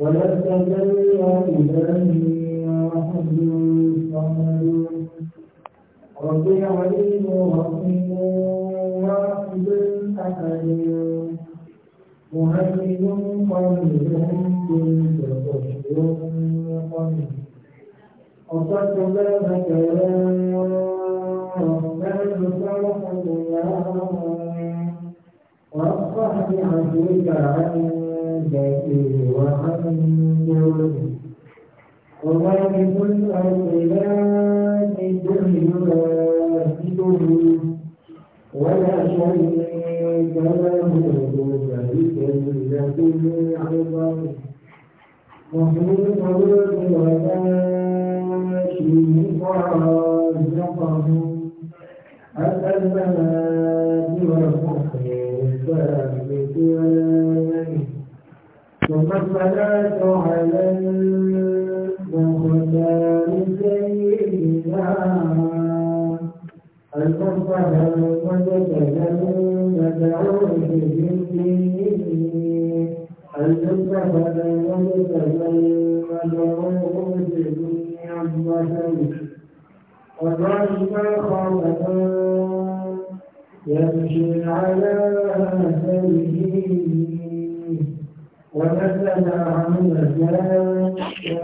ولتبين إليه وحد صمد ربي عليم رحيم واحد أحد مهيمن قليل كنت تشكر قليل أصدت بابك يا رحمن فرحا يا رحمن وأصبح بعفوك عني بشير وأنذر وواجب الأرض لا تدر يناسبه ولا شريك له فبكلمة العظم محيط الأرض ولا شيء رزقه أسأل الملائكة والمحيي الثابت ولا والحملات على البختان سيئنا المصطفى المتكلم مدعوه بالدين المصطفى المتكلم مدعوه بالدين عظمة وضعف خلقا يمشي على أهله وكفل عن الأسلام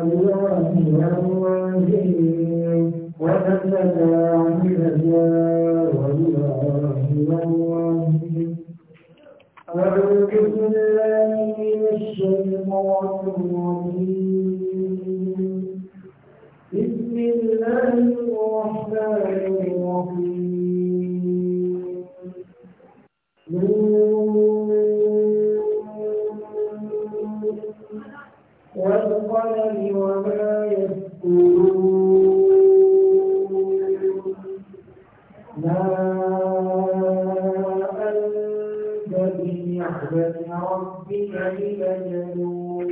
والله والوالدين وكفل عن الأسلام والله بالله من الشيطان بسم الله الرحمن الرحيم والقلم وما يسكرون ما أنت بنعمة ربك بمجنون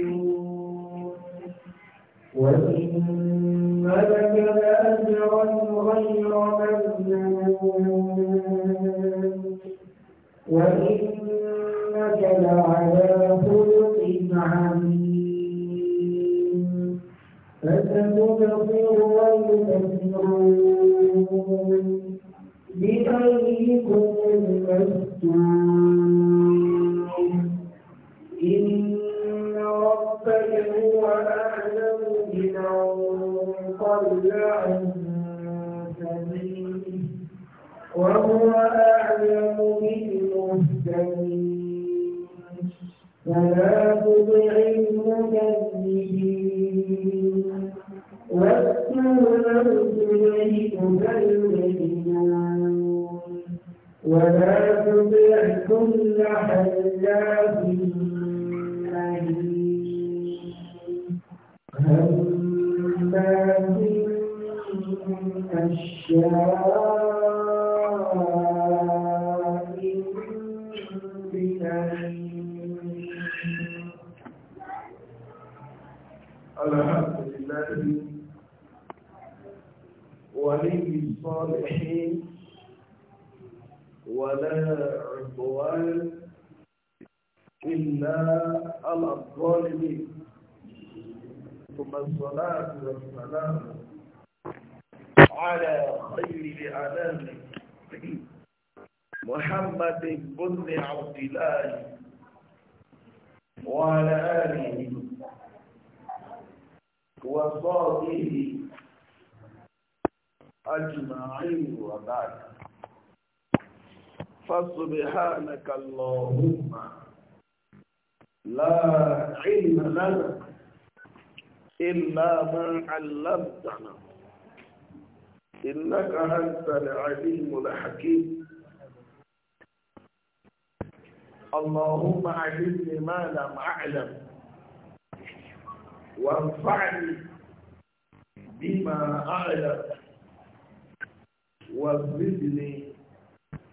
وإن لك لأجرا غير ممنون وإنك لعلى خلق عظيم فستبصر ويبصرون بأيكم المفتون إن ربك هو أعلم بمن ضل عن سبيله وهو أعلم بالمهتدين فلا تطع المكذبين والسلام إليه تبلغون ولا تطع كل حلاف هماز أشاء الحمد لله ولي الصالحين ولا عدوان إلا على الظالمين ثم الصلاة والسلام على خير الأنام محمد بن عبد الله وعلى آله وصحبه أجمعين وبعد فسبحانك اللهم لا علم لنا إلا ما علمتنا إنك أنت العليم الحكيم اللهم علمني ما لم أعلم وانفعني بما أعلم وزدني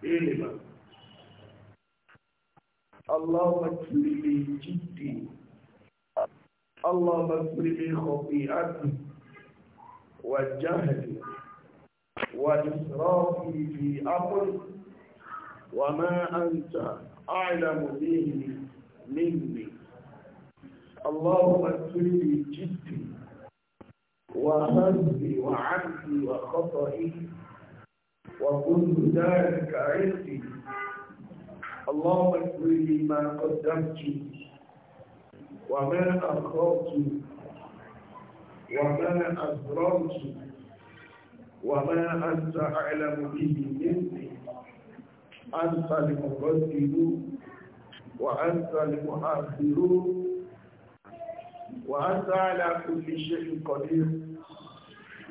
علما اللهم اغفر لي جدي اللهم اغفر لي خطيئتي وجهلي وإسرافي في أمري وما أنت أعلم به مني اللهم اغفر لي جدي وهمي وعمدي وخطئي وكل ذلك عندي اللهم اغفر لي ما قدمت وما أخرت وما أسررت وما أنت أعلم به مني أنت المقدم وأنت المؤخر وأنت على كل شيء قدير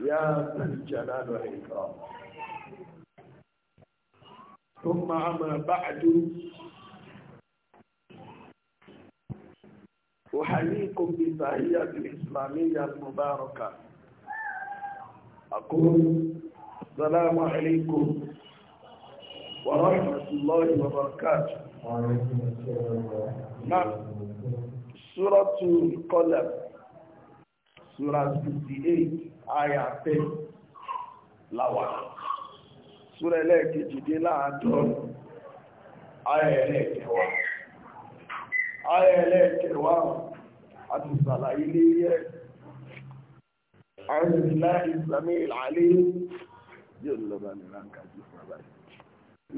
يا ذا الجلال والإكرام ثم أما بعد أحييكم بالتحية الإسلامية المباركة أقول السلام عليكم ورحمة الله وبركاته نعم سورة القلم سورة 58 آية 10 لوحة súra ẹlẹ́ẹ̀kejìdé láàádọ́rùn ayẹ̀lẹ́ẹ̀kẹwàá ayẹ̀lẹ́ẹ̀kẹwàá àti sàlàyé léyẹ e àrìnlá ìsàmì ìlàlẹ́ yóò lọ́bà ní ránkàjú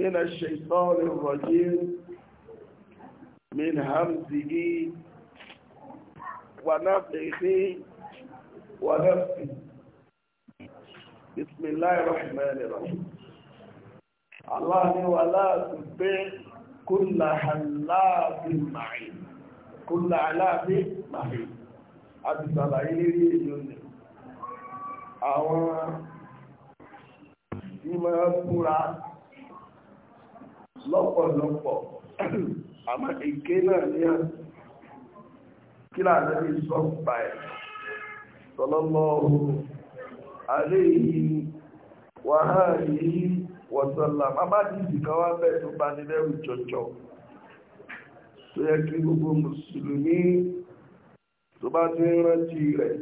من الشيطان الرجيم من همزه ونفخه ونفخه بسم الله الرحمن الرحيم Allah ni wà láàbí pé kúlà aláàbí màáyì. Kúlà aláàbí màáyì. A ti sàlàyé lérí èyí ni. Àwọn ìmọ̀ búra lọ́pọ̀lọpọ̀. Àmọ́ èké náà ní à kí láàrín ní sọ́pàá ẹ̀. Sallallahu alayhi wa alihi wọ̀sọ́lá bàbá dìdì kan wá bẹ́ẹ̀ tó bá ní lẹ́rù jọjọ tó yẹ kí gbogbo mùsùlùmí tó bá ti ń rántí rẹ̀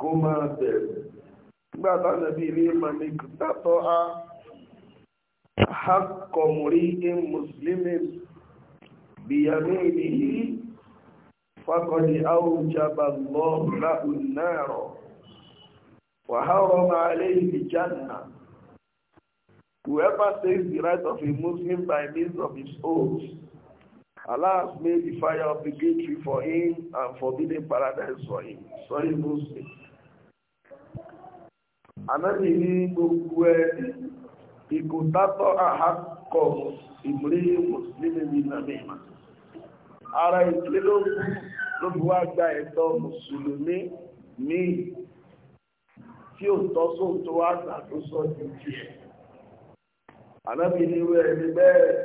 kó máa bẹ̀rù nígbà táwọn ẹbí ilé mami a hakọ̀mùrí in mùsùlùmí bìyàmí ìdíyí fakọ̀dì àwùjábà lọ́ọ́ láhùn náà wàhálà ọmọ alẹ́ ìdí jánà. Whoever takes the right of a Muslim by means of his oath, Allah has made the fire of the obligatory for him and forbidden paradise for him. Sorry, Muslim. Ànábì ní gbogbo ẹni ìkòtátọ́ àhákọ̀ ìmúrí Mùsùlùmí ní Nàmímà. Ara ìpínlẹ̀ ló bu wá gba ẹ̀tọ́ Mùsùlùmí míì tí ò tọ́ sóhun tó wá gbà tó sọ ju tiẹ̀. ànábì ní irú ẹni bẹ́ẹ̀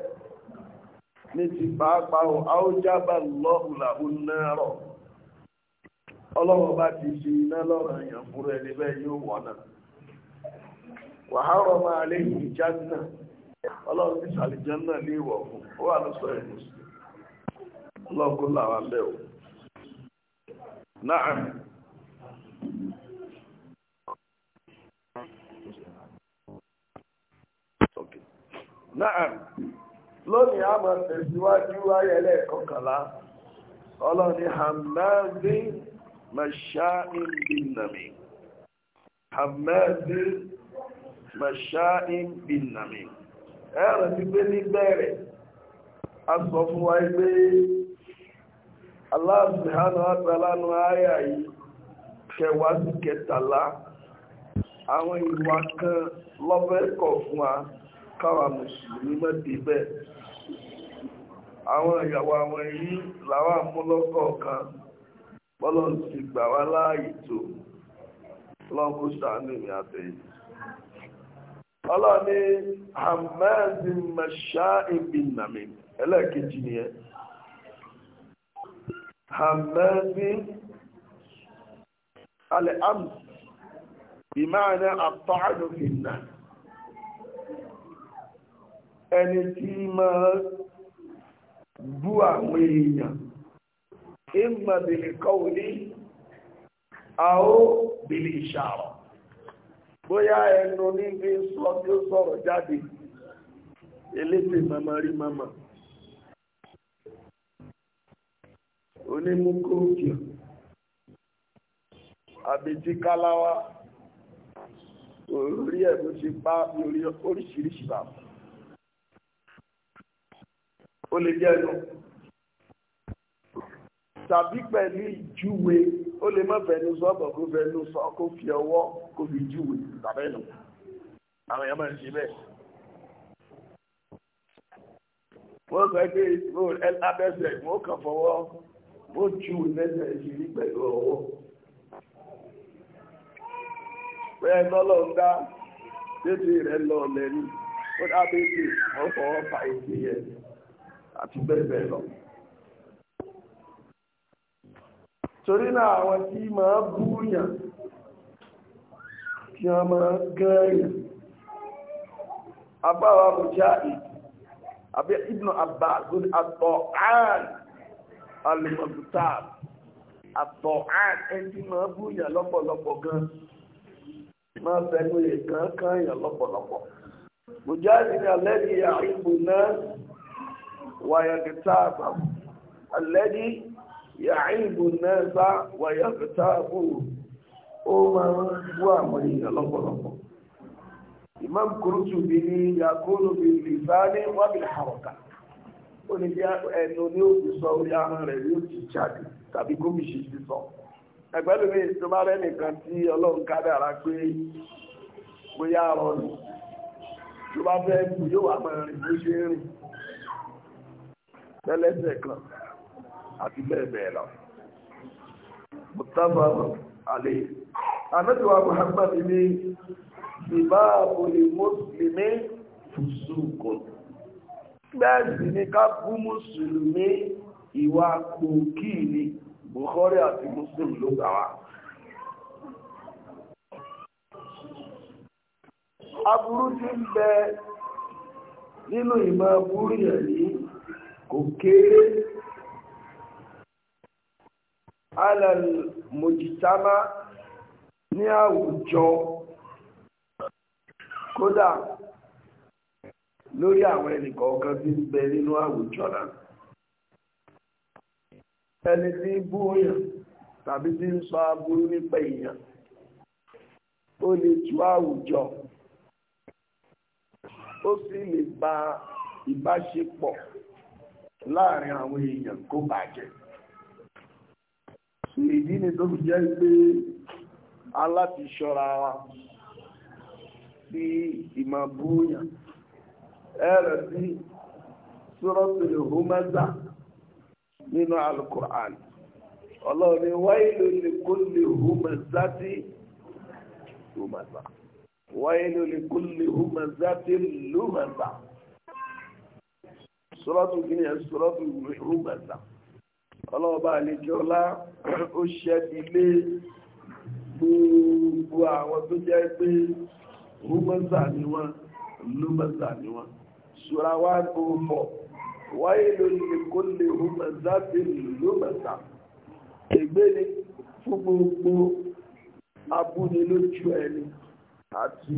ní ti pàápàá o a jábà lọ́hùn làhùn náà rọ̀ ọlọ́wọ́ bá ti ṣe iná lọ́rọ̀ èèyàn fúnra ẹni bẹ́ẹ̀ yóò wọ̀nà wàhálà náà ọlọ́run ti náà ìwọ̀ fún ó wà lọ́sọ̀ ẹ̀ làwọn o náà lónìí a máa tẹ̀síwájú ayẹlẹ́ kọkànlá ọlọ́ni hamazin mashain binnami hamazin mashain binnami ẹ̀rọ ti gbé ní a sọ fún wa pé Allah subhanahu wa yìí kẹwàá sí kẹtàlá àwọn ìwà kan kọ̀ fún wa káwa mùsùlùmí mẹ́tẹ̀ bẹ́ẹ̀ àwọn ìyàwó àwọn èyí làwọn àmúlọ́kọ̀ kan bọ́lọ̀ ti gbà wá láàyè tó lọ́kù sàánù ní àtẹ̀yìn ọlọ́ni hamadi masha ibn nami ẹlẹ́ẹ̀kejì nìyẹn hamadi alẹ́ am ìmáà ní àtọ́hánù ìnáà ẹni tí máa bú àwọn èèyàn ìmọ̀ bèèrè kọ́wò ní àó bèèrè ìṣàrọ̀ bóyá ẹnu ní bí sọ tí ó sọ̀rọ̀ jáde elétè mama rí mama onímúkóòkìọ̀ àbètí wa orí ẹ̀ ló ṣe bá oríṣiríṣi bàbá ó lè jẹ́ ẹnu tàbí pẹ̀lú ìjúwe ó lè má fẹnu sọ ọ̀bọ̀ kó fẹnu sọ kó fi ọwọ́ kó fi júwe tàbí ẹnu àwọn èèyàn máa ń ṣe bẹ́ẹ̀. wọ́n sọ pé abẹ́sẹ̀ wọ́n kàn fọwọ́ wọ́n júwe lẹ́sẹ̀ ìṣèlú pẹ̀lú ọwọ́. pé ẹ lọ́lọ́ ń dá tètè rẹ̀ lọ lẹ́nu ó dábẹ́ tè wọ́n fọwọ́ fa èdè yẹn àti bẹ́ẹ̀ bẹ́ẹ̀ lọ. torí náà àwọn tí máa búyàn tí wọ́n máa gẹ́ẹ̀yàn abáwa mujahid abẹ́ ibnu abbas gbọ́n àtọ̀án alimọ̀tàb àtọ̀án ẹni tí máa búyàn lọ́pọ̀lọpọ̀ gan máa fẹnu èèkàn kan yàn lọ́pọ̀lọpọ̀ mujahid ni alẹ́ ni àìbù náà ويغتابه الذي يعيب الناس ويغتابه وما هو مريض الله imam kurutubi ni yakunu bilisani wa bi ẹnu ní ó ti sọ orí ahọ́n rẹ̀ yóò ti jáde tàbí gómìnà ti sọ ẹgbẹ́ lómi ìsinmi rẹ nìkan tí ọlọ́run ká dára pé bóyá tó bá fẹ́ bù yóò wà tẹ́lẹ́sẹ̀ kan àti bẹ́ẹ̀ bẹ́ẹ̀ lọ. mustapha ali anabiwa muhammad ní ìbáàbò lè mùsùlùmí fùsùkùn bẹ́ẹ̀sì ni ká bú mùsùlùmí ìwà pòkì ni bukhari àti muslim ló gbà wá. aburú ti ń bẹ nínú ìmọ̀ burú yẹn yìí kò kéré alal mojitama ní àwùjọ kódà lórí àwọn ẹnìkọ̀ọ̀kan tí ń bẹ nínú àwùjọ náà ẹni tí ń bú òyàn tàbí tí ń sọ aburú nípa èèyàn ó lè tú àwùjọ ó sì lè ba ìbáṣepọ̀ láàrin àwọn èèyàn kó bàjẹ́ sí ìdí ni tó fi jẹ́ pé aláti ṣọ́ra wa sí ìmọ̀ búyàn ẹ̀rẹ̀ sí suratul Humaza nínú Al-Qur'an ọlọ́run ni wailul likulli humazati humaza wailul likulli humazati lumaza sọ́lọ́tù kìíní ẹ̀ sọ́lọ́tù rúgbàtà ọlọ́ọ̀bá àlejọ́lá ó ṣẹ́bi lé gbogbo àwọn tó jẹ́ pé rúmọ́sà ni wọ́n lúmọ́sà ni wọ́n ṣùra wá tó oh fọ̀ wáyé lónìí kó lè rúmọ́sà ti lúmọ́sà ègbé ni fún gbogbo abúnilójú ẹni àti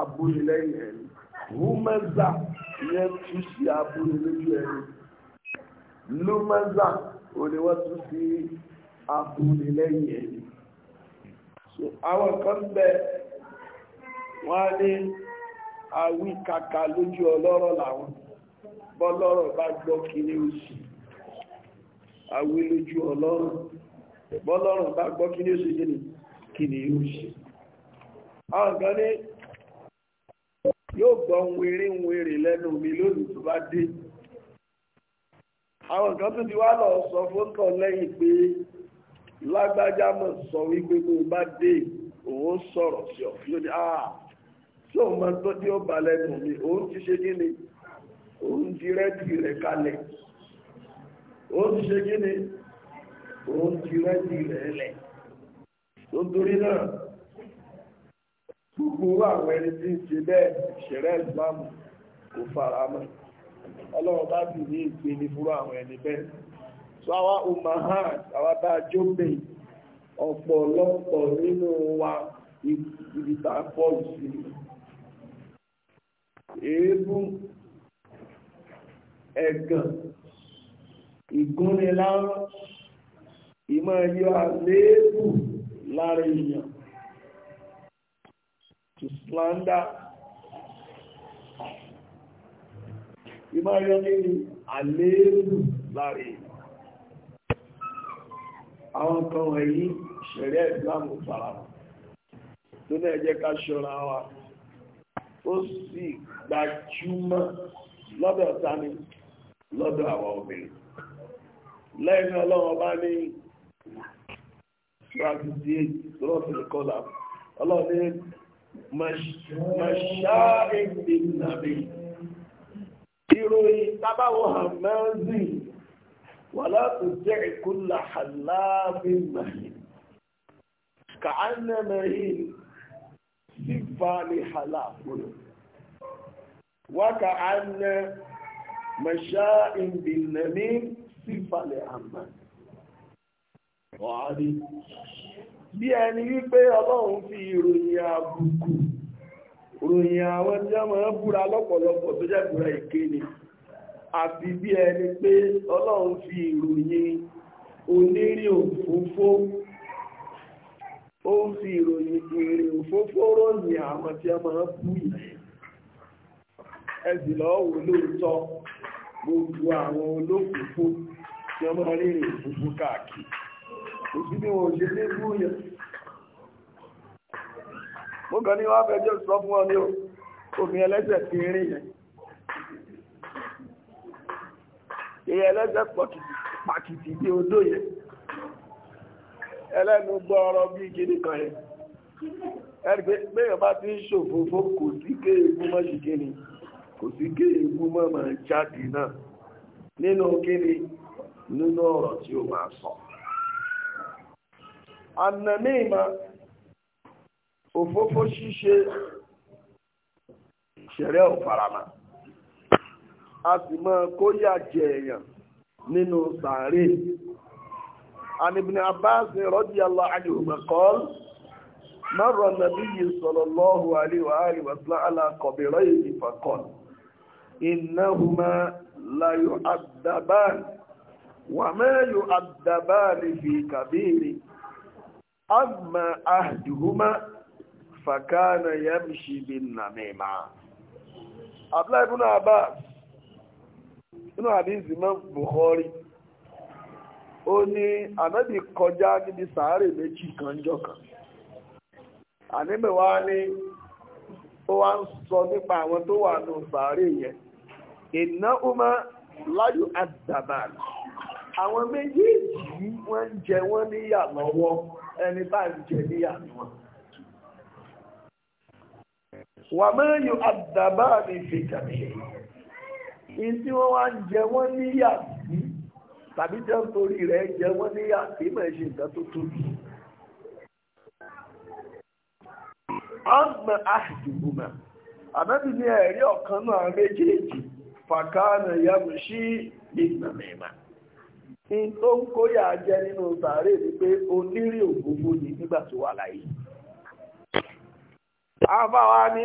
abúnilẹ́yìn ẹni húmẹ́zà ìyẹn tú sí aburú lójú ẹni lúmẹ́zà ò ní wọ́n tú sí aburú lẹ́yìn ẹni so àwọn kan bẹ wọ́n á ní awí kàkà lójú ọlọ́rọ̀ làwọn bọ́lọ́rọ̀ bá gbọ́ kiri oṣù awí lójú ọlọ́rọ̀ bọ́lọ́rọ̀ bá gbọ́ kiri oṣù kiri oṣù àwọn kan ní yóò gbọ́ nwere nwere lẹ́nu mi lónìí tó bá dé àwọn kan tó ti wá lọ sọ fóńtọ̀ lẹ́yìn pé sọ wípé mo bá dé òun sọ̀rọ̀ sí ọ yóò ní tí òun máa tó tí ó bá lẹ́nu mi òun ti ṣe kí ni òun ti rẹ́dì ti ṣe kí ni òun ti gbogbo àwọn ẹni tí ń ṣe bẹ́ẹ̀ ṣẹ̀rẹ́ ìsìláàmù kò fara mọ́ ọlọ́run bá sì ní ìpele fúrú àwọn ẹni bẹ́ẹ̀ so àwa umahan àwa bá jóbe ọ̀pọ̀lọpọ̀ nínú wa ibi tá a pọ̀ sí èébú ẹ̀gàn ìgúnnilárọ̀ ìmọ̀ ẹ̀yọ àléébù lára èèyàn to slander a little ìmọ̀ ẹ̀yọ́ nínú àléébù láre àwọn kan wọ̀nyí ṣẹ̀rẹ́ ìsìlámù farahàn tó náà jẹ́ ká ṣọ́ra wa ó sì gbajúmọ̀ lọ́dọ̀ tani lọ́dọ̀ àwọn obìnrin lẹ́yìn ọlọ́run bá ní ṣúra 58 lọ́sùn kọ́lá ọlọ́run مشاعر بالنبي تبعوها مازي ولا تطع كل حلاب مهين كأن مهين سفان حلاب وكأن مشاء بالنبي سفان أمان وعلي bí ẹni wípé ọlọ́run fi ìròyìn àbùkù ròyìn àwọn tí wọ́n máa ń búra lọ́pọ̀lọpọ̀ tó jẹ́ búra èké bí ẹni pé ọlọ́run fi ìròyìn onírìn òfófó fi ìròyìn ìrìn òfófó ròyìn àwọn tí wọ́n máa ń bú ẹ̀sìn lọ́wọ́ lóòótọ́ gbogbo àwọn tí wọ́n máa ń òfófó káàkiri òsì ní wọn òṣè lé fún yẹn mo kàn ní wọ́n fẹjọ́ sọ fún ọ ní o omi ẹlẹ́sẹ̀ ti rìn yẹn èyí ẹlẹ́sẹ̀ pàkìtì bí odó yẹn ẹlẹ́nu gbọ́ọ̀rọ̀ bí kìíní kan yẹn ẹgbẹ́ mẹ́yàn bá ti ń ṣòfófó kò sí ké egún mọ́ sí kéni kò sí ké egún mọ́ mọ́ jáde náà nínú kéni nínú ọ̀rọ̀ tí ó máa sọ ànàmíìmá òfófó ṣíṣe ṣẹ̀rẹ́ òfarama a sì mọ́ kóyà jẹ èèyàn nínú sàárè anibini abbas radiyallahu anhuma qala marra nabiyyi sallallahu alaihi wa alihi wa sallam ala qabrayni faqala innahuma la yu'addaban wa ma yu'addaban fi kabiri amma ahduhuma fakana yamshi bin namima abdullahi ibn abbas inú àdínsì mọ́ bukhari ó ní ànábì kọjá níbi sàárè méjì kan jọ kan àníbẹ̀wá ní ó wá ń sọ nípa àwọn àwọn méjèèjì wọ́n ń jẹ wọ́n níyà lọ́wọ́ ẹni bá ń jẹ níyà ni wọ́n wà máa yọ àdàbà ní fìkàmì in tí wọ́n wá ń jẹ wọ́n níyà sí tàbí jẹ́ nítorí rẹ̀ jẹ wọ́n níyà sí mọ̀ ṣe tó tóbi ọmọ àdìgbòmọ̀ àbẹ́bí ní ẹ̀rí ọ̀kan náà méjèèjì fàkánà yàgò sí ìgbàmẹ̀mà in tó ń kóyà jẹ nínú sàárè ni pé onírì ògbógbó ni nígbà tó wà láyé àbáwá ní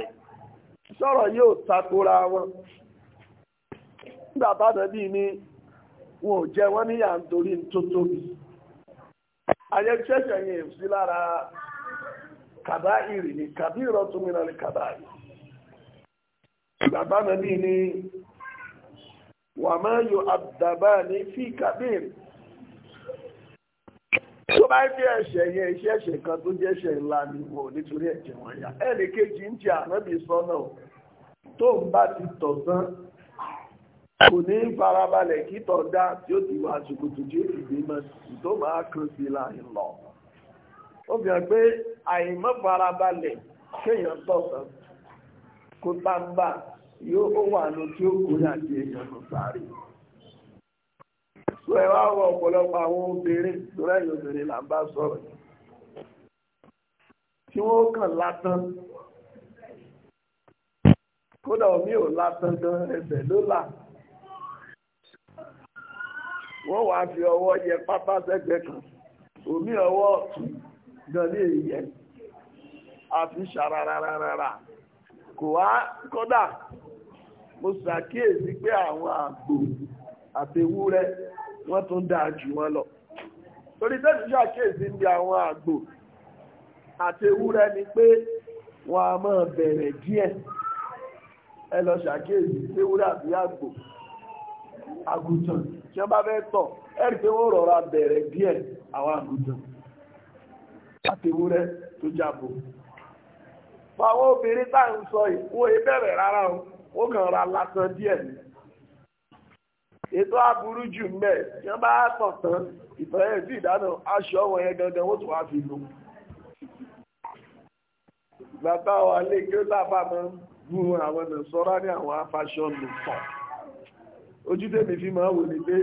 sọ̀rọ̀ yóò takora wọn nígbà tánàbí ni wọn ò jẹ wọ́n níyà nítorí tó tóbi ayẹ́ṣẹ́ṣẹ́ yẹn sí lára ni kàbí ni wà máa yọ àdàbà ní fi kabir tó bá fi ẹ̀ṣẹ̀ yẹn iṣẹ́ ẹ̀ṣẹ̀ kan tó jẹ́ ẹ̀ṣẹ̀ ńlá ni wò nítorí ẹ̀jẹ̀ wọn yá ẹnì kejì ń ti ànábì sọ́nà tó ń bá ti tọ̀ tán kò ní farabalẹ̀ kí tọ̀ dá tí ó ti wà ṣùkùtù tí ó ti gbé mọ́ tó máa kan sí la ń lọ. ó fi hàn pé àìmọ́ farabalẹ̀ kéèyàn tọ̀ tán kó bá ń bà yóò wà ní tí ó kú láti èèyàn lọ sáré. Sọ ẹ wá wọ ọ̀pọ̀lọpọ̀ àwọn obìnrin tó rẹ̀yìn obìnrin là ń bá sọ̀rọ̀. Tí wọ́n kàn látán. Kódà omi ò látán gan ẹsẹ̀ ló là. Wọ́n wàá fi ọwọ́ yẹ pápá sẹ́gbẹ̀ẹ́ kan. Omi ọwọ́ gan ní èyí yẹ. A fi ṣàràràràrà. Kò wá kódà mo ṣàkíyèsí pé àwọn àgbò àtewúrẹ́ wọ́n tún dáa jù wọ́n lọ torí tẹ́sí ṣàkíyèsí bí àwọn àgbò àtewúrẹ́ ni pé wọ́n a máa bẹ̀rẹ̀ díẹ̀ ẹ lọ ṣàkíyèsí tewúrẹ́ àbí àgbò àgùntàn tí wọ́n bá fẹ́ tọ̀ ẹ rí pé wọ́n rọra bẹ̀rẹ̀ díẹ̀ àwọn àgùntàn àtewúrẹ́ tó jábọ̀ fún àwọn obìnrin táà ń sọ ìwọ̀n ìbẹ̀rẹ̀ rárá o ó kàn ra lásán díẹ̀ ni ètò aburú jù mẹ́ tí wọ́n bá tàn tán ìtọ́yẹ̀ sí ìdáná aṣọ wọn yẹn gangan ó tún wá fi lò bàbá wa lè gbé lábà máa ń bú àwọn ọ̀nà sọ́rá ní àwọn afáṣọ lò tán ojú tèmi fi máa wò ní pé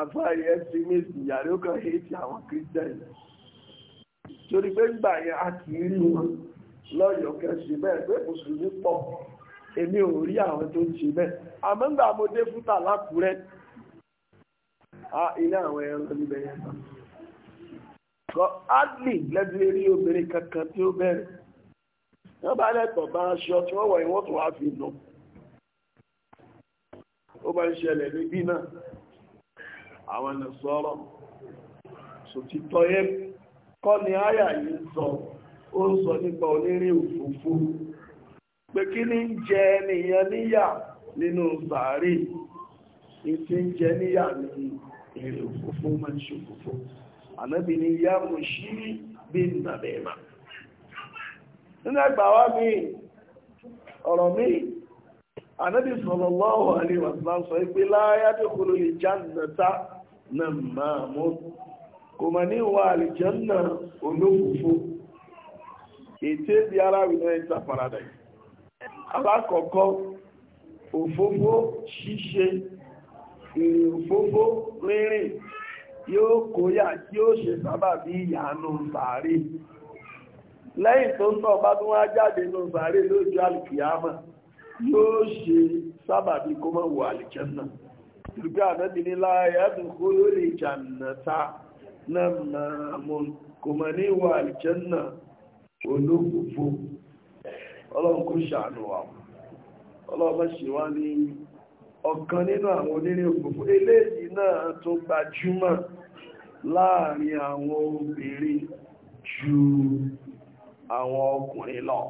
àfá ẹ̀sìmẹ́sì yàrí ó kàn hẹ́ẹ̀tì àwọn kírísítẹ̀nì torí pé ń gbà yẹn a kì í rí wọn lọ́yọ̀ọ́ kẹsì bẹ́ẹ̀ pé mùsùlùmí pọ̀ èmi ò rí àwọn tó ń ṣe bẹ́ẹ̀ àmọ́ ńgbà mo dé fúta lákùúrẹ́ ya ilé àwọn ẹran níbẹ̀ yẹn náà kọ adley lẹ́gbẹ̀ẹ́ rí obìnrin kankan tí ó bẹ̀rẹ̀ wọ́n bá lẹ́tọ̀ bá aṣọ tí wọ́n wọ̀ ìwọ́n tó wá fi nù ó bá ń ṣẹlẹ̀ níbí náà àwọn ẹ̀nà sọ̀rọ̀ ni àyà yìí sọ ó ń sọ nípa onírìn pé kí ní jẹ ènìyàn níyà nínú sàárì ìtí ń jẹ níyà ní èrè òfófó máa ń ṣòfófó ànábì ní yá mú sí bí nàbẹ̀mà nínú ẹgbà wá mi ọ̀rọ̀ mi ànábì sallallahu alaihi wasallam sọ pé láyá tó kúrò lè jannata náà máa mú kò mà ní wà àlìjánná olófófó ètè bí arábìnrin ta paradise alákọ̀ọ́kọ́ òfófó ṣíṣe ìrìn òfófó rírìn yóò kóyà tí ó ṣe sábà bí ìyànú sàárè lẹ́yìn tó ń tọ́ bá tún wá jáde nù sàárè lójú alìkìyàmà yóò ṣe sábà bí kó mọ́ wọ àlìjẹ́nà ìrùgbé àdẹ́bìnrin láàyè ẹ̀dùn kó ọlọ́run kó ṣàánú wa ọlọ́run ṣe wá ní ọ̀kan nínú àwọn onírìn òpópó eléyìí náà tó gbajúmọ̀ láàrin àwọn obìnrin ju àwọn ọkùnrin lọ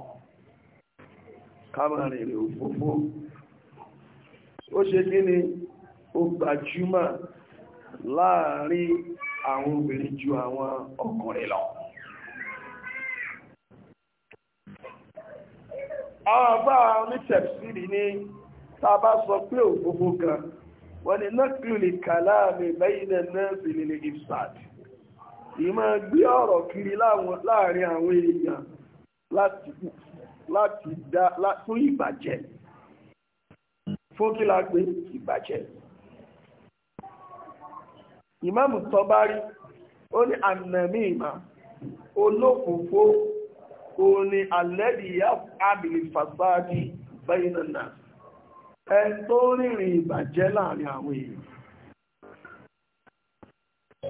kámàrìnrìn òpópó ó ṣe kí ni ó gbajúmọ̀ láàrin àwọn obìnrin ju àwọn ọkùnrin lọ àwọn àbá onítẹ̀síìrì ni tá a bá sọ pé òfófó kan wọ́n ni nọ́kìlì kàláàmì lẹ́yìnlẹ̀ náà sì lè ìfàdì ìmọ̀ gbé ọ̀rọ̀ kiri láàrin àwọn èèyàn láti dá fún ìbàjẹ́ fún kí la pé ìbàjẹ́ ìmáàmù Tọ́bárí ó ní ànàmì ìmá olókòókòó òun ni alẹ́dì àbìlì fàsáàdì bẹ́yìnàna ẹ tó rìnrìn ìbàjẹ́ láàrin àwọn èèyàn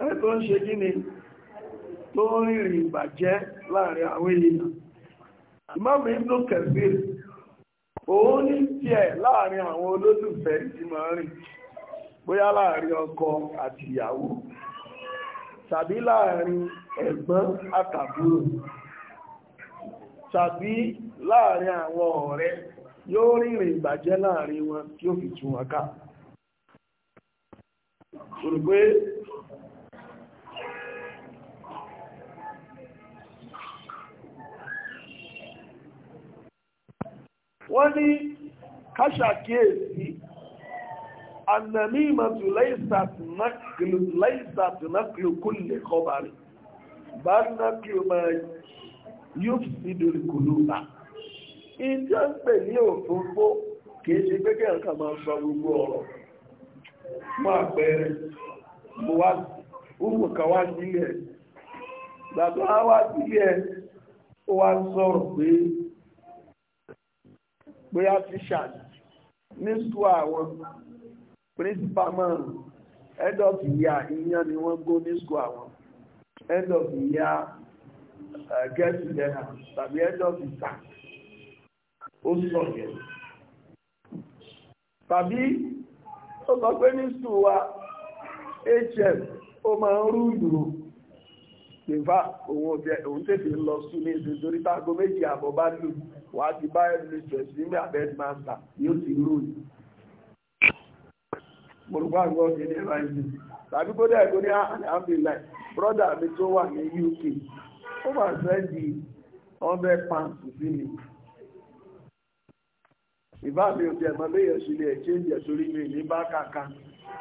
ẹ tó ń ṣe kí ni tó rìnrìn ìbàjẹ́ láàrin àwọn èèyàn ìmáàmù ibnu kẹfìr òun ní tiẹ̀ láàrin àwọn olólùfẹ́ máa rìn bóyá láàrin ọkọ àti ìyàwó tàbí láàrin ẹ̀gbọ́n àtàbúrò tàbí láàrin àwọn ọ̀rẹ́ yóò rìnrìn ìbàjẹ́ láàrin wọn tí ó fi tún wọn ká olùgbé wọ́n ní káṣàkíyèsí annamimatu laysat naklu kulli khabari bal naklu ma yóò sí lórí kòlóòbá ìjọ ń pè ní òfófó kìí ṣe pé kẹ́yàn kan máa sọ gbogbo ọ̀rọ̀ mọ́ àpẹẹrẹ mo wá ọmọ kan wá sílẹ̀ bàbá wá sílẹ̀ ó wá sọ̀rọ̀ pé bóyá tíṣà ní sùkú àwọn pírísípà máa end of year ìyẹn ni wọ́n gbó ní sùkú àwọn end of year Uh, get to their hands tàbí end of the tax ó yẹn tàbí ó sọ pé ní sùn hm ó máa ń rú ìdúró nífà òun tètè lọ sùn ní ìsìn torí tágo méjì àbọ̀ bá lù wà ti bá abed master yóò ti rú ní ẹ̀rọ tàbí kó dẹ̀ kó ní ah, ó mà sẹ́ndì hundred pounds sí mi ìbá mi ò tiẹ̀ mọ léyìn oṣù lè ṣéǹjì sórí mi ní bá kàkà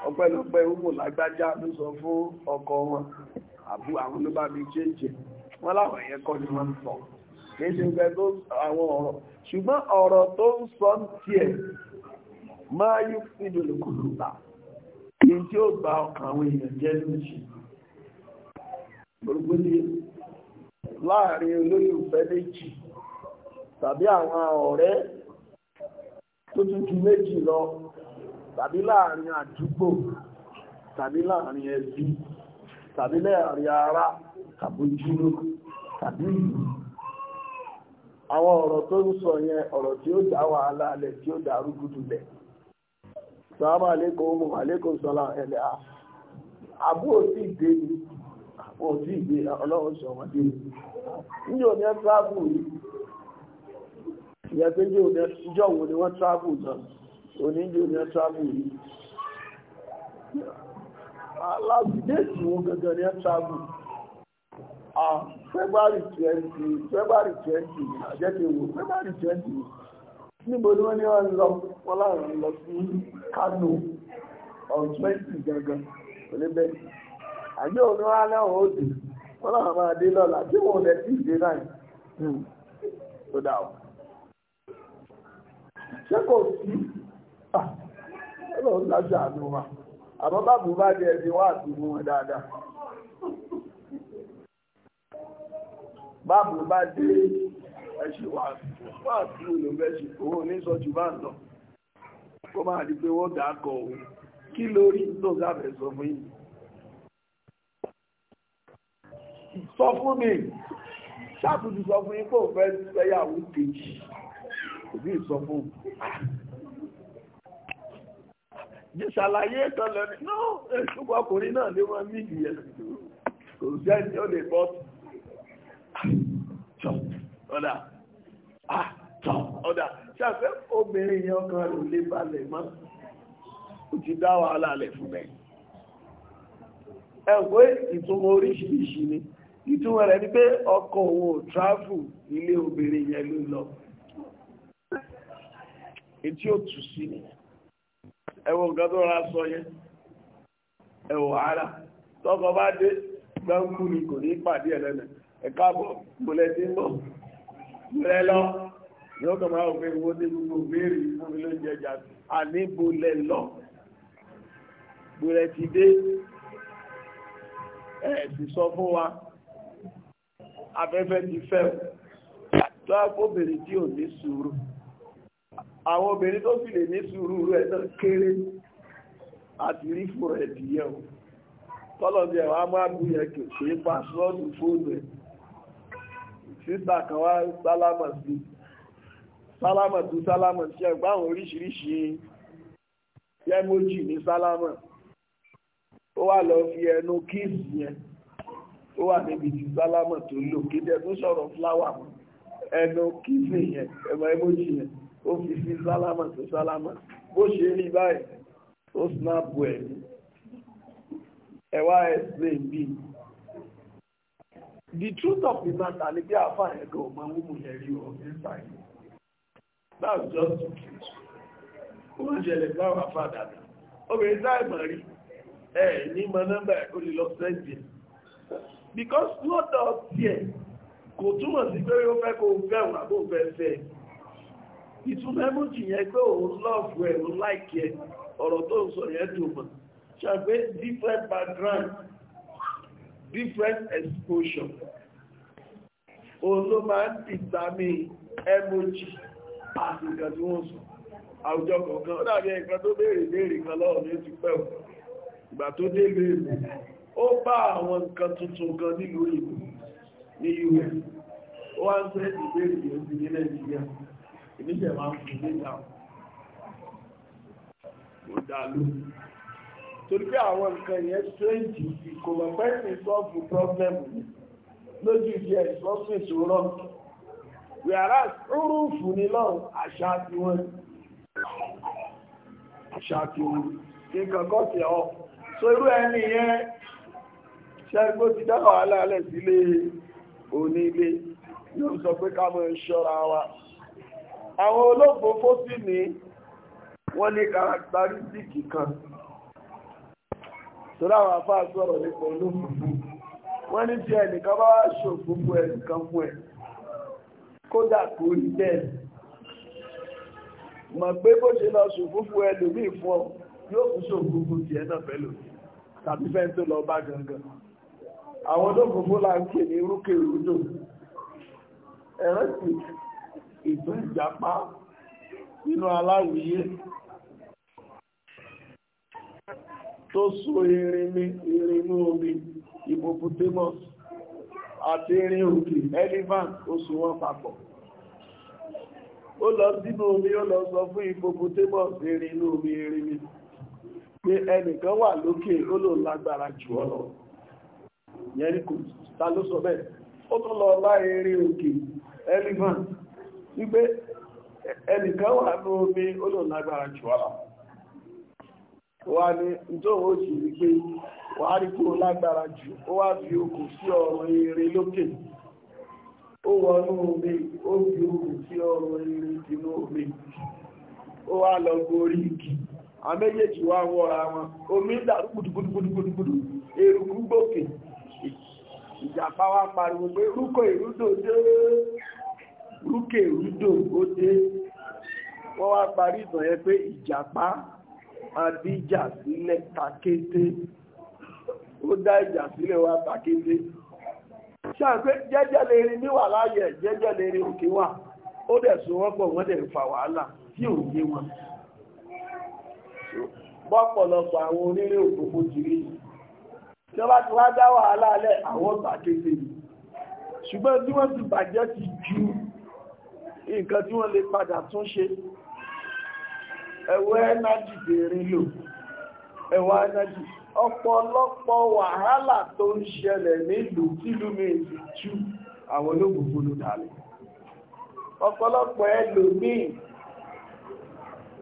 ọpẹ́lọpẹ́ umu lágbájá ló sọ fún ọkọ wọn àbú àwọn ló bá mi ṣéǹjì wọn láwọn yẹn kọ́ ni wọ́n ń sọ kìí ṣe ìgbẹ́ tó àwọn ọ̀rọ̀ ṣùgbọ́n ọ̀rọ̀ tó ń sọ ń tiẹ̀ máa yú ìdòlùkùnlùta kí n tí ó gba ọkàn àwọn èèyàn jẹ́ lóṣù gbogbo láàrin olólùfẹ́ méjì tàbí àwọn ọ̀rẹ́ tó tuntun méjì lọ tàbí láàrin àdúgbò tàbí láàrin ẹbí tàbí láàrin ará tàbójúlò tàbí ìlú àwọn ọ̀rọ̀ tó ń sọ yẹn ọ̀rọ̀ tí ó dá wàhálà alẹ́ tí ó dárú mọ̀ wọn ò tí ì gbé ọlọ́run sọ wọn dé ní òní ẹ travel yìí ìyẹn pé ní òní ìjọ wo ni wọ́n travel náà òní ní òní ẹ travel yìí alábìdéètì wọn gangan ni níbo ni wọ́n ní wọ́n lọ wọ́n láwọn lọ sí àjọ òun wá náà ó dì wọ́n náà máa dé lọ́la tí wọ́n lẹ̀ sí ìdè náà tó hmm. dà ó. ṣé kò sí ah, ọlọ́run lájú àánú wa àmọ́ bábù bá jẹ ẹni wá àtúnú wọn dáadáa. bábù bá dé ẹṣin wá àtúnú ló fẹ́ ṣe òun ní sọ́jú bá ń lọ kó máa di pé wọ́n dà á kọ òun kí lórí tó sáfẹ́ sọ fún yìí. sọ fún mi ṣáàpù ti sọ fún yín pé òun fẹ́ fẹ́yàwó kejì òbí sọ fún ṣàlàyé kan lẹ́nu náà ṣùgbọ́n ọkùnrin náà lé wọn mí ìyẹn kò sẹ́ni ó lè bọ́ tọ̀ ọ̀dà tọ̀ ọ̀dà ṣàfẹ́ obìnrin yẹn ọkàn rẹ̀ ò lè balẹ̀ mọ́ ó ti dá wàhálà lẹ̀ fún mi ẹ̀kọ́ ìtumọ̀ oríṣiríṣi ni. ìtumọ̀ rẹ̀ ni pé ọkọ òun ò tráfù ilé obìnrin yẹn ló lọ etí ewu tù sí ni ẹwọ nǹkan tó rà sọ yẹn ẹwọ ara tọkọ bá dé ni kò ní pàdé ẹ lẹ́nu ẹ̀ka bọ̀ gbọ́lẹ̀ ń bọ̀ gbọ́lẹ̀ lọ yóò kàn máa òfin wo sọ fún wa. afẹ́fẹ́ ti fẹ́ tó àpóbìnrin tí ò ní sùúrù àwọn obìnrin tó fi lè ní sùúrù rẹ̀ náà kéré àti rí fún rẹ̀ dìyẹ o tọ́lọ̀dẹ̀ wa máa bú yẹ kèké pàṣọ́ọ̀dù fóònù ẹ̀ sísà kan wá sálámà sí sálámà tó sálámà sí ẹgbẹ́ àwọn oríṣiríṣi yẹmójì ní sálámà ó wà lọ fi ẹnu kíìsì yẹn ó wà níbi tí sálámọ̀ tó lò kéde tó sọ̀rọ̀ fúláwà ẹnu kífì yẹn ẹ̀mọ̀ ẹmọ́jì yẹn ó fi sí sálámọ̀ tó sálámọ̀ bó ṣe rí báyìí ó snapu ẹ̀ ní ẹ̀wá explain bí the truth of the matter ni bí àfáà yẹn gan ọmọ wúmu yẹn rí ọ inside that's just ó ń ṣẹlẹ̀ fúláwà fàdà obìnrin táìmọ̀ rí ẹ̀ ní mọ nọ́mbà ẹ̀ kó lè lọ sẹ́ǹdì because lọ́dọ̀ tiẹ̀ kò túmọ̀ sí pé ó fẹ́ kó fẹ́ wà bó fẹ́ fẹ́ ìtumọ̀ ẹmújì yẹn pé òun lọ́ọ̀fù ẹ̀ òun láìkí ẹ̀ ọ̀rọ̀ tó ń sọ yẹn dùn ṣàgbé different background different exposure òun ló máa ń dìtàmì ẹmújì àti nǹkan tí wọ́n sọ àwùjọ kọ̀ọ̀kan ó dàbí ẹ̀kan tó béèrè béèrè kan lọ́wọ́ ní ti pẹ́ ìgbà tó dé lóèrè ó bá àwọn nǹkan tuntun kan nílùú òyìnbó ní us ó wá ń sẹ́ ìbéèrè yóò ti ní nàìjíríà ìníṣẹ̀ máa ń fún ní ìjà kò dá lóhùn torí pé àwọn nǹkan yẹn strange ìkòmọ̀pẹ́sì sọ́ọ̀fù problem lójú ìdí ẹ̀ sọ́ọ̀fù ìṣòro wíárá rúrùfù ní lọ́wọ́ àṣà tí wọ́n àṣà tí wọ́n kí nǹkan kọ́ sí ọ so irú ẹni yẹn ṣẹ́gbó ti dá wàhálà alẹ́ sílé onílé yóò sọ pé ká mọ̀ ṣọ́ra wa àwọn olóògbòfó sì ní wọ́n ní kàràkìtàrísìkì kan tó láwọn afáà sọ̀rọ̀ nípa olóògbòfó wọ́n ní tí ẹnìkan bá wá ṣòfófó ẹnìkan fún ẹ kódà kò rí bẹ́ẹ̀ mọ̀ pé bó ṣe lọ ṣòfófó ẹlòmíì fún ọ yóò fún ṣòfófó tiẹ̀ náà pẹ̀lú tàbí fẹ́ tó lọ bá gangan àwọn olóògbòmó là ń pè ní rúkè rúdò ẹ̀rẹ́sì ìtò ìjàpá nínú aláwìyé tó so erinmi erinmi omi hippopotamus àti erin òkè elephant ó so wọ́n papọ̀ ó lọ sínú omi ó lọ sọ fún hippopotamus erinmi omi erinmi pé ẹnìkan wà lókè ó lò lágbára jù ọ lọ. yẹn ní kò ta ló sọ bẹ́ẹ̀ ó tún lọ bá eré òkè elephant wípé ẹnìkan wà ní omi olóòlágbára wà ní ó sì rí pé wàá rí kúrò lágbára jù ó wá fi okùn sí ọ̀rọ̀ eré lókè ó wọnú omi ó fi okùn sí eré omi ó wá lọ gorí igi ìjàpá wá pariwo pé rúkò ìrúdò dé rúkè ìrúdò ó dé wọ́n wá parí ìtàn pé ìjàpá adíjà sílẹ̀ takété ó dá ìjà sílẹ̀ wá takété ṣáàpé jẹ́jẹ́ lè rí níwà láyé jẹ́jẹ́ lè rí òkè wà ó dẹ̀ so wọ́n pọ̀ wọ́n dẹ̀ fa wàhálà tí tí wọ́n bá ti wá dá wàhálà alẹ́ àwọn ọgbà kéfè ní ṣùgbọ́n tí wọ́n ti bàjẹ́ ti ju nǹkan tí wọ́n lè padà tún ṣe ẹ̀wọ́ ẹnájì bèèrè lò ẹ̀wọ́ ẹnájì ọ̀pọ̀lọpọ̀ wàhálà tó ń ṣẹlẹ̀ nílùú tílùú méjì tú àwọn olóògùn ló dálẹ̀ ọ̀pọ̀lọpọ̀ ẹlòmíì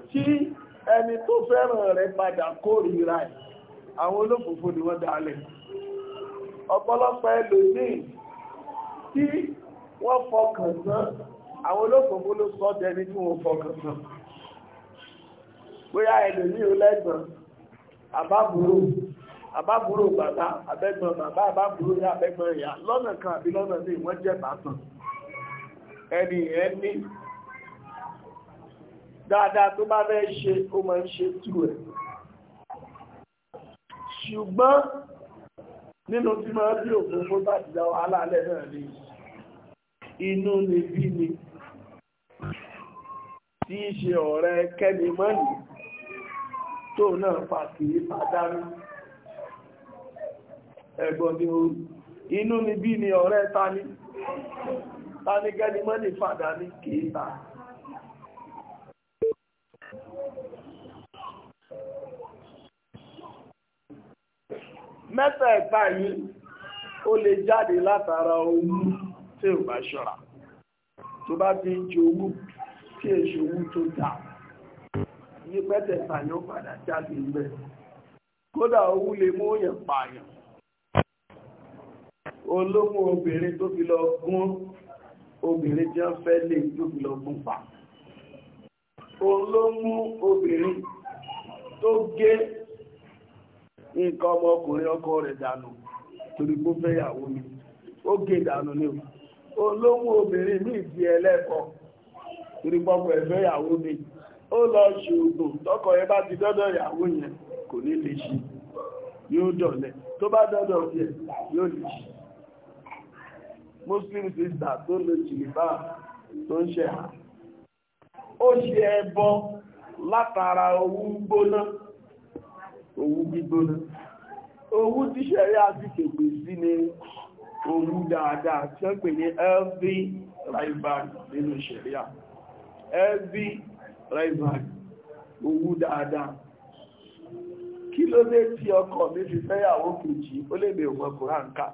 tí ẹni tó fẹ́ràn rẹ̀ padà kórìíra ẹ̀ àwọn olófòfò ni wọ́n dálẹ̀ ọ̀pọ̀lọpọ̀ ẹlòmíì tí wọ́n fọkàn tán àwọn olófòfò ló sọ dẹni tí wọ́n fọkàn tán bóyá ẹlòmíì ó lẹ́gbọ̀n àbábúrò àbábúrò bàbá abẹ́gbọ̀n bàbá àbábúrò yá abẹ́gbọ̀n ìyá lọ́nà kan àbí lọ́nà míì wọ́n jẹ́ bàtàn ẹni ẹni dáadáa tó bá fẹ́ ṣe ó máa ń ṣe tú ẹ̀ ṣùgbọ́n nínú tí máa bí òkú fún láti dá wàhálà alẹ́ náà ní inú ni bí ni tí í ṣe ọ̀rẹ́ kẹ́mi mọ́nì tó náà fà kì í pàdánù ẹ̀gbọ́n ni ó inú ni bí ni ọ̀rẹ́ tani tani kẹ́mi mọ́nì fàdánù kì í ta. mẹ́tẹ̀ẹ̀ta yìí ó lè jáde látara owó tí ò bá ṣọ́ra tó bá ti ń ju owó tí èṣù owó tó dà yí mẹ́tẹ̀ẹ̀ta yóò padà jáde mẹ́ kódà owó lè mú òyìn pààyàn olóhùn obìnrin tó fi lọ gún obìnrin tí wọ́n fẹ́ lè tó fi lọ gún pa olóhùn obìnrin tó gé nke ọmọkùnrin ọkọ rẹ dànù torí pé mi ó dànù ni o olówó obìnrin ní ìdí ẹlẹ́kọ̀ọ́ torí pọ́pọ́ mi lọ tọkọ yẹn bá ti dọdọ yàwó yẹn kò ní lè ni o dọ̀lẹ̀ tó muslim tó jìlìbá tó ń ṣe ó ṣe ẹbọ látara owó owu gbígbóná owu tí ṣẹ̀rí àti kègbè sí ni owú dáadáa tí ó pè ní healthy rival nínú ṣẹ̀rí à healthy rival owú ọkọ mi fi fẹ́yàwó kejì ó lè bè ọmọ kòránkà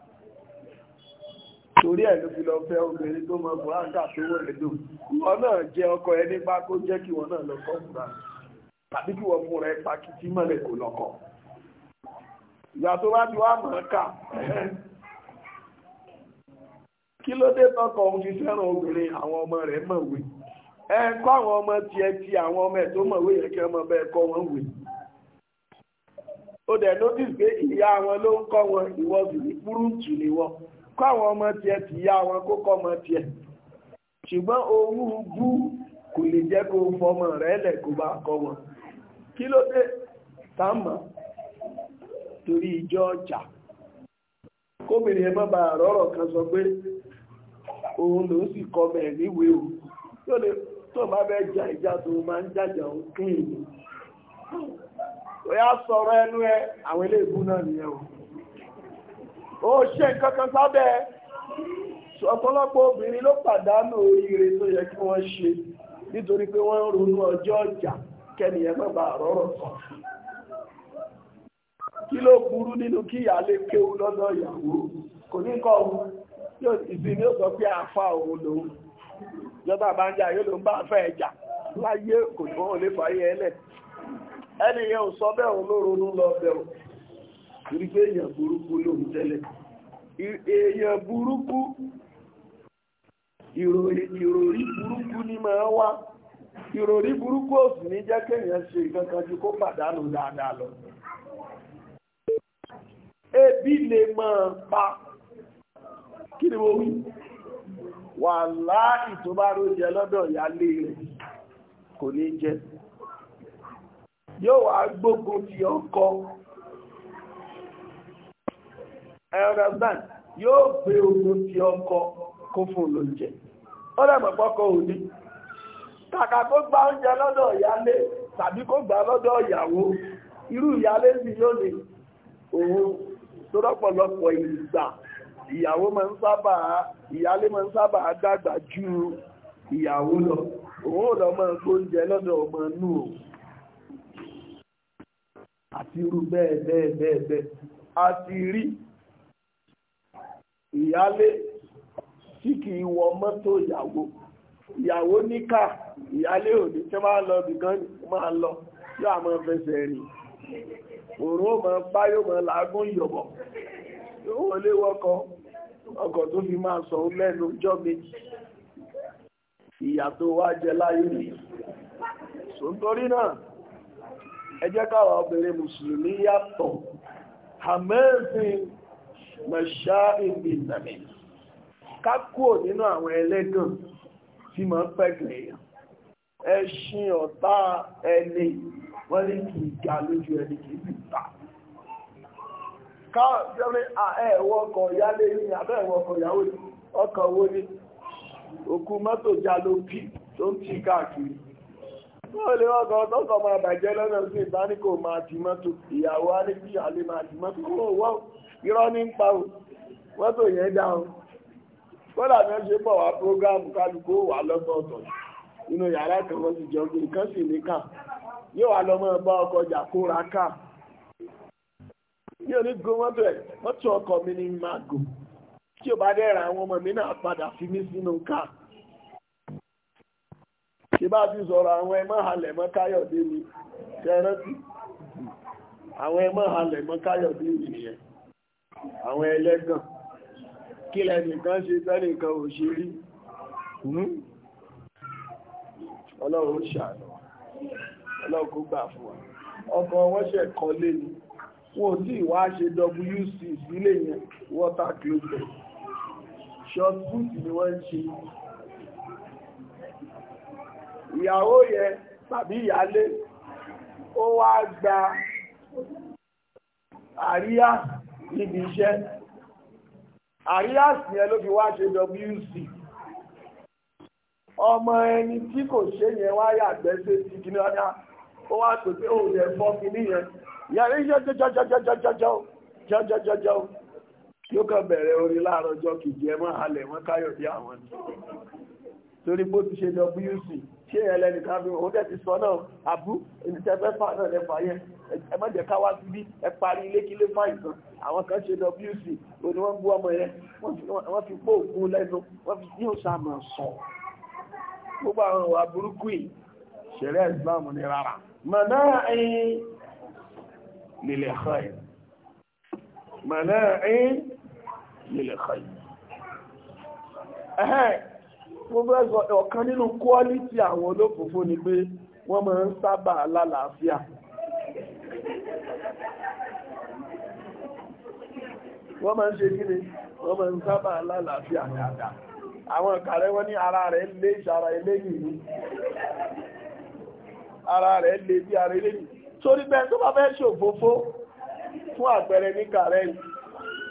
torí ẹ̀ fi lọ fẹ́ obìnrin tó mọ kòránkà tó wọ́n ẹ̀dùn ọkọ ẹni bá jẹ́ kí wọn náà lọ tàbí kí wọ́n mú rẹ̀ pàkìtì mọ́lẹ̀ kò lọ́kọ. ìyá tó bá ti wá mọ̀ ọ́n kà kí ló dé tọkọ òun ti fẹ́ràn obìnrin àwọn ọmọ rẹ̀ mọ̀wé ẹ kọ́ àwọn ọmọ tiẹ̀ ti àwọn ọmọ ẹ̀ tó mọ̀wé yẹn kí ọmọ bẹ́ẹ̀ kọ́ wọn wèé ó dẹ̀ notice pé ìyá wọn ló ń kọ́ wọn ìwọ sì ní púrúǹtù ni wọn kọ́ àwọn ọmọ tiẹ̀ tì yá wọn kó kọ́ ọmọ tiẹ̀ ṣùgbọ́n owó bú kò lè jẹ́ kó fọmọ rẹ̀ lẹ̀ kó bá kọ́ wọn kí ló dé tàmà torí ìjọ ọjà kóbìnrin ẹ má ba àrọ́rọ̀ kan sọ pé òun ló sì kọ mẹ́ níwèé o tó lè tó bá bẹ́ jà ìjà tó máa ń jàjà òun kí ìlú òyà sọ̀rọ̀ ẹnu ẹ àwọn ilé náà nìyẹn o ó ṣe nǹkan kan ọpọlọpọ ọ̀pọ̀lọpọ̀ obìnrin ló pàdánù oríire tó yẹ kí wọn ṣe nítorí pé wọn ń ronú ọjọ́ ọjà kẹ́niyàn má bàa rọ́rọ̀ sọ kí ló burú nínú kí ìyáálé kéwú lọ́dọ̀ ìyàwó kò ní kọ́ ohun yóò ìsinmi ó sọ pé àfa òun lòun ìjọba àbájá yóò ló ń bá fẹ́ ẹjà láyé kò tó ò lè fàáyé ẹlẹ̀ ẹni yẹn ò sọ bẹ́ẹ̀ òun ló ìròrí burúkú òsì ní jẹ́ kéèyàn ṣe ìkankan ju kó pàdánù dáadáa lọ ebi lè máa pa kí ni mo wí wà láì tó bá jẹ lọ́dọ̀ rẹ̀ kò ní jẹ yóò wá gbógun ti ọkọ ẹ̀rọ̀dán yóò gbé ogun ti ọkọ kó fún lóúnjẹ ó dàgbà kàkà kó gba oúnjẹ lọ́dọ̀ ìyálé tàbí kó gbà lọ́dọ̀ ìyàwó irú ìyálé sì yóò ní òun tó rọ́pọ̀lọpọ̀ ìgbà ìyàwó máa ń sábà ìyálé máa ń sábà dàgbà ju ìyàwó lọ òun ò lọ máa gbóúnjẹ lọ́dọ̀ ọmọ inú o àti irú bẹ́ẹ̀ bẹ́ẹ̀ bẹ́ẹ̀ bẹ́ẹ̀ a ti rí ìyálé tí kì í wọ mọ́tò ìyàwó ìyàwó níkà ìyálé òní tí máa lọ bìkan máa lọ yóò àmọ́ fẹsẹ̀ rìn òórùn ó máa bá yóò máa làágùn ìyọ̀bọ̀ yóò wọlé wọkọ̀ ọkọ̀ tó fi máa sọ lẹ́nu ọjọ́ méjì ìyà tó wá jẹ láyé rí sóńtorí náà ẹ jẹ́ káwa obìnrin mùsùlùmí yàtọ̀ hamilton mẹ́ṣáà ìbìnàmì ká kúrò nínú àwọn ẹlẹ́gàn tí máa ń pẹ̀gàn èèyàn ẹṣin ọ̀tá ẹni wọ́n ga lójú ẹni ta káàkiri ẹ̀wọ́ ọkọ̀ ìyálé ní abẹ́ ọkọ̀ ìyàwó ọkọ̀ owó ní òkú mọ́tò já ló tó ń káàkiri wọ́n ọkọ̀ ọ̀tọ́kọ̀ máa bàjẹ́ lọ́nà sí ìbáníkò máa mọ́tò ìyàwó ní máa mọ́tò irọ́ ní ń pa mọ́tò yẹn kódà ní ṣe bọ̀ wá prógámù kálukú wà lọ́tọ̀ọ̀tọ̀ nínú yàrá kan wọ́n ti jọ kan sì yóò lọ́mọ ọkọ̀ kóra mi ní mọ́tò ẹ̀ mọ́tò mi máa tí ò ọmọ mi náà padà fi mí sínú ṣe ti sọ̀rọ̀ àwọn halẹ̀ mọ́ káyọ̀dé mi àwọn halẹ̀ mọ́ káyọ̀dé kí lẹ́nìkan ṣe tẹ́nìkan ò ṣe rí hmm? ọlọ́run ṣàánú ọlọ́run kó gbà fún wa ọkọ̀ wọ́n ṣẹ̀ kọlé ni wọ́n tí ìwá ṣe WC sílé yẹn water closet short foot ni wọ́n ṣe ìyàwó yẹn tàbí ìyálé ó wá gba àríyá níbi iṣẹ́ àríyá sí ẹ ló wá ṣe wc ọmọ ẹni tí kò ṣe yẹn wá yàgbẹ́ sí ti kí ó wá pè pé òun yẹn fọ́ kí yàrá iṣẹ́ jọjọjọjọjọjọjọjọjọjọ yóò kàn bẹ̀rẹ̀ orí láàárọ̀ ọjọ́ kìjì mọ́ torí bó ti ṣe wc ṣé ẹlẹ́nìkan bí òun dẹ̀ ti sọ náà abú ìtẹ́fẹ́ fà náà lẹ́fà yẹn ẹ má jẹ́ ká wá ẹ parí ilé kílé fà àwọn kan ṣe wc òní wọ́n bú ọmọ yẹn wọ́n fi pó òkun lẹ́nu wọ́n fi ní òṣà mà sọ gbogbo àwọn ìwà burúkú yìí ṣẹ̀rẹ́ Islam ní rárá mọ̀nà ẹ̀yìn lílẹ̀ xọ́yìn mọ̀nà ẹ̀yìn lílẹ̀ xọ́yìn mo fẹ́ sọ ọ̀kan nínú kọ́ọ́lítì àwọn olófòfó ni pé wọ́n máa ń sábà lálàáfíà wọ́n máa ń ṣe kí wọ́n máa ń sábà lálàáfíà dáadáa àwọn ìkàrẹ́ wọ́n ní ara rẹ̀ lé ìṣàrà eléyìí ni ara rẹ̀ lé bí ara eléyìí sórí bẹ́ẹ̀ tó bá fẹ́ ṣòfófó fún àpẹẹrẹ ní kàrẹ́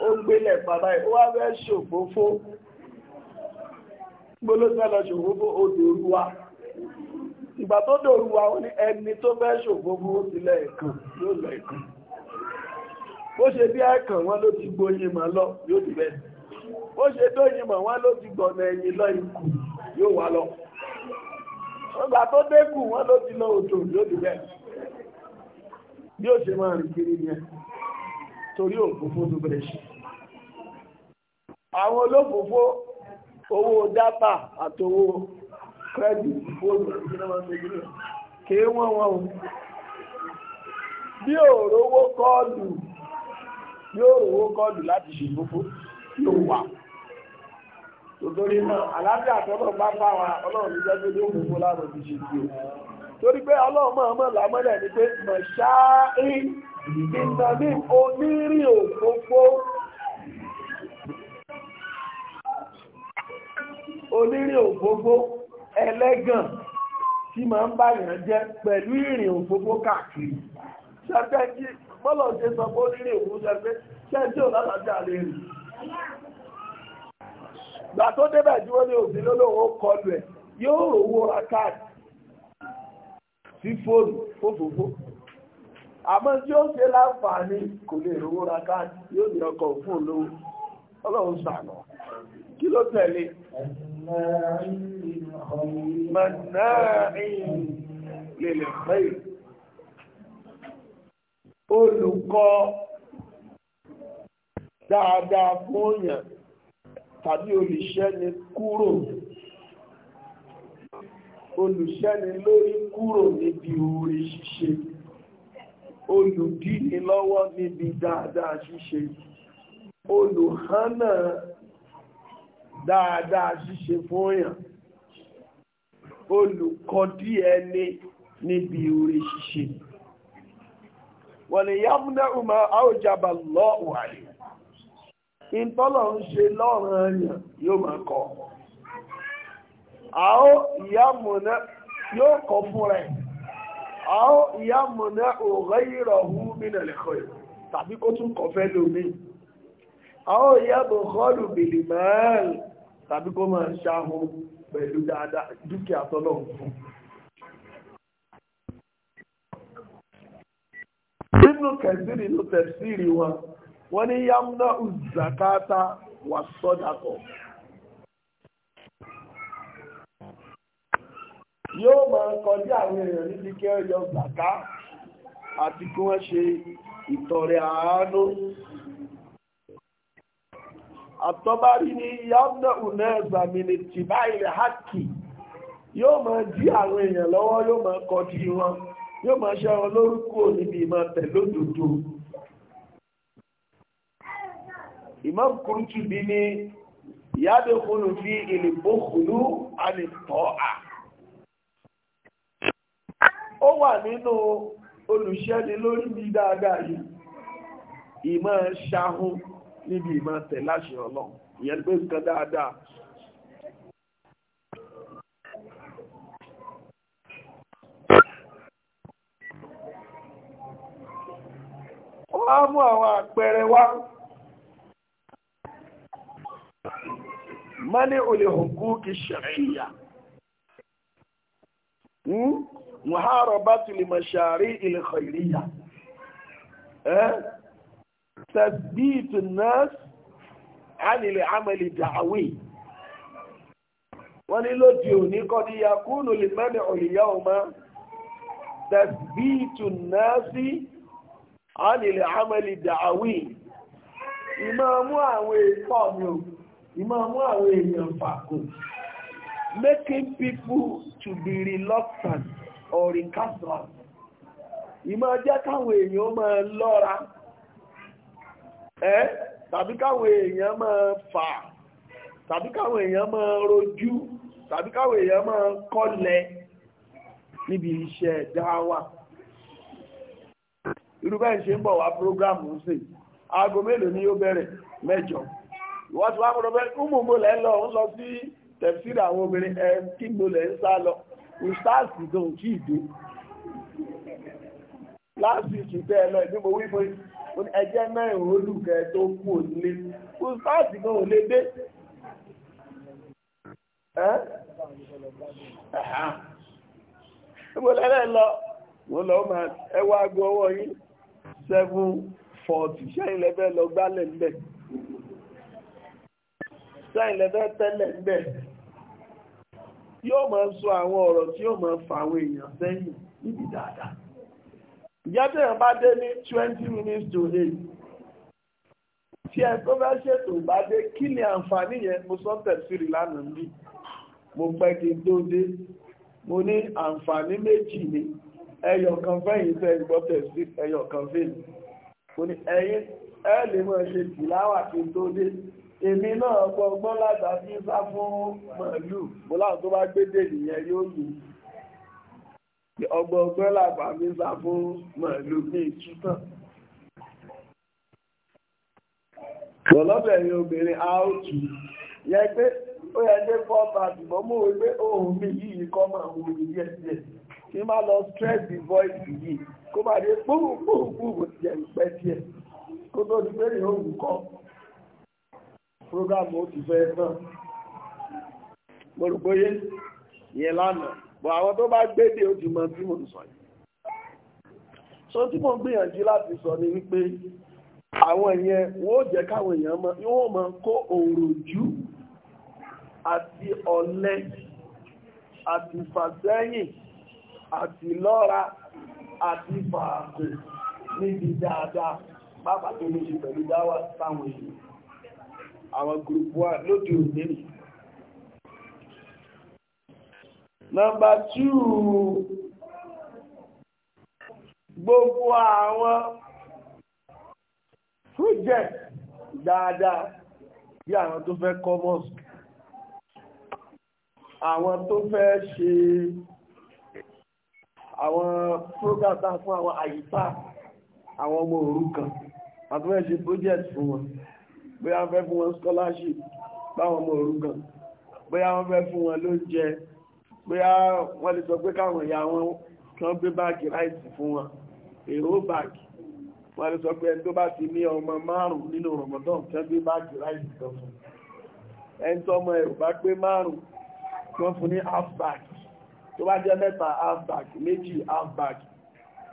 ó gbélẹ̀ pàbáyé ó wá fẹ́ ṣòfófó gbóló fẹ́ lọ ṣòfófó odò olúwa ìgbà tó dòrú wa ó ní ẹni tó fẹ́ ṣòfófó ó ti lẹ ẹ̀kan yóò lọ ẹ̀kan bó ṣe bí ẹ̀kan wọn ló ti gbóyin mọ́ lọ yóò ti bẹ́ẹ̀ bó ṣe dóyin mọ̀ wọn ló ti gbọ̀nà ẹ̀yìn lọ ikú yóò wá lọ ọgbà tó dẹ́kù wọn ló ti lọ odò yóò ti bẹ́ẹ̀ bí ó ṣe máa rìn kiri yẹn torí òfófó tó bẹ̀rẹ̀ ṣe àwọn olófófó owó dátà àtowó kírẹ́dì fóònù kìí wọ́n wọn o bí òrówó kọ́ọ̀lù bí òrówó kọ́ọ̀lù láti ṣe gbogbo yóò wà náà tọ́lọ̀ bá wa ọlọ́run ní jẹ́ tó gbogbo láàrọ̀ ti ṣe o torí pé ọlọ́run mọ̀ onírìn òfófó ẹlẹ́gàn tí máa ń báyàn jẹ́ pẹ̀lú ìrìn òfófó káàkiri ṣẹ́fẹ́ kí bọ́lọ̀ ṣe sọ pé onírìn òfófó ṣẹ́fẹ́ ṣẹ́ tí ò lálàájá lè rìn gbà tó débẹ̀ tí wọ́n ní òfin lólówó kọlu ẹ̀ yóò rówó ra káàdì sí fóònù fófófó àmọ́ tí ó ṣe láǹfààní ọlọ́run sàánà kí ló tẹ̀lé mọ̀náàrin lèlè fẹ́ olùkọ́ dáadáa fún òyàn tàbí olùṣẹ́ni kúrò olùṣẹ́ni lórí kúrò níbi oore ṣíṣe olùdíni lọ́wọ́ níbi dáadáa ṣíṣe olùhánà dáadáa ṣíṣe fóyàn olùkọ́dí ẹni níbi orí ṣíṣe wọ́n lè yá múná ọmọ àwòjábà lọ́wọ́ àyè ìtọ́lọ̀ ń ṣe lọ́rùn ẹ̀yàn yóò máa kọ́ àó ìyá múná yóò kọ́ fúnra ẹ̀ àó ìyá múná òòrẹ́ ìrọ̀hún mínà lẹ́kọ̀ọ́ tàbí kó tún kọ́ fẹ́ lómi àwọn ìyàbò kọlù bèèrè mẹ́rin tàbí kó máa ṣáhùn pẹ̀lú dáadáa dúkìá tọ́lọ̀ fún nínú kẹsìrì ló tẹ̀sìrì wọn wọ́n ní yamna uzakata wà sọ́dakọ̀ yóò máa kọjá àwọn èèyàn níbi kí ọjọ́ zaka àti kí wọ́n ṣe ìtọrẹ àánú àtọ́bárí ní yọ́dọ̀ ọ̀nà ẹ̀zàmìnì tì báyìí hákì yóò mọ̀ dí àwọn èèyàn lọ́wọ́ yóò mọ̀ kọ́ di wọn yóò mọ̀ ṣe wọn lórúkọ níbi ìmọ̀ tẹ̀lódodo. Imam Kurtubi ní ìyáde kúrò fi ìlìbó kùlú àlìtọ́ à. ó wà nínú olùṣẹ́ni lórí bí dáadáa yìí ìmọ̀ ṣahun níbi ìmọ̀ tẹ̀ láṣẹ ọlọ́run ìyẹn pé nǹkan dáadáa wọ́n á mú àwọn àpẹẹrẹ wá mani olè hukuki ṣàríyà hmm? muharabatu li mashari il khairiyya eh تثبيت الناس عن العمل الدعوي wọ́n ní يكون òní اليوم ní الناس عن العمل الدعوي. ọmọ أوي náà sí أوي àmẹ́lì dàáwì making people to be reluctant or recalcitrant ìmọ̀ jẹ́ káwọn èèyàn máa lọ́ra ẹ́ tàbí káwọn èèyàn máa fà tàbí káwọn èèyàn máa rojú tàbí káwọn èèyàn máa kọ́lẹ̀ níbi iṣẹ́ irúgbẹ́ ìṣe ń bọ̀ wá prógrámù ń sè aago mélòó ni yóò bẹ̀rẹ̀ mẹ́jọ ìwọ́n ti wá mo lẹ́ lọ ń lọ sí àwọn obìnrin ẹ̀ kí mo lẹ́ ń sá lọ ìsáàsì kí ìdó láti mo wí fún ẹjẹ́ mẹ́rin olùkẹ́ tó kú òlé ustaz kan ò lè dé mo lẹ́lẹ́ lọ mo lọ máa ẹwà aago ọwọ́ yín seven forty sẹ́yìn lẹ́fẹ́ lọ gbálẹ̀ ńbẹ̀ sẹ́yìn lẹ́fẹ́ tẹ́lẹ̀ ńbẹ̀ yóò máa sọ àwọn ọ̀rọ̀ tí yóò máa fa àwọn èèyàn sẹ́yìn níbi dáadáa ìjọba èèyàn bá dé ní twenty minutes to eight tí ẹ tó fẹ́ ṣètò bá dé kí ni àǹfààní yẹn mo sọ tẹ̀síìrì lánàá ní mo pẹ́ kí n tó dé mo ní àǹfààní méjì ni ẹyọ kan fẹ́yìn tẹ́ gbọ́ tẹ̀sí ẹyọ kan fẹ́yìn mo ní ẹ̀yin ẹ lè mọ̀ ṣe tìláwà kí n tó dé èmi náà gbọ́ gbọ́ látàbí sá fún màálù mo tó bá gbé dè nìyẹn yóò yìí ọgbọ̀ọgbẹ́ làbà mi sá fún màálù ní ìtútàn. Bọ̀lọ́bẹ̀rin obìnrin áòtù yẹ pé ó yẹ dé fọ́ta ṣùgbọ́n mú wípé ohun mi yìí kọ́ máa wo ìyẹ́ díẹ̀. Kí má lọ stress the voice yìí kó má dé púpùpùpù jẹ́ ìpẹ́ díẹ̀ kó tó di pé ní òun kọ́. Program ó ti fẹ́ tán. Mo rò bóyé yẹn lánàá bọ̀ àwọn tó bá gbédè ó ti mọ tí mò ń sọ yìí so tí mò ń gbìyànjú láti sọ ni wípé àwọn yẹn wọ́n ó jẹ́ káwọn èèyàn mọ yóò mọ kó òròjú àti ọ̀lẹ àti fàsẹ́yìn àti lọ́ra àti fàákò níbi dáadáa pápá tó ní ṣe pẹ̀lú dáwà sáwọn èèyàn àwọn group one lóde òní nìyí Number two, gbogbo àwọn project dáadáa bí àwọn tó fẹ́ kọ́ mosque àwọn tó fẹ́ ṣe àwọn program tá fún àwọn àyíká àwọn ọmọ òrukàn àti fẹ́ ṣe project fún wọn bóyá wọ́n fẹ́ fún wọn scholarship báwọn ọmọ òrukàn bóyá wọ́n fẹ́ fún wọn lóúnjẹ pé wọ́n lè sọ pé káwọn ìyá wọn kan gbé báàgì ráìsì fún wọn èrò báàgì wọ́n lè sọ pé ẹni tó bá ti ní ọmọ márùn nínú Ramadan kan gbé báàgì ráìsì kan fún ẹni tó ọmọ ẹ̀rù bá pé márùn kan fún ní half bag tó bá jẹ́ mẹ́ta half back. méjì half bag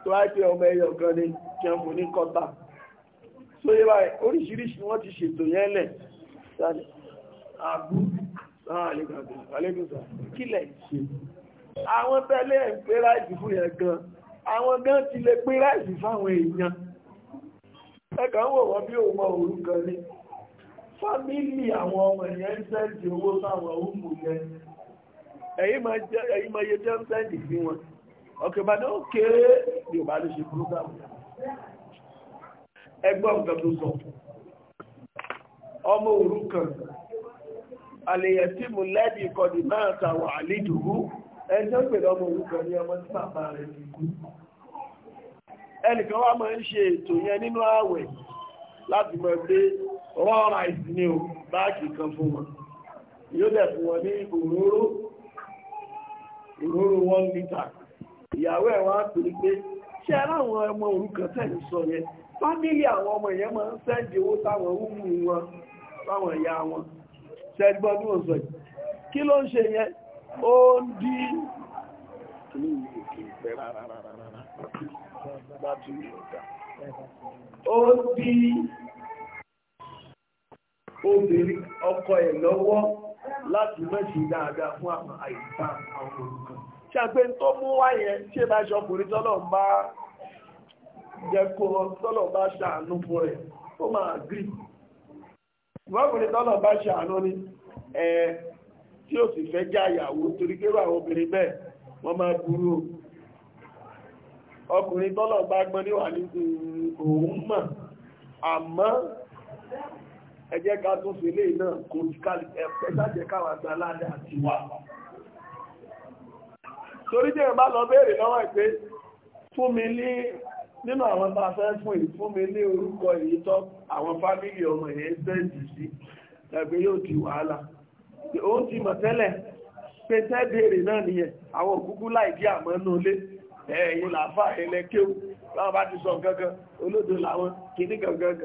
tó bá pé ọmọ ẹyọ kan ní kan fún ní kọ́tà tó yẹ báyìí oríṣiríṣi wọ́n ti ṣètò yẹn lẹ̀ àbú Ah, àwọn tẹ́lẹ̀ ń pé ráìsì fún yẹn gan àwọn gan ti lè pé ráìsì fáwọn èèyàn ẹ̀kà ń wò wọ́n bí òun ọ̀rú kan ní fámílì àwọn ọmọ èèyàn ń sẹ́ǹdì owó sáwọn òmù yẹn ẹ̀yí ma yẹ jẹ́ ń sẹ́ǹdì sí wọn ọ̀kẹ́ bá ní ó kéré ní ọba lè ṣe púrógámù àlèyẹ̀tímù lẹ́bí ìkọ̀dì máa tàwà àlídùú ẹjọ́ pẹ̀lú ọmọ orúkọ ní ọmọ tí bàbá rẹ̀ ti kú ẹnìkan wá máa ń ṣe ètò yẹn nínú ààwẹ̀ láti mọ̀ pé rọ́ọ̀rà ìsinmi o báàkì kan fún wọn yóò dẹ̀ fún wọn ní òróró òróró one litre ìyàwó ẹ̀ wá pè é pé ṣé aláwọn ọmọ orúkàn tẹ̀ ń sọ yẹn fámílì àwọn ọmọ yẹn máa ń sẹ́ǹdì owó táwọn wúwú wọn táwọn ìyá wọn ṣẹ́gbọ́n ní òṣò kí ló ń ṣe yẹn ó ń dí ó ń dí obìnrin ọkọ ẹ̀ lọ́wọ́ láti mẹ́sì dáadáa fún àwọn àìsá àwọn olùkan ṣàgbé tó mú wáyẹ tí ẹ bá ṣọkùnrin tọ́lọ̀ bá jẹ́ tọ́lọ̀ bá ṣàánú fún rẹ̀ ó máa gírí ìwọ́bìnrin tọ́lọ̀ bá ṣe àánú ni ẹ tí ó sì fẹ́ já ìyàwó torí kéwà obìnrin bẹ́ẹ̀ wọ́n máa burú ọkùnrin tọ́lọ̀ bá gbọ́n níwà ní òun mọ̀ àmọ́ ẹ jẹ́ ká tún fi lè náà kò ẹ̀fẹ́sájẹ́ káwà gba láàrẹ àti wà torí jẹ́ ìbá lọ béèrè lọ́wọ́ ìpé fún mi ní nínú àwọn bá fẹ́ fún ìfúnmi ní orúkọ èyí tọ́ àwọn fámílì ọmọ èyí sẹ́ǹdì sí ẹgbẹ́ yóò ti wàhálà ó ti mọ̀ tẹ́lẹ̀ pé tẹ́bẹ̀rẹ̀ náà nìyẹn àwọn òkúkú láìdí àmọ́ inú ilé ẹ̀yìn làáfà ẹlẹ́kéwù láwọn bá ti sọ gangan olódo làwọn kìíní gangan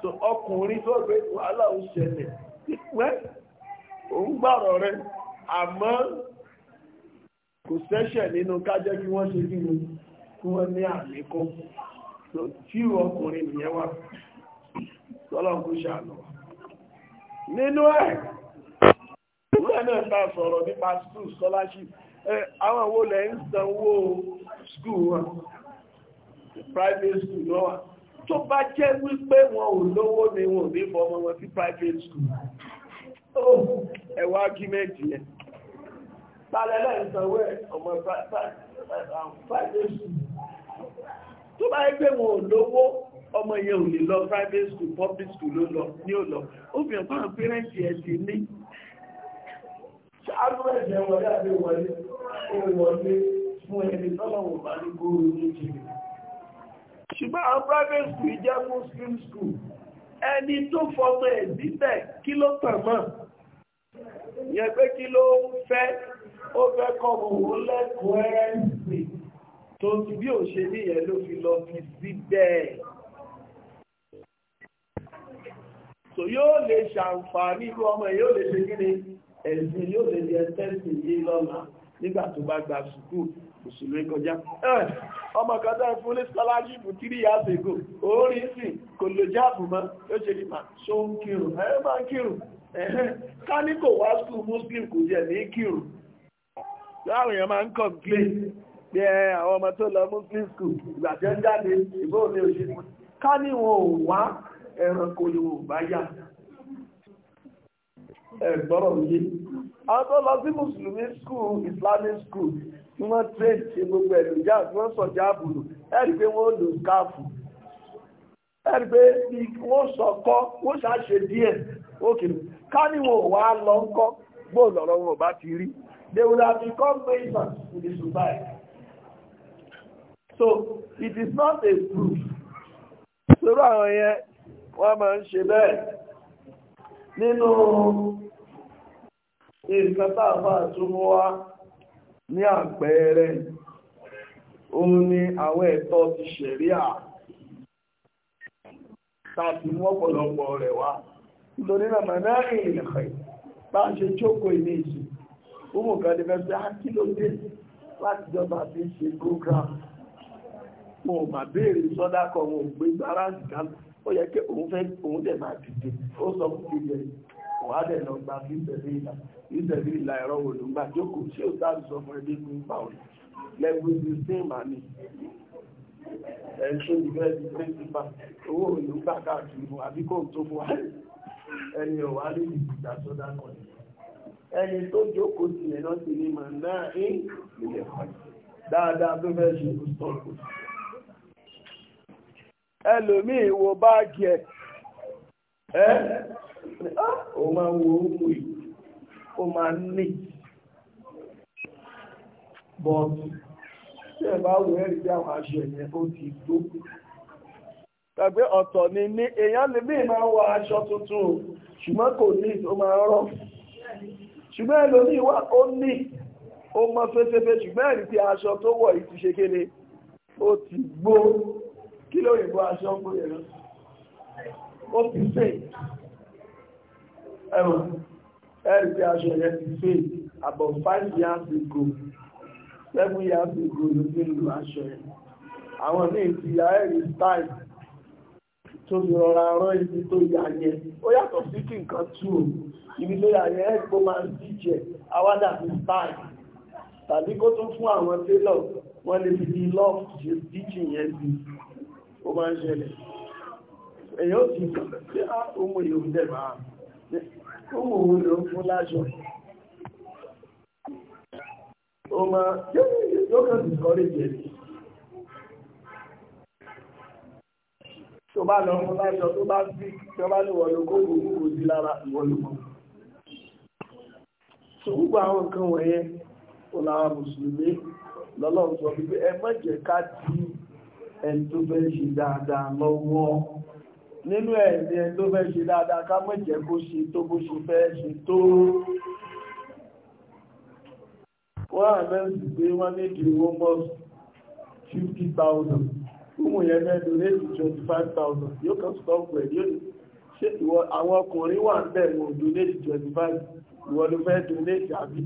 so ọkùnrin tó gbé wàhálà ó ṣẹlẹ̀ wẹ́ òun gbàrọ̀ rẹ àmọ́ kò sẹ́ṣẹ̀ nínú kájẹ́ kí wọ́n ṣe kí kí wọ́n ní àlékún tí ọkùnrin nìyẹn wá tọ́lọ́kú ṣàánú nínú ẹ̀ ìwé náà bá sọ̀rọ̀ nípa school scholarship àwọn owó lẹ́ ń sanwó school wọn private school náà wà tó bá jẹ́ wípé wọn ò lówó ni wọn ò ní fọmọ wọn sí private school ẹ̀wọ́ argument yẹn tàlẹ́lẹ́ ìsanwó ọmọ private school tó bá ẹgbẹ́ wọn ò lówó ọmọ yẹn ò lè lọ private school public school ló lọ ní ò lọ ó fi hàn fáwọn pẹ́rẹ́ǹtì ẹ̀ ti ní ṣáájú ẹ̀jẹ̀ wọlé àbí wọlé ó wọlé fún ẹni tọ́lọ̀wọ̀ bá ní góòrò méjì ṣùgbọ́n àwọn private school jẹ́ muslim school ẹni tó fọmọ ẹ̀ síbẹ̀ kí ló tàmọ́ yẹn pé kí ló ń fẹ́ ó fẹ́ kọ́ òun lẹ́kọ̀ọ́ ẹ̀sìn tó ti bí ò ṣe ní ìyẹn ló fi lọ fi síbẹ̀ so yóò lè ṣàǹfààní irú ọmọ yóò lè ṣe kíni ẹ̀sìn yóò lè jẹ tẹ́sì yé lọ́la nígbà tó bá gba sùkúù òṣèlú kọjá ọmọ kan fún ní orí sì kò lè jáàbù mọ́ ṣe ṣó ń kírun ẹ máa ń kírun wá sùkúù muslim kò jẹ́ ní kírun láwọn èèyàn máa ń pé ẹ àwọn ọmọ tó lọ muslim school ìgbàjẹ́ ń jáde ìbò ká ní wọn ò wá ni wọn ò bá àwọn tó lọ sí mùsùlùmí islamic school tí wọ́n train ṣe gbogbo ẹ̀lùjá tí wọ́n sọ̀já àbùrù ẹ̀rí pé wọ́n lò káàfù pé wọ́n wọ́n ṣàṣe díẹ̀ ká ní wọn ò wá So it is not a proof. Sọ́rọ̀ àwọn yẹn wọ́n máa ń ṣe bẹ́ẹ̀ nínú nǹkan tàbà túnmọ́ wá ní àpẹẹrẹ òun ni àwọn ẹ̀tọ́ ti ṣẹ̀ríà tàbí mọ́pọ̀lọpọ̀ rẹ̀ wá. Lórí náà máa náà ìrìn ìrìnàkọ̀ bá ń ṣe jókòó ilé ìsìn. Ó mú kan ní fẹ́ sí á ah, kí ló dé láti jọba fi ṣe program wọn ò mà béèrè sọ́dá kan wọn ò gbé gbára nìkan ó yẹ kí òun fẹ́ òun dẹ̀ máa dìde ó sọ fún mi yẹn òun á dẹ̀ lọ gba sí ìtẹ̀lé ìlà ìtẹ̀lé ìlà ẹ̀rọ wò ló ń gbà jókòó ṣé ó sáà sọ fún ẹbí fún ipa òun lẹ́gbẹ́ ti sí ìmà ni ẹ̀ṣọ́ ìgbẹ́ ti pé nípa owó òun gbà káàkiri fún àbí kò tó fún wa ẹni ọ̀wá lè dìgbà sọ́dá kan ẹni tó jókòó sí ẹ̀ lọ́sìn ní màá náà ń lè dáadáa tó fẹ́ ṣe ó sọ̀rọ̀ ẹlòmíì wo báàgì ẹ̀ ẹ́ ó máa wo ohun yìí ó máa ní bọ́ọ̀tù tí ẹ bá wo ẹ̀rí bí àwọn aṣọ ẹ̀yẹn ó ti gbó tàbí ọ̀tọ̀ ni ní èèyàn lè bí máa wọ aṣọ tuntun o ṣùgbọ́n kò ní ó máa rọ́ ṣùgbọ́n ẹlòmíì wà ó ní ó mọ fẹ́fẹ́fẹ́ ṣùgbọ́n ẹ̀rí tí aṣọ tó wọ̀ yìí ti ṣe kéde ó ti gbó kí ló ìbò aṣọ ń gbóyè lọ ó ti fẹ́ ẹ̀wọ̀n ẹ̀rì pé aṣọ yẹn ti fẹ́ about five years ago seven years ago ló ti ń lo aṣọ yẹn àwọn míì ti ya ẹ̀rì style tó fi rọra rán ibi tó yà yẹn ó yàtọ̀ sí kí nǹkan tú o ibi tó yà yẹn ẹ̀rì kó máa ń díjẹ awádà sí style tàbí kó tún fún àwọn télọ̀ wọ́n lè fi di lọ́ọ̀fù ṣe díjì yẹn bíi ó máa ń ṣẹlẹ̀ èyàn ti tí á ohun èyàn ń dẹ̀bà ohun òun ló ń fún láṣọ ó máa yóò kàn sí kọ́rí jẹ́ tó bá lọ fún láṣọ tó bá sí tó bá ní wọ̀lú kó gbogbo kò sí lára ìwọ̀lú mọ́ tó gbogbo àwọn nǹkan wọ̀nyẹn ó lára mùsùlùmí lọ́lọ́run sọ wípé ẹ má ká tí ẹni tó fẹ́ ṣe dáadáa lọ́wọ́ nínú ẹ̀ ni ẹni tó fẹ́ ṣe dáadáa ká má jẹ́ kó ṣe tó bó ṣe fẹ́ ṣe tó wọ́n àmẹ́sì pé wọ́n ní di owó 50,000 fúnmù yẹn mẹ́rin lẹ́sì 25,000 yóò kàn stop ẹ̀ yóò ṣe ìwọ àwọn ọkùnrin wà ń bẹ̀ donate 25 ìwọ ló fẹ́ donate àbí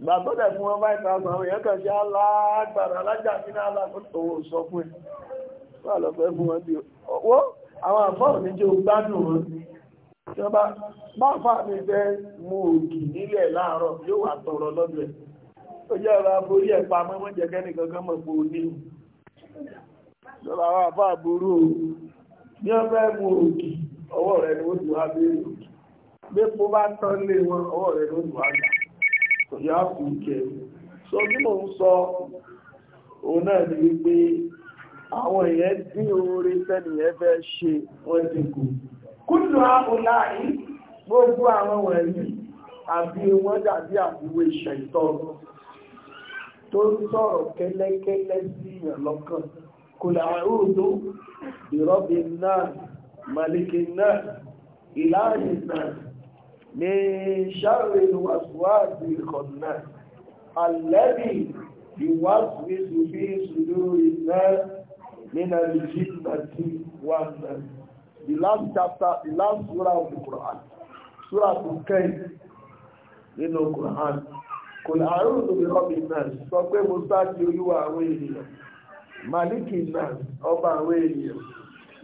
ìgbà tó dẹ̀ fún wọn bá ìta ọ̀sán àwọn èèyàn kan ṣe alágbára alájà sí náà alákòóso sọ fún ẹ̀ wà lọ fẹ́ fún wọn bí owó àwọn àfọ́ọ̀ ní jẹ́ gbádùn wọn sí tí wọ́n bá báfà mi fẹ́ mú ògì nílẹ̀ láàárọ̀ yóò wà tọrọ lọ́dọ̀ ẹ̀ ó jẹ́ ọ̀rọ̀ aborí ẹ̀ pa mọ́ wọ́n jẹ́kẹ́ mọ̀ pé ó ní ìjọba àwọn àfọ́ àbúrú o bí wọ́n fẹ́ mú ògì ọwọ́ rẹ̀ ni ó ti wá béèrè ògì bí epo bá tán lé wọn yá kù kẹ so bí mò ń sọ òun náà ni wípé àwọn èèyàn dín oore sẹ́nìyàn fẹ́ ṣe wọ́n ti kù kúlù àbúlá yìí gbogbo àwọn wọ̀nyí àbí wọ́n dàbí àbúwé ṣẹ̀tọ́ tó ń sọ̀rọ̀ kẹ́lẹ́kẹ́lẹ́ sí ìyàn lọ́kàn kò làárùdó ìrọ́bìn náà malikin, náà ìlàrin náà من شر الوسواس الخناس الذي يوسوس في صدور الناس من الجنة والناس The last chapter, the last surah of the Quran. Surah Al-Kayn nínú Quran. Kò láàrùn tó bí ọmọ ìnáàsì sọ pé you sáájú olúwa àwọn ènìyàn. Màlíkì náà, ọba àwọn ènìyàn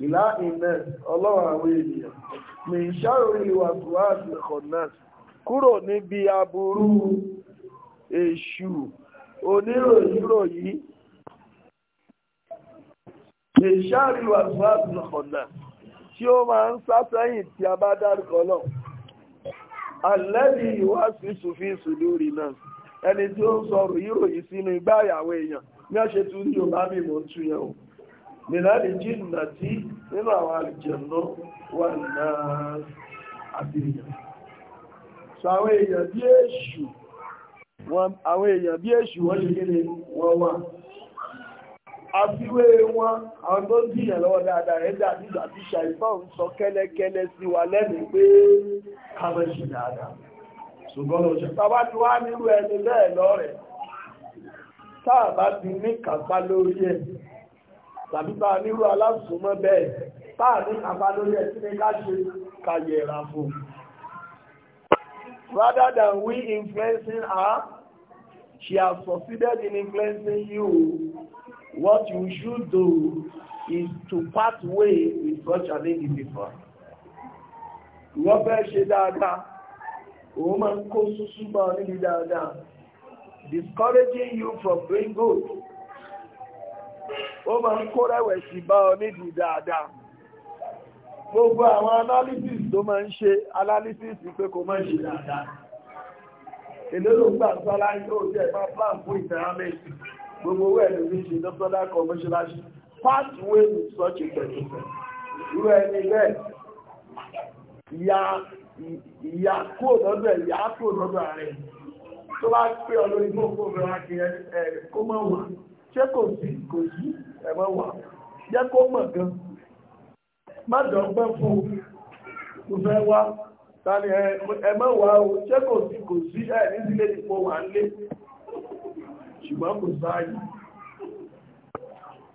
ìlà iná ọlọ́run àwọn ènìyàn mi ṣàròrí ìwàsíwàsí ọ̀nà kúrò níbi aburú èṣù oníròyìnròyìn mi ṣàròrí ìwàsíwàsí ọ̀nà tí ó máa ń sá sẹ́yìn tí a bá dárúkọ náà alẹ́bí ìwàsí sùfí sùlúrì náà ẹni tí ó ń sọ̀rọ̀ ìròyìn sínú igbá ìyàwó èèyàn ní ọ̀ṣẹ́ tún ní Yorùbá mi mò ń túyẹ̀ o mìíràn jí nà tí nínú àwọn àlìjẹ̀nà wà náà àti èèyàn so àwọn èèyàn bí èṣù àwọn èèyàn bí èṣù wọ́n ṣe kéde wọ́n wà àfiwé wọn àwọn tó ń dìyàn lọ́wọ́ dáadáa rẹ̀ dà nígbà tí ṣàìfà ń sọ kẹ́lẹ́kẹ́lẹ́ sí wa lẹ́nu pé ká dáadáa ṣùgbọ́n lọ ṣe tàbá ti wá nírú ẹni bẹ́ẹ̀ lọ́rẹ̀ táà ti ní kàpá lórí ẹ̀ tàbí bá nírú aláṣùmọ́ bẹ́ẹ̀ táà ní àbálórí ẹ̀sí ní ká kàyẹ̀rà fún rather than we influencing her she has succeeded in influencing you what you should do is to part way with such an individual wọ́n fẹ́ ṣe dáadáa òun máa ń kó súsú bá dáadáa discouraging you from doing good ó máa ń kó rẹ̀wẹ̀sì bá ọ nídìí dáadáa gbogbo àwọn analysis tó máa ń ṣe analysis pé kò máa ń ṣe dáadáa èlé ló gbà ń sálá yóò jẹ́ ìpá plan fún ìtẹ̀hámẹ́sì gbogbo owó ẹ̀lú ní ṣe dọ́kọ́dá kọmọ́ṣíláṣí part way to such a person irú ẹni bẹ́ẹ̀ ìyá ìyá kó lọ́dọ̀ ìyá kó lọ́dọ̀ ààrẹ tó bá pé ọlọ́rin fún òkú obìnrin kó mọ̀ wọ́n ṣé kò sí kò sí ẹ̀wọ̀n wà jẹ́ kó mọ̀ gan má dọ̀gbẹ́ fún mo fẹ́ wá tani ẹ̀mọ́ wà ó ṣé kò sí kò sí ẹ̀ ní sílé ìpò wà nílé ṣùgbọ́n kò sáàyè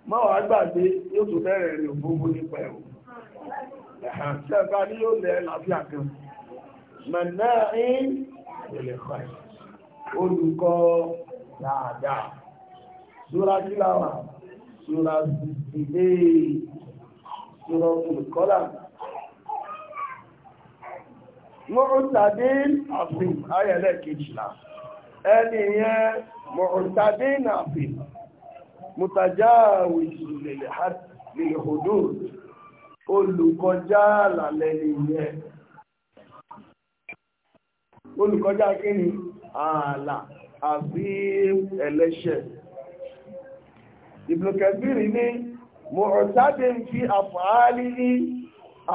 má wàá gbàgbé yóò tó bẹ̀rẹ̀ rẹ̀ òfófó nípa ẹ̀wọ̀ ṣẹ́fà ni yóò lẹ̀ láfíà kan mẹ̀nà ń olùkọ́ dáadáa. Súra Kíláwà, Súra Ìdé, Súra Olùkọ́là. Mọ̀rùntàdín àfin, ayẹ̀lẹ́ kejìlá. Ẹni yẹn mọ̀rùntàdín àfin, mùtàjá àwìsù lè hòdó, olùkọjá làlẹ́ nìyẹn. Olùkọjá kí ni? Ààlà àbí ẹlẹ́ṣẹ̀ ìbùkẹ́bìrì ní mọ̀ọ̀tádé ń fi àfàálì ní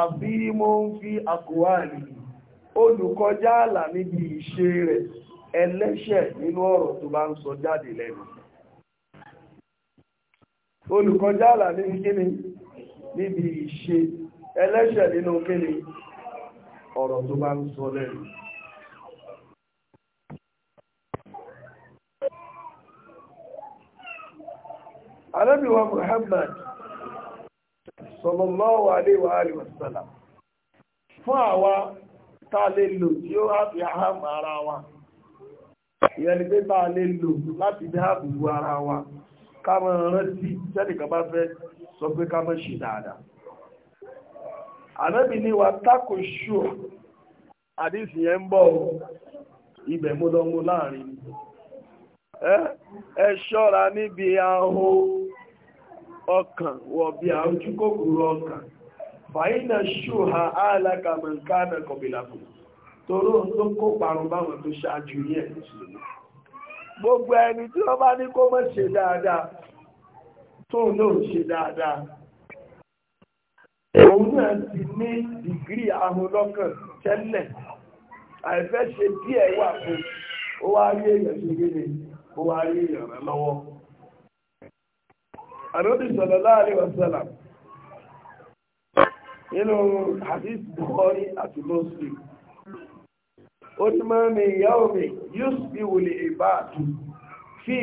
àbí mo ń fi àkùwàlì olùkọjá àlà níbi ìṣe rẹ̀ ẹlẹ́ṣẹ̀ nínú ọ̀rọ̀ tó bá ń sọ jáde lẹ́nu olùkọjá àlà níbi kíni níbi ìṣe ẹlẹ́ṣẹ̀ nínú kíni ọ̀rọ̀ tó bá ń sọ lẹ́nu Ànábì wa Muhammad sallallahu alaihi wa alihi wasallam fún àwa tá lè lò tí ó ara wa ìyẹn pé tá lè lò láti ara wa ká mọ́ rántí sẹ́nìkan bá fẹ́ sọ pé ká mọ́ ṣe dáadáa ni wa tako ṣù àdísì ń bọ̀ ibẹ̀ ẹ ṣọ́ra níbi ahó ọkàn wọ̀bí àójú kòkòrò ọkàn fàyínà ṣùhà áàlákà mọ̀nkánà kọ̀bìlàkùn toró tó kó parun báwọn tó ṣáájú yẹ̀ gbogbo ẹni tí wọ́n bá ní kó má ṣe dáadáa tóun náà ṣe dáadáa òun náà ti ní dìgírí ahun tẹ́lẹ̀ àìfẹ́ ṣe díẹ̀ wà fún ó wá rí èèyàn ṣe kó wá rí ìrànlọ́ lọ́wọ́. Àdóbi sọ̀rọ̀ láàrin ọ̀sẹ̀là nínú Hadith Bukhari àti Muslim. Ó ní máa mi ìyá omi yóò sì wùlé ìbáàtú fi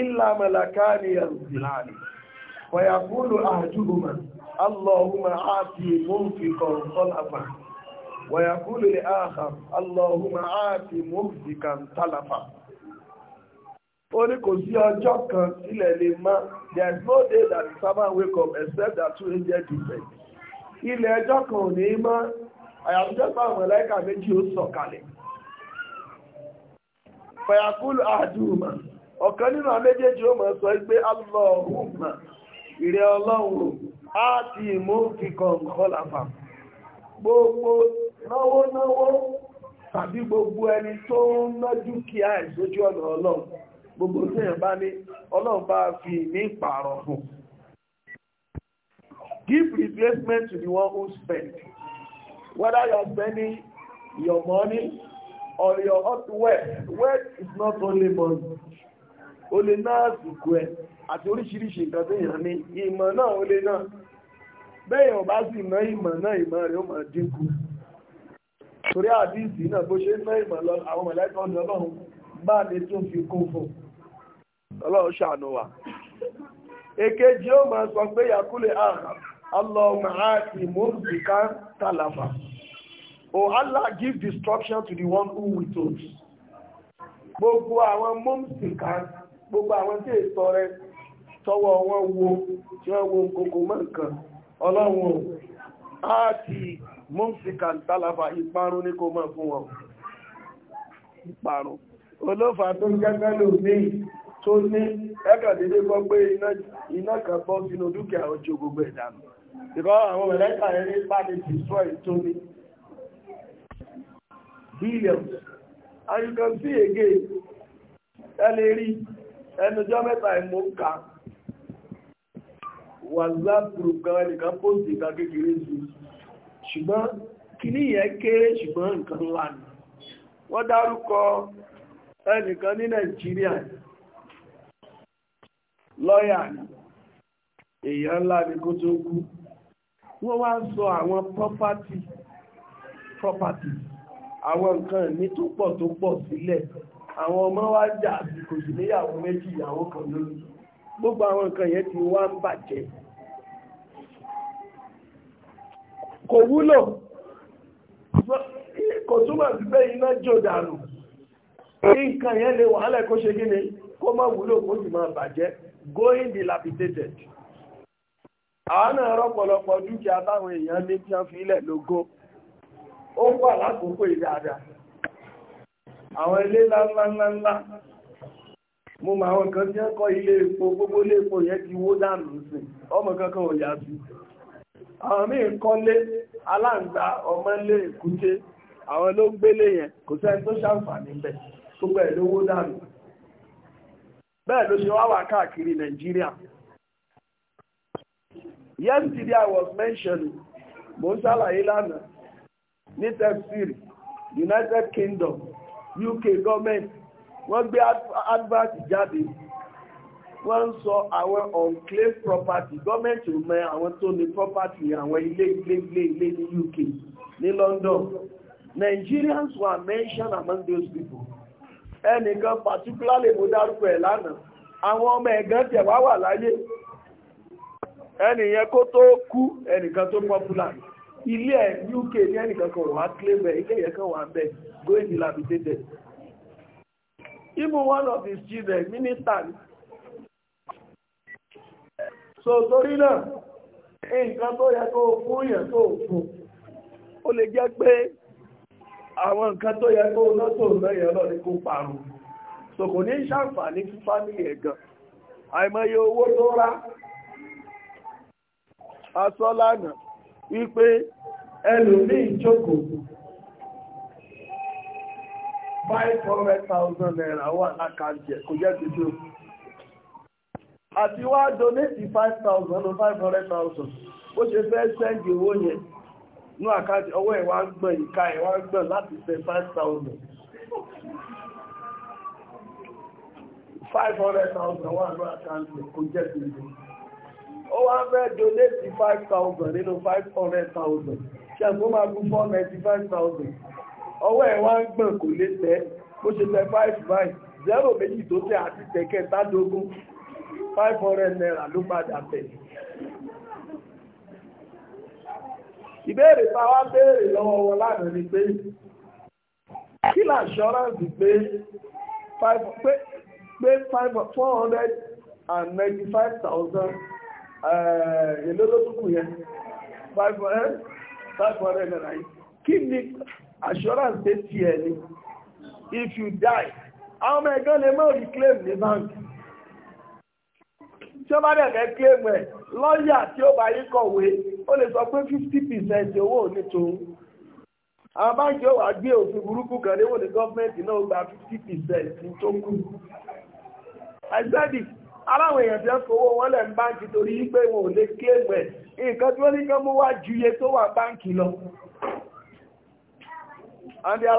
ìlà màlàká ni ẹ̀rùsìláàni. Fọ̀yàkúlù àjúgbùmọ̀, Allahumma áti múnfikọ̀ sọ́làfà. Wọ̀yàkúlù lè áhà, Allahumma áti múnfikọ̀ sọ́làfà. ó ní kò sí kan sílẹ̀ le ma there is no day that the servant wake up except that two angels descend ilẹ̀ ẹjọ́ kan ò ní mọ́ àyàfíjọ́ pa àwọn ẹlẹ́kà méjì ó sọ̀kalẹ̀ fẹ̀yàkúlù àdùmá ọ̀kan nínú àméjèèjì ó mọ̀ sọ pé alọ́ọ̀hùnmá ìrẹ́ ọlọ́run á ti mú ikom kọlàfà gbogbo náwó náwó tàbí gbogbo ẹni tó ń ná dúkìá ìsójú ọ̀nà ọlọ́run gbogbo tí èèyàn bá ní ọlọ́run bá fi ní pààrọ̀ fún give replacement to the one who spend whether you are spending your money or your hot wealth wealth is not only money o lè ná àsìkò ẹ̀ àti oríṣiríṣi nǹkan tó yàn ní ìmọ̀ náà o lè náà bẹ́yàn bá sì ná ìmọ̀ náà ìmọ̀ rẹ̀ ó máa dínkù torí àdíìsì náà bó ṣe ná ìmọ̀ lọ àwọn mọ̀lẹ́kọ̀ọ́ lọ́lọ́run bá lè tún fi kún fún un ọlọ́run ṣàánú wa èkejì ó máa sọ pé yàkúlẹ̀ Allahumma àti mọ́rùsíká tàlàfà Oh Allah give destruction to the one who withholds gbogbo àwọn mọ́rùsíká gbogbo àwọn tí èso rẹ tọwọ́ wọn wo tí wọ́n wo gbogbo mọ́ nǹkan ọlọ́run àti mọ́rùsíká tàlàfà ìparun ní kó mọ́ fún wọn ìparun olófà tó ń gẹ́gẹ́ lò tó ní ẹ́kàdédé gbọ́ pé iná kan sínú dúkìá ojú gbogbo ìdàmù ìbá àwọn ní billions and you can see again rí ẹnujọ́ mẹ́ta ìmú post ìka kékeré sí ṣùgbọ́n kéré ṣùgbọ́n nǹkan wọ́n dárúkọ ẹnìkan ní nàìjíríà lọ́yà ni èèyàn ńlá ni kó tó kú wọ́n wá sọ àwọn property property àwọn nǹkan ní tó pọ̀ tó pọ̀ sílẹ̀ àwọn ọmọ wá jà sí kò sí níyàwó méjì ìyàwó kan lórí gbogbo àwọn nǹkan yẹn ti wá ń bàjẹ́ kò wúlò kò túmọ̀ sí pé iná jò dànù nǹkan yẹn lè wàhálẹ̀ kó ṣe gíní kó má wúlò kó sì máa bàjẹ́ going dilapidated àwọn náà rọ́pọ̀lọpọ̀ dúkìá táwọn èèyàn ní tí wọ́n fi ilẹ̀ lógó ó wà lákòókò ìdáadá àwọn ilé ńláńláńlá mo ma àwọn kan tí wọ́n kọ́ ilé epo gbogbo ilé epo yẹn ti wó dànù sí ọmọ kankan ò yá sí àwọn míì kọ́lé aláǹgbá ọmọlé èkúté àwọn ló gbélé yẹn kò sẹ́ni tó ṣàǹfààní bẹ̀ gbogbo ẹ̀ ló dànù bẹ́ẹ̀ ló ṣe wá wà káàkiri Nàìjíríà yesterday I was mentioning mo ń ṣàlàyé lánàá ní tefsir United Kingdom UK government wọ́n gbé advert jáde wọ́n ń sọ àwọn unclaimed property government ò mọ àwọn tó ní property àwọn ilé ilé ilé ilé ní UK ní London Nigerians were mentioned among those people. ẹnìkan particularly mo dárúkọ ẹ̀ lánàá àwọn ọmọ ẹ̀gán tẹ̀ wá wà láyé ẹnìyẹn kó tó kú ẹnìkan tó popular ilé ẹ̀ UK ní ẹnìkan kan wà claim ẹ̀ ilé ẹ̀yẹ kan wà ń bẹ̀ going dilapidated even one of his children minister so torí náà nǹkan tó yẹ kó fún yẹn tó fún ó lè jẹ́ pé àwọn nǹkan tó yẹ kó onwe lẹ́yìn ọlọ́ni kó parun so kò ní ṣàǹfààní fún fámìlì ẹ̀gàn àìmọye owó tó rá aṣọ lánàá wípé ẹlòmíì jókòó five hundred thousand naira wà lákàájẹ kò jẹ́ tuntun àti wá donate five thousand five hundred thousand ó ṣe fẹ́ sẹ́ǹdì ní àkáàtì ọwọ́ ẹ̀ wá gbọ́n ìka ẹ̀ wá gbọ́n láti ṣe 5,000 500,000 wà ní àkáàtì kò jẹ́ ti ìlú ó wá fẹ́ donate 5,000 nínú 500,000 ṣẹ́gbọ́n máa kú 495,000 ọwọ́ ẹ̀ wá gbọ́n kò lè tẹ́ bó ṣe tẹ́ 5 zero. 0 méjì tó tẹ́ àti tẹ́kẹ́ tádógún 500 naira ló padà tẹ̀lé ìbéèrè tá a wá béèrè lọ́wọ́ wọn lánàá ni pé kí là ṣọ́ránsì pé five pé five four hundred and ninety five thousand eh, èlé lóṣùkù yẹn five hundred eh, five hundred and nine kí ni assurance ṣe tiẹ̀ ni if you die àwọn ọmọ ẹ̀gbọ́n lè mọ̀ reclaim the bank. tí ó bá dẹ̀ fẹ́ kílèmù ẹ̀ lọ́ọ̀yà tí ó bá yí kọ̀wé ó lè sọ pé fifty percent owó ò ní tó àwọn báńkì ó gbé òfin burúkú kan léwò ní gọ́ọ̀mẹ́ntì náà gba fifty percent tó kù àìsẹ́dì aláwọ̀ èèyàn fowó wọn lẹ̀ ń báńkì torí pé wọn ò lè kílèmù ẹ̀ nǹkan tí wọ́n ní kán mú lọ and there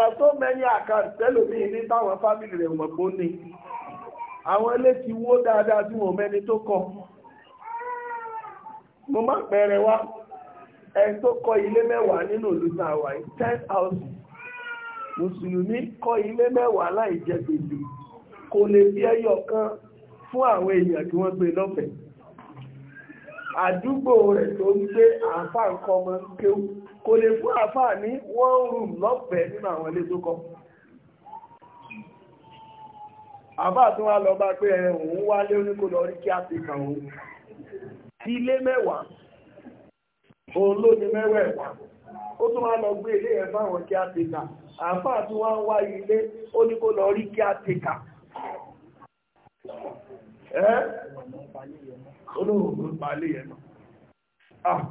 àwọn ilé ti wó dáadáa tí wọ́n mẹ́ni tó kọ́ mo máa pẹ̀rẹ̀ wá ẹni tó kọ́ ilé mẹ́wàá nínú olùsọ àwàyí ten houses mùsùlùmí kọ́ ilé mẹ́wàá láì jẹ gbèsè kò lè fi ẹyọ kan fún àwọn èèyàn kí wọ́n gbé lọ́fẹ̀ẹ́ àdúgbò rẹ̀ tó ń gbé àáfàá nǹkan ọmọ kéwú kò lè fún àáfàá ní one room lọ́fẹ̀ẹ́ nínú àwọn ilé tó kọ́. àbá tó wá lọ bá pé òun wálé oníkólọ rí kí á ti kàn òun sí ilé mẹ́wàá òun ló ní mẹ́wẹ̀ẹ̀wá ó tún wá lọ gbé ilé ẹ̀ fáwọn kí á ti kà àbá tó wá ń wá ilé rí kí á ti kà ẹ́ olóògùn ah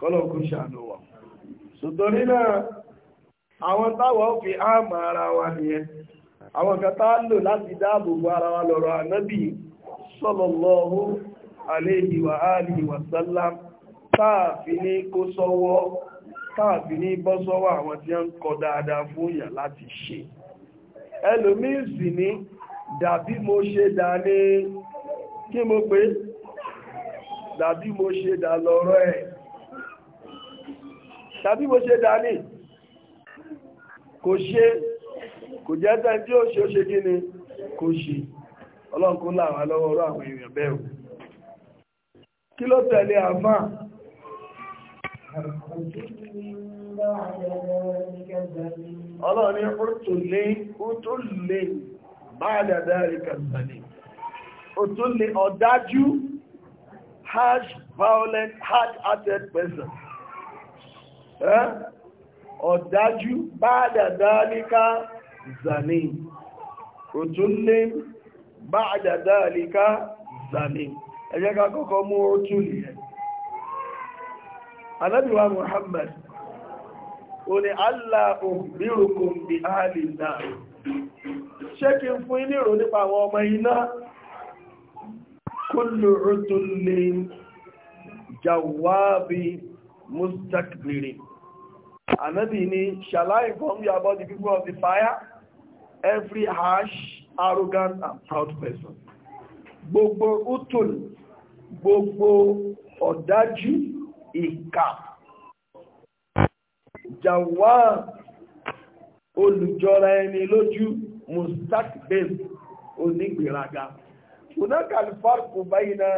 kọ́lọ̀kùn ṣàánú nínú àwọn fi ara wa nìyẹn àwọn kan tá lò láti dáàbò bo ara wa lọ́rọ̀ ànábì sallallahu alayhi wa alihi wa sallam táàfi ní kó sọ́wọ́ táàfi ní bọ́ sọ́wọ́ àwọn tí ó ń kọ dáadáa fún èèyàn láti ṣe ẹlòmíì ní dàbí mo ṣe dà ní kí mo pé dàbí mo ṣe dà lọ́rọ̀ ẹ̀ dàbí mo ṣe dà ní kò ṣe kò jẹ́ tẹ́ tí ó ṣe ó ṣe kí ni kò ṣe ọlọ́nkó láwà lọ́wọ́ ọ̀rọ̀ àwọn èèyàn bẹ́ẹ̀ kí ló tẹ̀lé àfá ọlọ́ni òtúlé òtúlé ọ̀dájú harsh violent hard-hearted person ọ̀dájú báadàdà ìkàtàlé zani òtúnlé bá àjàdá àlíká zani ẹjẹ́ ká kọ́kọ́ mú òtúnlé ẹ̀ anábíwá Muhammad ó ní allah òbírùkùn bí áàlì náà ṣé kí n fún ilé ìrò nípa àwọn ọmọ iná kullu òtúnlé jawabi mustakbirin Ànábì ni, shall I inform you about the people of the fire? Every harsh, arrogant and proud person. Gbogbo utul, gbogbo ọ̀dájú, ìkà. Jàwá olùjọra ẹni lójú, Mustakbel, onígbèraga. Funakal farku bayna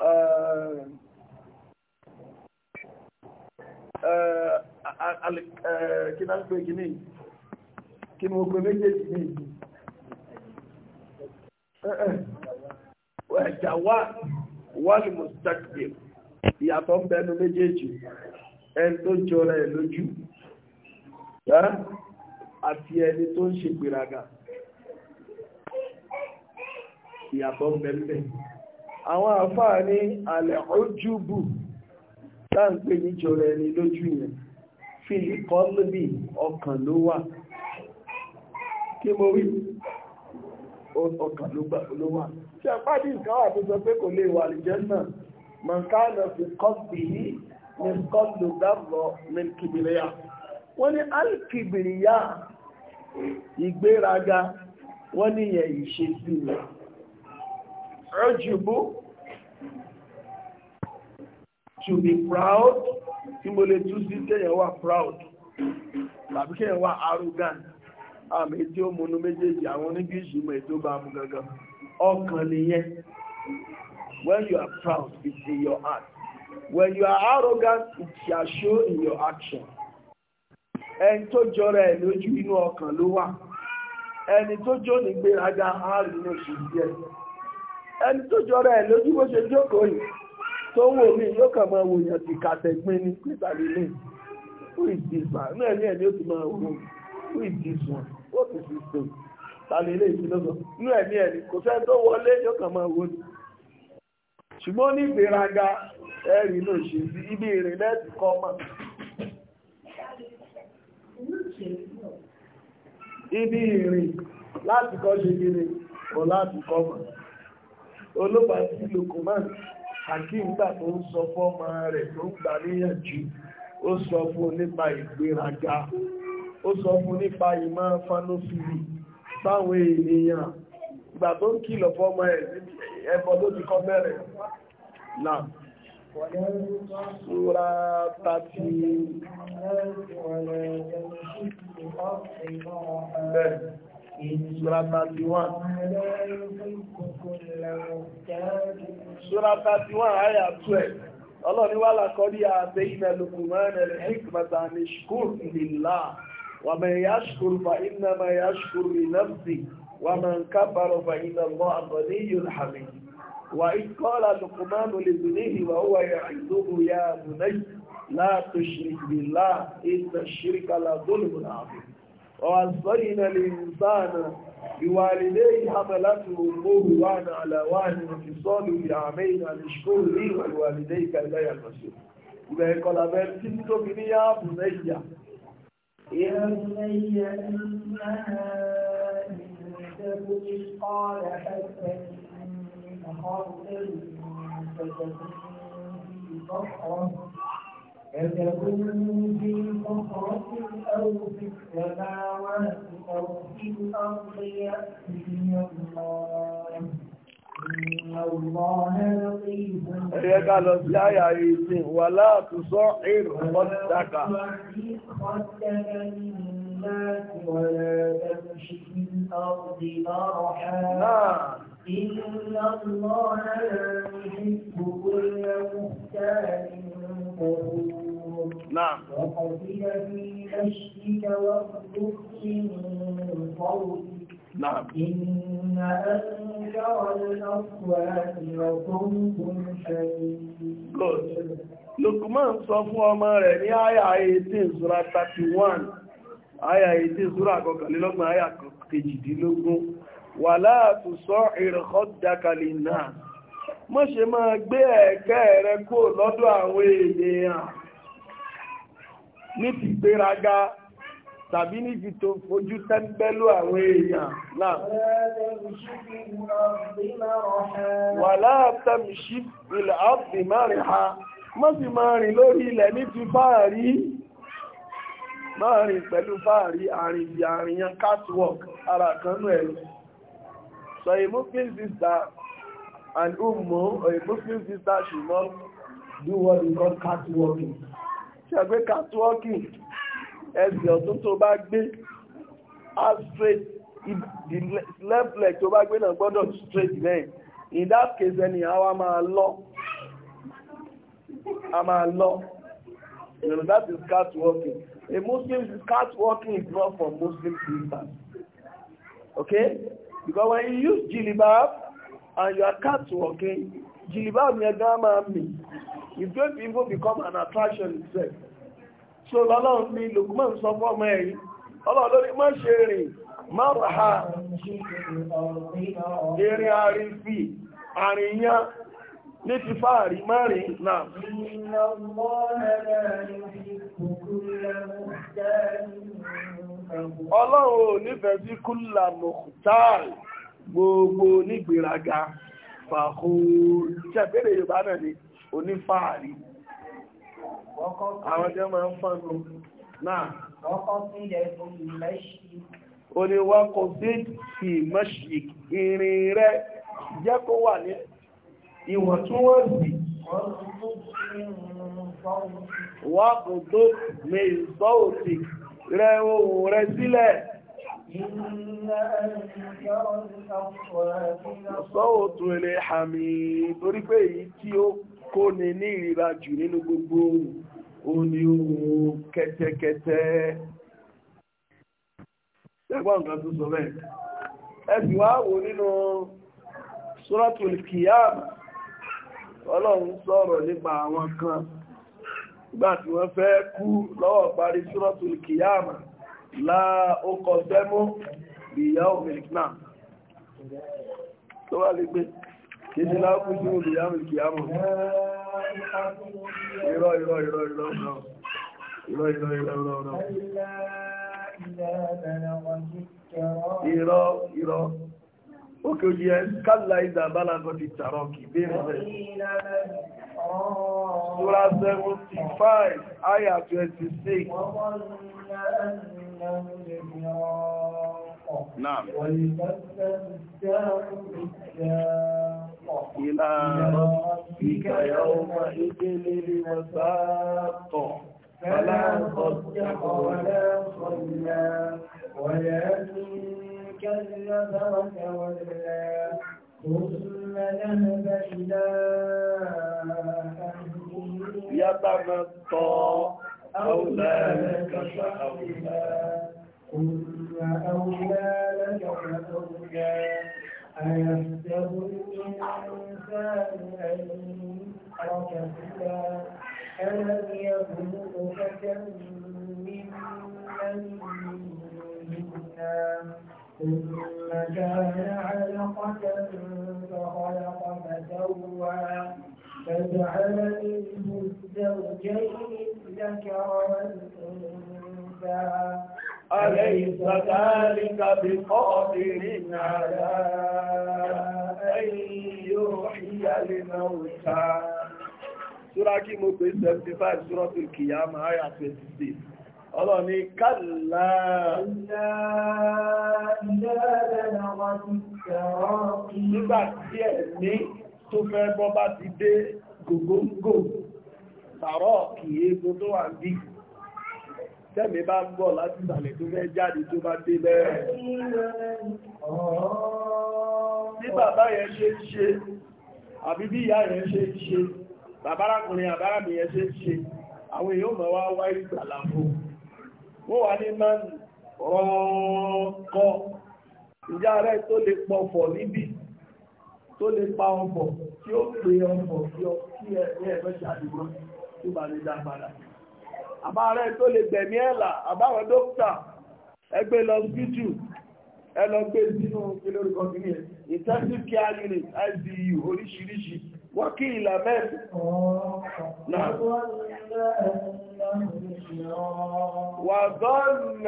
uh, kínáńpé eh, kìíní eh, kí ni ogun méjèèjì ní ìlú eh, ẹ̀jà wá wọ́lì mustakbir ìyàtọ̀ ń bẹnu méjèèjì ẹn tó jọra ẹ̀ lójú àti ẹni tó ń ṣe gbèrágà ìyàtọ̀ ń bẹnu bẹ̀ àwọn àfáà ní alẹ́ ojúbù táǹpé níjọra ẹni lójú yẹn fílì kọ́lùbì ọkàn ló wà kí mo wí ọkàn ló wà tí àpáàdì nǹkan wà tó sọ pé kò lè wà lìjẹ́ náà mọ̀kánà fi kọ́bì yìí ní kọ́lù dábọ̀ ní kìbìrìyà wọ́n ní alkìbìrìyà ìgbéraga wọ́n ní yẹ̀ ìṣesí rẹ̀ rọ́jùbú to be proud tí mo lè tú sí kéèyàn wà proud tàbí kéèyàn wà arrogant àmì tí ó múnú méjèèjì àwọn onígbìsì mọ̀ ètò bá mú gangan ọkàn nìyẹn when you are proud it's in your heart when you are arrogant it your show in your action ẹni tó jọra ẹ̀ lójú inú ọkàn ló wà ẹni tó jó ní gbéraga àárín oṣù díẹ̀ ẹni tó jọra ẹ̀ lójú bó ṣe jókòó yìí tó mi mí yóò kàn máa wò yàn tìka tẹ̀gbìn ní who is this man ní ẹ̀mí ó ti máa wò who is this one what is this thing tàlẹ́ ilé ìsinlọ́sọ inú ẹ̀mí ẹ̀mí kò tó ibi ìrìnlẹ̀ ti kọ́ ibi ìrìn láti kọ́ ṣe kò láti kọ́ hakim gbà tó ń sọ fọ́mọ rẹ̀ tó ń gbà níyànjú ó sọ fún nípa ìgbéraga ó sọ fún nípa ìmọ̀ fanofili fáwọn ènìyàn ìgbà tó ń kìlọ̀ fọ́mọ ẹ̀ ẹbọ ló ti kọ́ bẹ̀rẹ̀ náà Súra tàbí Sura 31. Sura 31 àyà 12. Ọlọ́run wà lákọ́rí àbẹ́ iná Lukumana al-hikmata nishkur lillah. Wa man yashkur fa innama yashkur li nafsi. Wa man kafara fa inna Allaha ghaniyyun hamid. Wa idh qala Lukumanu li ibnihi ووصينا الإنسان بوالديه حملته أمه وانا على وهن وانفصاله بعامين أن اشكر لي ولوالديك إلي المسيح. إذا قال أبين تنتو بني يا بني يا بني إنها إن قال حتى إن خاطر فتكون في صحرة كتب في صخرة أو في السماوات أو في الأرض يأتي الله إن الله لطيف قال لا يا يسين ولا تصعر خدك خدك للناس ولا تمشي في الأرض مرحا إن الله كل مختال القبور نعم وقتل في نشك واخذف من صوتك نعم إن أنكر الأصوات لصمت الحديد Lukman sọ fún ọmọ rẹ̀ ní àyà 18 Sura 31, àyà 18 Sura kọkànlélọ́gbọ̀n àyà kejìdínlógún, wà láàtù sọ ìrìnkọ́ dákàlì náà mọ́ ṣe máa gbé ẹ̀kẹ́ rẹ kó lọ́dọ̀ àwọn èèyàn ní ti gbéraga tàbí ní ti tó fojú tẹ́ńbẹ́lú àwọn èèyàn náà wà látẹ̀mṣí ilẹ̀ ọ́pì mẹ́rin ha mọ́ sì máa rìn lórí ilẹ̀ ní ti fáàrí máa rìn pẹ̀lú fáàrí àrìnbí àrìyàn catwalk ara kanú ẹ̀rù sọ ìmú sísà an ummu or a Muslim sister should not do what we call catwalking. Ṣé gbé catwalking? Ẹsẹ̀ ọ̀tún tó bá gbé á straight the left leg to back bá gbé go down straight lẹ́yìn. In that case ẹni àwa máa lọ. A máa lọ. You know, that is catwalking. A Muslim is catwalking is not for Muslim sisters. Okay? Because when you use jilibab, and you are cut okay, jilibab yagama me. If become an attraction itself. So Ọlọ́run ni Lukman sọ fọ́mọ ẹ̀yí, Ọlọ́run lórí má ṣe rìn, má ràá, ìrìn àrífì, àríyán, na ti fàárí mẹ́rin na Ọlọ́run ò na sí kúlà mọ̀kútàrí. gbogbo onígbèraga fàhóòrù ṣẹ̀fẹ́rẹ̀ yorùbá náà ni onífààrí àwọn jẹ́ máa ń fọ́nù náà ni ní wọ́kọ̀ sí ti mọ́ṣì ìrìn rẹ̀ jẹ́ kó wà ní ìwọ̀ntúnwọ̀nsì wọ́kọ̀ tó mẹ́ ìsọ́òtì rẹ̀ ohun rẹ̀ sílẹ̀ Sọ́wọ́tò ilé àmì torí pé èyí tí ó kó ni ní ìrira jù nínú gbogbo ohun ni ohun kẹ́tẹ́kẹ́tẹ́. Ṣẹ́gbọ́n nǹkan tó sọ bẹ́ẹ̀. Ẹbí wá wò nínú Suratul Qiyam, Ọlọ́run sọ̀rọ̀ nípa àwọn kan. Nígbà wọ́n fẹ́ kú lọ́wọ́ parí Suratul Qiyam. La láàkọ̀ dẹ́mú ìyá òmìnirìkìnà tó wà lè gbé kìí ṣe láàkù sí olùyá iro iro iro iro iro iro iro iro iro iro iro òkè òjì ẹ̀ kálà ìdà bálagọ́ ti tààrọ kì bèèrè rẹ̀ Sura 75, Aya 26. نعم إلى ربك يومئذ الوفاق فلا صدق ولا صلى ولكن كذب وتولى ثم ذهب إلى أهله يتمطى أولى لك فأولى ثم أولى لك فأولى أيحسب الإنسان أن يترك سدى ألم يبلغك كم من منا ثم كان علقة فخلق فسوى فجعل منه الزوجين الذكر والأنثى أليس ذلك بقادر على أن يحيي الموتى Súra kí mo pè 75 Súratul Kiyama àyà 26. Ọlọ́run ni kàlá. Nígbà tí ẹ̀ ní tó fẹ́ bọ́ bá ti dé gògóńgò tààrọ̀ kì í egbò tó wà bí tẹ́mi bá ń bọ̀ láti ìsàlẹ̀ tó fẹ́ jáde tó bá dé lẹ́rẹ̀ bí bàbá yẹn ṣe ń ṣe àbí bí ìyá yẹn ṣe ń ṣe bàbárakùnrin àbárami yẹn ṣe ṣe àwọn èèyàn mọ̀ wá wá ìgbàlà wọ́n wà ní máa rọ̀ọ́kọ́ ìjà rẹ̀ tó lè pọ̀fọ̀ níbi tó lè pa ọ̀pọ̀ tí ó pè ọ̀pọ̀ tí ó kí ẹ̀ ẹ̀fẹ́ ṣàdìgbò tó bá lè dá padà. àbá rẹ̀ tó lè gbẹ̀mí ẹ̀là àbáwọn dókítà ẹgbẹ́ lọ síjù ẹ lọ gbé sínú ilé orúkọ kìíní ẹ̀ intensive care unit ICU oríṣiríṣi وكيل من نعم وظن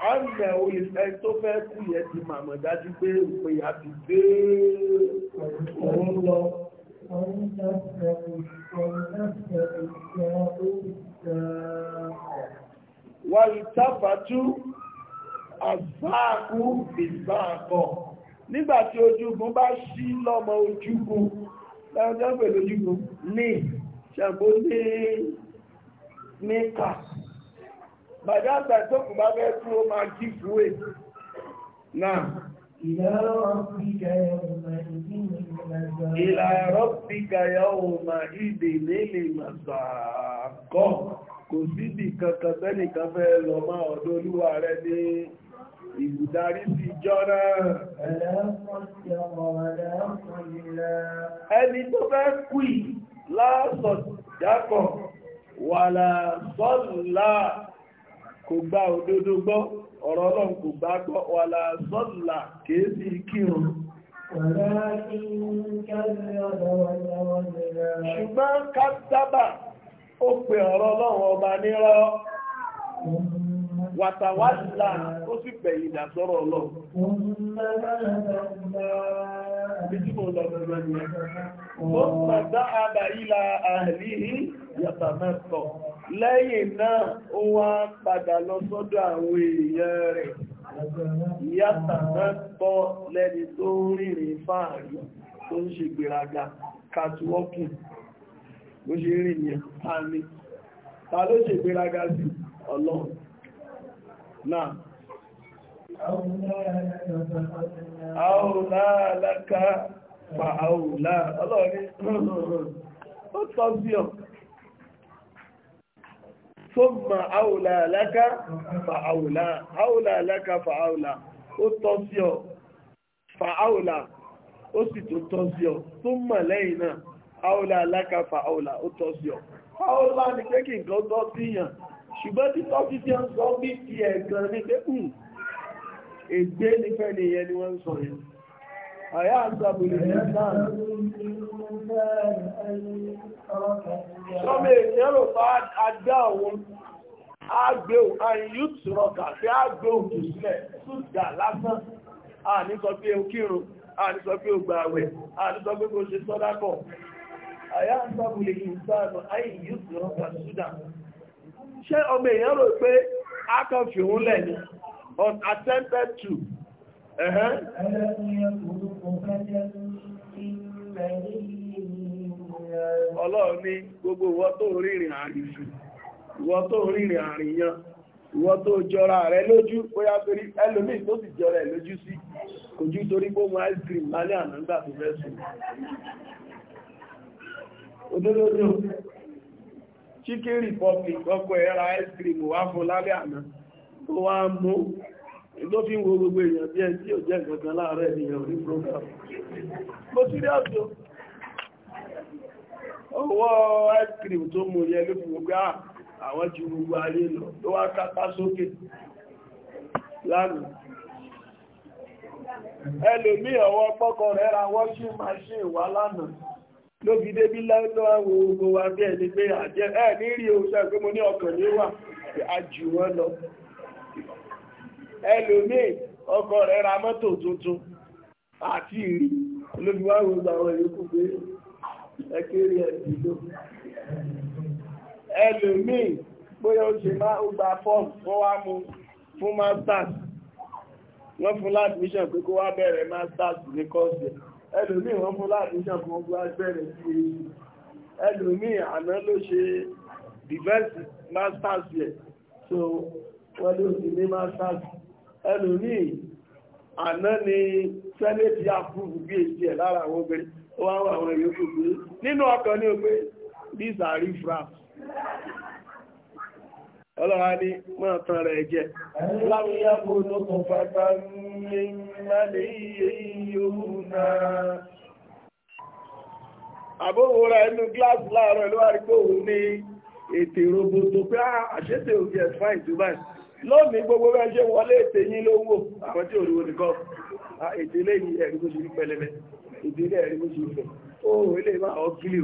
أنه الإنسان فاكو يتم عمداج به ويأتي به Wàlìtàfàtú àzáàkú ìzáàkọ̀. Nígbàtí ojúgun bá ṣí lọ́mọ ojúgun, láwọ́jọ́ pẹ̀lú ojúgbò ní ṣàbó ní níkà bàjá àgbà bá bẹ́ẹ̀ fún ó máa jí fúwé náà ìlà rọ́pìkà yàwó ma ìdè nílé màsàkọ́ kò sídì kankan tẹ́nìkan fẹ́ lọ máa ọ̀dọ̀ olúwa rẹ̀ ní ìbùdarí sí jọ́rọ̀ ẹ̀ ẹni tó fẹ́ kú yìí láàsọ̀ jákọ̀ wà láàsọ́lá kò gba òdodo gbọ́ ọ̀rọ̀ ọlọ́run kò gbà gbọ́ wà láàsọ́lá kéèsì kírun ṣùgbọ́n kátábà ó pè ọ̀rọ̀ ọlọ́run ọba nírọ́ wàtàwàlà ó sì pẹ̀yìn ìdásọ́rọ̀ lọ. Bíjí mo lọ bẹ̀rẹ̀ ni ẹ. Ó sọ̀dá àbà ìlà àhìlì yàtà mẹ́tọ̀. Lẹ́yìn náà, ó wá padà lọ sọ́dọ̀ àwọn èèyàn rẹ̀. Yàtà mẹ́tọ̀ lẹ́ni tó rìnrìn fáàrí tó ń ṣe gbéraga, catwalking. Bó ṣe rìn yẹn, ta ni? Ta ló ṣe gbéraga sí? Ọlọ́run náà àwòlá aláka pa àwòlá ọlọ́rin ó tọ́ sí ọ̀ tó ma àwòlá aláka pa àwòlá àwòlá aláka pa àwòlá ó tọ́ sí ọ̀ fa àwòlá ó sì tó tọ́ sí ọ̀ tó mọ̀ lẹ́yìn náà àwòlá aláka pa ó tọ́ sí ọ̀ àwòlá ni pé nǹkan tọ́ sí yàn ṣùgbọ́n tí tọ́jú tí ó ń sọ bí ti ẹ̀gàn ní pé ń hmm, ègbé ní fẹ́ ni ìyẹn ni wọ́n ń sọ yẹn àyá àgbàbùlẹ̀ náà sọ́mọ̀ èèyàn rò bá agbá òun agbé òun àyíyú tùrọ̀kà fẹ́ agbé òun tù sílẹ̀ súdà lásán àní sọ pé o kírun àní sọ pé o gbà àwẹ̀ àní sọ pé kò ṣe sọ́dápọ̀ àyá àgbàbùlẹ̀ ìsáàlù àyíyú tùrọ̀kà súdà ṣé ọmọ èèyàn rò pé a kàn fi òun lẹ̀ ni unattended to. Ọlọ́run ní gbogbo ìwọ tó rìnrìn àrìn tó rìnrìn àrìn yan, ìwọ tó jọra rẹ lójú, bóyá torí ẹlòmíì tó sì jọra ẹ lójú sí, kò jú torí pé mú ice cream lálẹ́ àná nígbà tó fẹ́ sùn. chicken republic ọkọ̀ ẹ̀ra ice cream wá fún lálẹ́ àná tó wá mú ló fi ń wo gbogbo èèyàn bí ẹ tí ò jẹ́ ìgbẹ̀kan láàárẹ̀ ènìyàn ní program mo sí rí ọ̀tọ́ owó ice cream tó mú yẹ ló fi gbogbo ah, àwọn ju gbogbo ayé lọ ló wá kápá sókè lánàá ẹlòmí ọwọ́ pọ́kọ rẹ̀ ra washing machine wá lánàá ló fi débí lọ́wọ́ ogun wa bí ẹni pé àjẹ́ ẹ̀ ní rí oṣù pé mo ní ọkàn ní wà àjù wọn lọ ẹlòmíì ọkọ rẹ̀ ra mọ́tò tuntun àti ìrí ló fi wá gbogbo àwọn ìyókù pé ẹkẹ́rẹ́ ẹ̀dìdó ẹlòmíì bóyá ó ṣe máa ó gba fọ́ọ̀mù wọ́n wá mú fún masters wọ́n fún láti mission pé kó wá bẹ̀rẹ̀ masters ní kọ́ọ̀sì ẹlòmí wọn fún láti ṣàkùn ọgbọ́ agbẹ́rẹ̀ sí èyí ẹlòmí àná ló ṣe diverse masters yẹ so wọ́n ló sì ní masters ẹlòmí àná ni senate approve phd ẹ̀ lára àwọn obìnrin ó wá wà àwọn èyí kò pé nínú ọkàn ní o pé these are refraps ọlọ́wà ní máa tán rẹ̀ jẹ́ láwíyàbò ló kò fàtà ní mẹ́lẹ̀ iye yóò náà àbówò rẹ̀ inú gíláàsì láàárọ̀ ló pé òun ní ètè roboto pé ah, àṣẹ́tẹ̀ òkè gbogbo rẹ̀ ṣe wọlé ètè yín ló wò àwọn tí òru ah, ètè ẹ̀rí bó ṣe rí pẹlẹbẹ ètè ẹ̀rí bó oh, oh, ọ kílì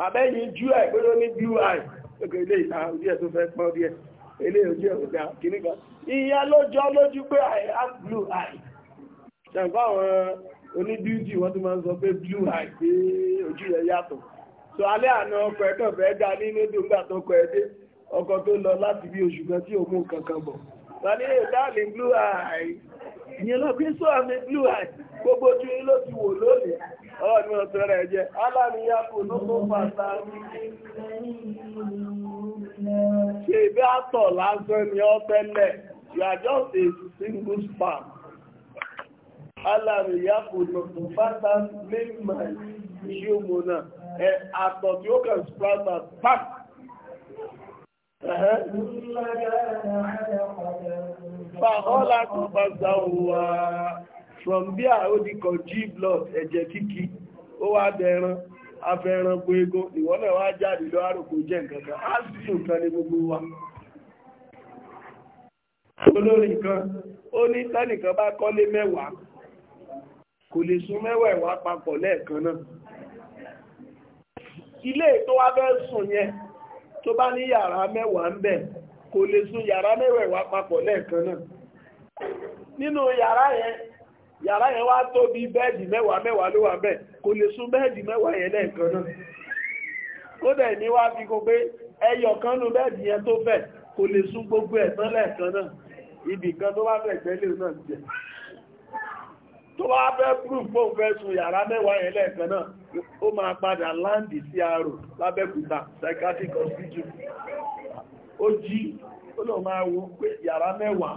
tàbẹ́yìn jú ẹ̀ pẹ́lú ní blue eye lókè ilé ìta ojú ẹ̀ tó fẹ́ pọ́ díẹ̀ ilé ojú ẹ̀ òjá kìníkan ìyẹn ló jọ lójú pé I have blue eye ṣẹ̀fà àwọn oní beauty wọ́n tún máa ń sọ pé blue eye pé ojú rẹ̀ yàtọ̀ so alẹ́ àná ọkọ̀ ẹ̀ kàn fẹ́ dá ní níbi nígbà tó kọ ẹ dé ọkọ̀ tó lọ láti bí oṣù kan tí òun kankan bọ̀ wọ́n ní ìdáàlì blue eye ìyẹn lọ pé sọ́ọ̀mì blue eye gbogbo ojú ló ti wò lónìí ọlọ́run ni wọ́n sọ rẹ̀ jẹ́ aláàníyá kò ló kó single sperm aláàníyá kò ló kó pàtà mímọ̀ ìṣòmò náà ẹ àtọ̀ tí ó kàn sprout as back. Fàhọ́lá kò bá gbà wá. from bíà ó di kọ g blood ẹ̀jẹ̀ kíkí ó wá dẹran afẹ́ran gbogbo ìwọ náà wa jade lọ je kan si gbogbo wa Olori kan o ní tẹ́nìkan bá kò lè ìwà papọ̀ lẹ́ẹ̀kan náà ilé tó wá fẹ́ sùn yẹn tó bá ní yàrá mẹ́wàá ń bẹ̀ kò lè sun yàrá ìwà papọ̀ nínú yàrá yẹn yàrá yẹn wá tóbi bẹ́ẹ̀dì mẹ́wàá mẹ́wàá ló wà bẹ́ẹ̀ kò lè sun bẹ́ẹ̀dì mẹ́wàá yẹn lẹ́ẹ̀kan náà dẹ̀ ní wá fi pé ẹyọ kan bẹ́ẹ̀dì yẹn tó fẹ̀ kò lè sun gbogbo ẹ̀ tán lẹ́ẹ̀kan náà ibì kan tó bá fẹ́ proof fẹ́ yàrá mẹ́wàá yẹn lẹ́ẹ̀kan náà ó máa padà láǹdì sí àrò lábẹ́kúta psychiatric hospital ó jí ó lọ wá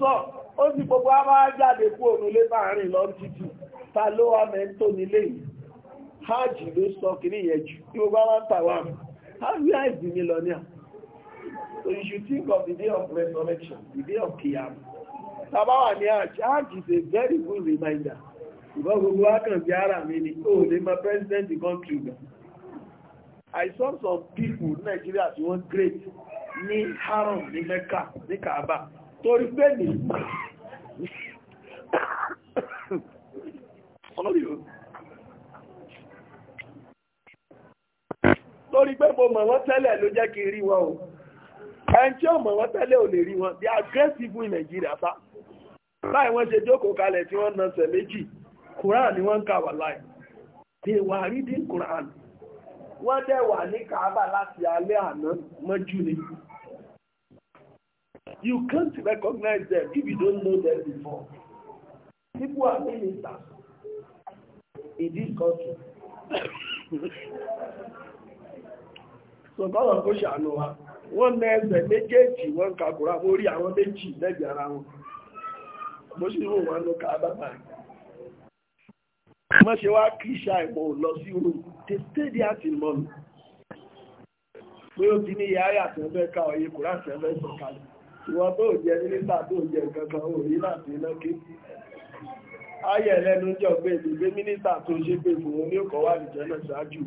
sọ ó sì gbogbo a máa jáde kú òrùlé láàrin lọ títí ta ló wà mẹ́ tó nílé yìí hajj ló sọ kìí yẹn jù tí gbogbo a máa ń tàwà mú hajj àìsí mi lọ ní à so you should think of the day of resurrection the day of kiyam tabawa ni hajj hajj is a very good reminder ìbọn gbogbo akànbí ara mi ni ó lè mọ president the country gan I saw some people in Nigeria tí wọ́n great ní haram ní Mecca ní Kaaba torí pé ní torí pé mo mọ̀ wọ́n tẹ́lẹ̀ ló jẹ́ kí rí wọn o ẹn tí ó mọ̀ wọ́n tẹ́lẹ̀ ò lè rí wọn di are aggressive in Nigeria fa láì wọ́n ṣe jókòó kalẹ̀ tí wọ́n nọ̀sẹ̀ méjì Quran ni wọ́n ń kà wà láì they were reading Quran wọ́n dẹ̀ wà ní Kaaba láti alẹ́ àná mọ́jú ni You can't recognize them if you don't know them before. People are ministers in this country. So kọ́lọ̀ kó ṣàánú One wọ́n na ẹsẹ̀ méjèèjì wọ́n kàkùrà mórí àwọn méjì lẹ́gbẹ̀ẹ́ ara wọn. Mo ṣe wò wọn ló ká bàbá rẹ̀. Wọ́n ṣe wá kí iṣẹ́ àìmọ̀ lọ sí rú. They stay there till morning. Pé ó ti ní ìyá ayà tí wọ́n fẹ́ ká ọ̀yẹ́ kùrá tí wọ́n sọ̀kalẹ̀. ìwọ tó jẹ nílítà tó jẹ kankan orí láti lọ́kí ayẹ̀ lẹ́nu jọ pé ìgbé mínísà tó ṣe pé fún oní ọkọ̀ wà ní jẹ́nà ṣáájú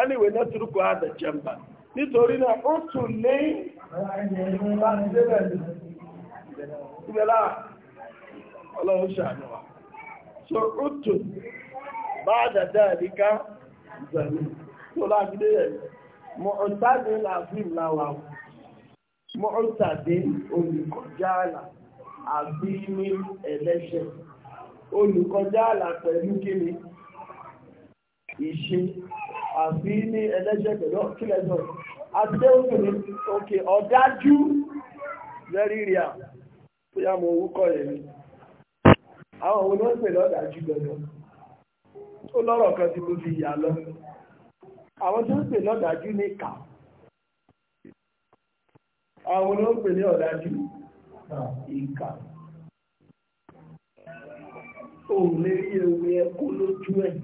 anyway náà na jẹmbà nítorí náà ó tún ní ọlọ́run ṣàánú wa mọ́tàdé olùkọjáàlà àbí ní ẹlẹ́ṣẹ̀ olùkọjáàlà pẹ̀lú kíni ìṣe àbí ní ẹlẹ́ṣẹ̀ pẹ̀lú kílẹ̀dọ̀ àti obìnrin òkè ọ̀dájú very real tó yá mọ orúkọ yẹn ni àwọn òun ló ń pè lọ́dájú gbọ́dọ̀ ó lọ́rọ̀ kan tí mo fi yà lọ àwọn tó ń pè lọ́dájú ní kàá àwọn olóòpè ní ọ̀dájú ìkà òun lè rí ewé ẹkú lójú ẹ̀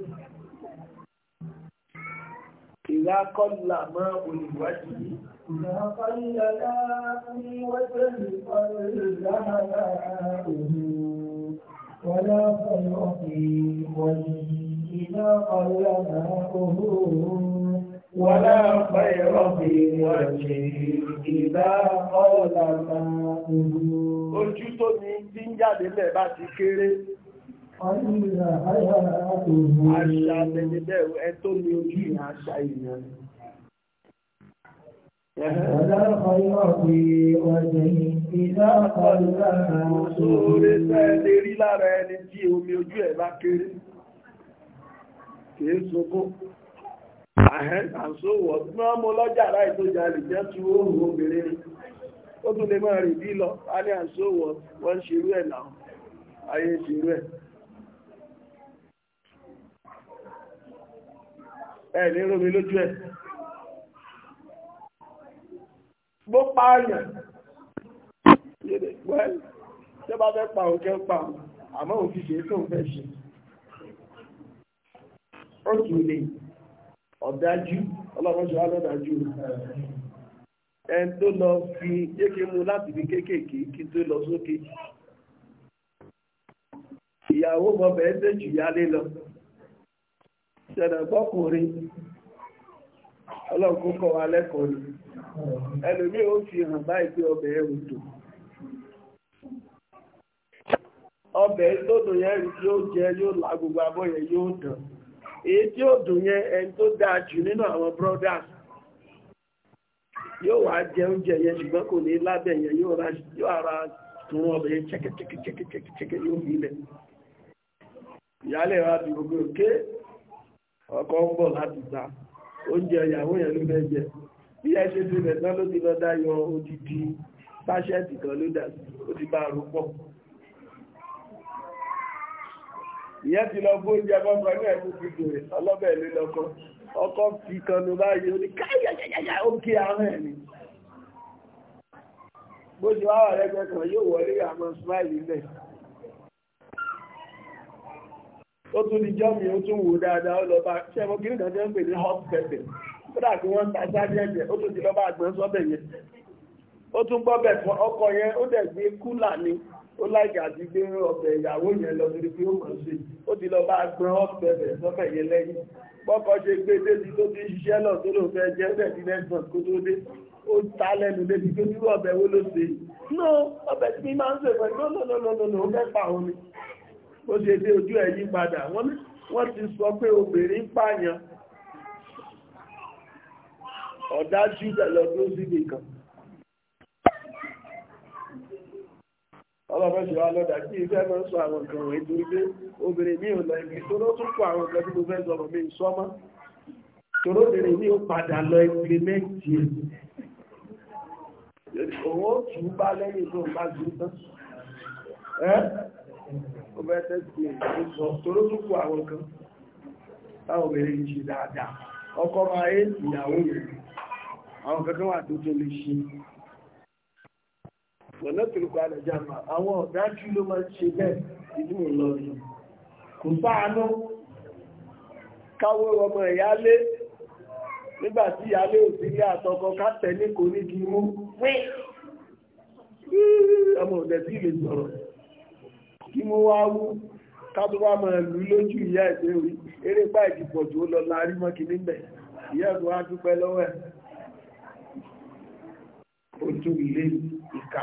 ìlà kọ́lá mọ́ olùwájú yìí Ìgbà kọ́lá láàrín wọ́n tẹ́lẹ̀ kọ́lá láàrín ولا خير في ولي إذا قلناه ولا خير في وجهه إذا قال Ojú tó ní tí ń jáde lẹ̀ bá ti kéré. Àṣà tẹ̀lẹ̀bẹ̀ ẹ tó ní ojú ìhà àṣà ìyàn. Ọ̀dá ọ̀yọ́ pé ọ̀dẹ̀ ìdá ọ̀dá ọ̀sọ̀rẹ́ ojú ẹ̀ bá kéré. Kìí àhẹ́ntàṣòwò tí wọ́n mú lọ́jà láì tó jalè jẹ́ tí ó hù obìnrin ó tún lè máa rí bí lọ a ní àṣòwò wọ́n ṣerú ẹ̀ náà ayé ṣerú ẹ̀ ẹ̀ ní rómi lójú ẹ̀ bó pààyàn tí bá fẹ́ pa òkè pa àmọ́ òfin ṣe tó ń fẹ́ ṣe ó tún lè ọ̀dájú ọlọ́run ṣe wá ẹni tó lọ fi yéke mú láti fi kéékèèké kí tó lọ sókè ìyàwó bọ̀bẹ̀ ẹ́sẹ̀ jù yálé lọ ṣẹ̀dá gbọ́kùnrin kọ́ wa lẹ́kọ̀ọ́ ni ẹlòmíì ó fi hàn báyìí pé ọbẹ̀ ẹ̀ ọbẹ̀ tó yẹn yóò yóò la gbogbo abọ́ èyí tí ó dùn yẹn ẹni tó dáa jù nínú àwọn brothers yóò wá jẹ oúnjẹ yẹn ṣùgbọ́n kò ní lábẹ́ yẹn ara tún ọbẹ̀ yẹn chẹ́kẹ́chẹ́kẹ́chẹ́kẹ́ yóò fi ilẹ̀ ìyálẹ̀ gbogbo òkè ń bọ̀ láti ta oúnjẹ ìyàwó yẹn ló fẹ́ jẹ bí ẹ ṣe ti rẹ̀ tán ló ti dá yọ odidi kan ló dà ti bá a ìyẹn ti lọ bó oúnjẹ bọ́kọ ní fi ọlọ́bẹ̀ lọ́kọ́ ọkọ fi kanu báyìí ó ní káyàyàyà ó kí àwọn ẹ̀ ni bó ṣe wáwà lẹ́gbẹ́ kan yóò wọlé àmọ́ smile lẹ̀ ó tún ní jọ́mi ó tún wò dáadáa ó lọ bá kí ń pè ní hot pepper ó dà kí wọ́n ta sáré ẹ̀jẹ̀ ó tún ti bá sọ́bẹ̀ yẹn ó tún ni ó láìka àti gbé ọbẹ̀ ìyàwó yẹn lọ torí pé ó mọ̀ sí ó ti lọ bá gbọ́n ọbẹ̀ bẹ̀ sọ́fẹ̀ yẹn lẹ́yìn bọ́kọ ṣe gbé débi tó ti ń ṣiṣẹ́ lọ tó ló fẹ́ jẹ́ bẹ̀ sí nẹ́sàn kó tó dé ó ta lẹ́nu débi pé irú ọbẹ̀ wo ló ṣe no ọbẹ̀ tí mi máa ń ṣe pẹ̀lú lọ́nà ó fẹ́ pa òun ni ó ṣe dé ojú ẹ̀ yí padà wọ́n ti sọ pé obìnrin pààyàn ọ̀dájú lọ́dún síbi kan ọlọ́mọṣẹ́ wa lọ́dà kí ìfẹ́ máa ń sọ àwọn nǹkan wọ̀nyí torí pé obìnrin mi ò lọ ibi tó ló tún kó àwọn nǹkan tí mo fẹ́ sọ mi sọ́mọ́ tòró obìnrin mi ò padà lọ ìpìlẹ̀mẹ́ǹtì ẹ̀ òun ó tù ú bá lẹ́yìn tó ń bá jù ú tán ẹ́ ó fẹ́ tẹ́sí ẹ̀ sọ tòró tún kó àwọn nǹkan táwọn obìnrin ń ṣe dáadáa ọkọ máa ń ìyàwó yẹn àwọn kankan wà tó tó lè ṣe wọ̀nà tìrùkọ àlẹ́jàmà àwọn ọ̀dájú ló máa ṣe bẹ́ẹ̀ ìdúmù lọ́rin kò sáànú káwọ́ ọmọ ìyálé nígbàtí ìyálé ò sí ní àtọkọ kátẹ̀ ní kò ní kí mú ọmọ òdẹ̀ sí ilé sọ̀rọ̀ kí mú wá wú kátọ́wà mọ̀ lú lójú ìyá ẹ̀dẹ́ orí eré pa ìdìpọ̀ jù ó lọ láàrí mọ́kì níbẹ̀ ìyá ẹ̀dùn á dúpẹ́ lọ́wọ́ ẹ̀ ojú ilé ìka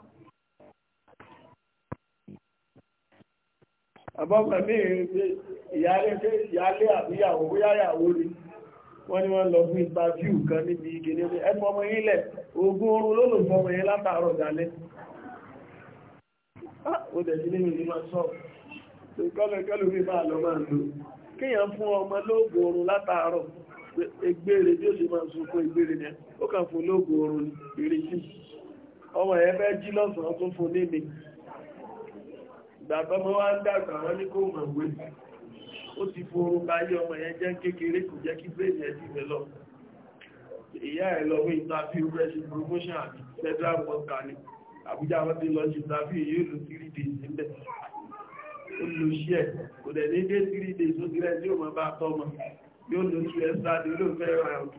àbọ́mọ̀ mìírin pé ìyálé àbíyàwó bóyáyàwó rí wọ́n ní wọ́n lọ fún ipa fíù kan níbi ìgèdè pé ẹkùn ọmọ ilẹ̀ ogún oorun ló lò fún ọmọ yẹn látàárọ̀ dalẹ́ ah, ó dẹ̀ sí nínú ìlú máa sọ pé kọ́lọ̀kọ́lù mi bá lọ máa lò kíyàn fún ọmọ lóògùn oorun látàárọ̀ egbére bí ó ṣe máa sunkún egbére ni ó kàn gbàbọ́mọ́ wá ń dàgbà wọ́n ní kó mọ̀ wé ó ti fòrò báyé ọmọ yẹn jẹ́ kékeré kò jẹ́ kí bẹ́ẹ̀ni ẹ̀dì rẹ̀ lọ ìyá ẹ̀ lọ wé ìtàfí rẹ́ṣì promotion àti federal worker ní Àbújá wọ́n ti lọ ṣe ìtàfí yóò lò 3 days níbẹ̀ ó lò ṣí ẹ̀ kò dẹ̀ ní dé 3 days ó ti rẹ̀ tí ó mọ̀ bá tọ́mọ yóò lò tú ẹ̀sá ní olóòfẹ́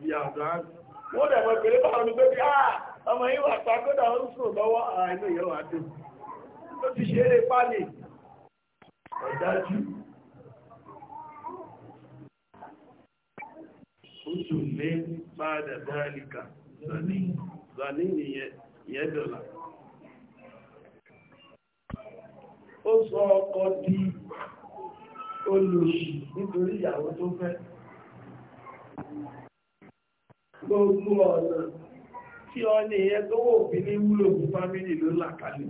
ìyá ọ̀dọ́ á wọ́n dẹ̀ mọ̀ pẹ̀lú ah, ọmọ yìí wà ó ń sùn lọ́wọ́ àìlú ah, ìyẹ́wà dùn ó ti ṣeré pálí ọ̀dájú oṣù lé padà dáríkà zani nìyẹn dọ̀là ó sọ ọkọ di olóṣì nítorí ìyàwó tó fẹ́ gbogbo ọ̀nà tí ọ ní ẹgbẹ́ òfin ní wúlò fún fámílì ló làkàlẹ̀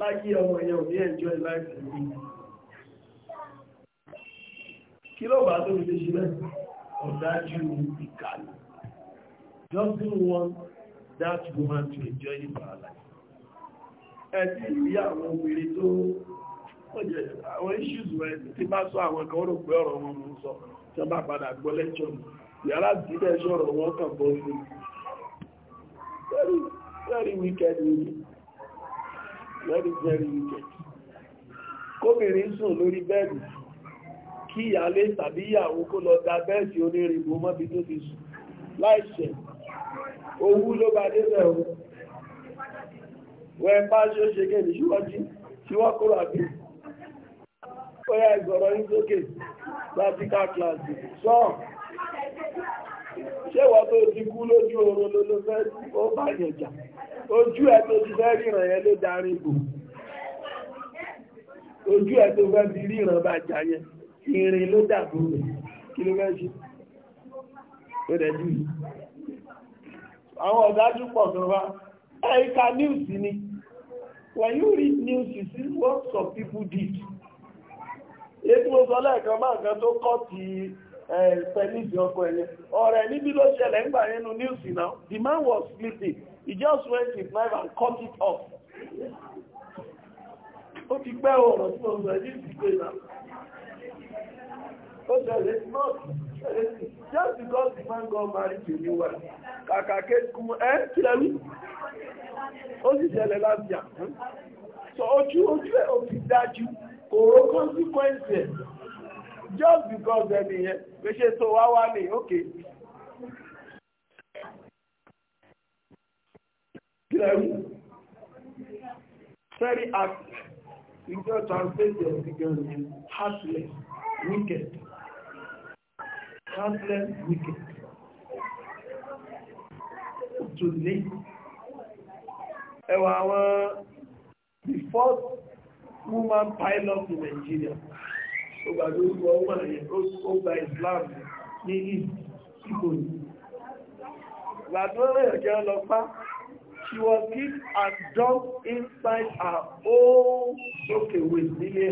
láyé ọmọ yẹn ò ní ẹjọ́ ìláìsì rí kí ló bá tó fi ṣe lẹ́ ọ̀dájú ìkàlù doesn't want that woman to enjoy the paradise ẹ̀tí ìyá àwọn obìnrin tó àwọn issues rẹ̀ tí bá sọ àwọn kan rò pé ọ̀rọ̀ wọn mú sọ tí wọ́n bá padà gbọ́ lẹ́jọ́ yàrá ìdílẹ̀ sọ̀rọ̀ wọn kàn bọ́ sí very very wicked women very very wicked kóbìnrin sùn lórí bẹ́ẹ̀dì kí ìyálé tàbí ìyàwó kó lọ da bẹ́ẹ̀dì onírìnbó mọ́bi tó ti sùn láìṣẹ̀ owú ló bá débẹ̀ o wọ́n bá ṣe ó ṣe kéde ṣíwájú ṣíwọ́ kúrò àbí ó yá ìgbọ̀rọ̀ yín sókè practical class sọ ṣé wọ́n tó ti kú lójú oorun ló fẹ́ ó bá yẹn jà ojú ẹ̀ tó ti fẹ́ ríran yẹn ló darí bò ojú ẹ̀ tó fẹ́ ríran bá jà yẹn irin ló dàbò rẹ̀ kí ló fẹ́ ṣe ó dẹ̀ àwọn ọ̀dájú pọ̀ kan wá ẹ̀ka news ni when you read news you see what some people did ètò ìsọlẹ̀ kan máa kan tó kọ́ ti pẹ̀lú ìdí ọkọ̀ ẹ̀yẹ ọ̀rẹ́ níbi ló ṣẹlẹ̀ ń He just went with knife and cut it off. Ó ti pẹ́ ọ̀rọ̀ tí mo sọ ní ìdíje náà. Ó ṣẹlẹ̀ náà ṣẹlẹ̀ sí. Just because the man got married to new well, kàkà kékun ẹ́ kí lẹ wí? Ó sì ṣẹlẹ̀ láti yà. So, ojú ojú ẹ̀ ò fi dájú, kò ró consequence Just because ẹni yẹn, pé ṣe tó wá wá ní, okay. kílẹ̀rù very active you just translate your figure in heartless wicked heartless wicked to lé ẹwà the first woman pilot in Nigeria those who are ọmọ ẹ̀yẹ ó over Islam he is ní ìgbò ìgbàgbé ọ̀rẹ́ ẹ̀kẹ́ ọlọ́pàá she was kicked and dumped inside her own sókèwé nílé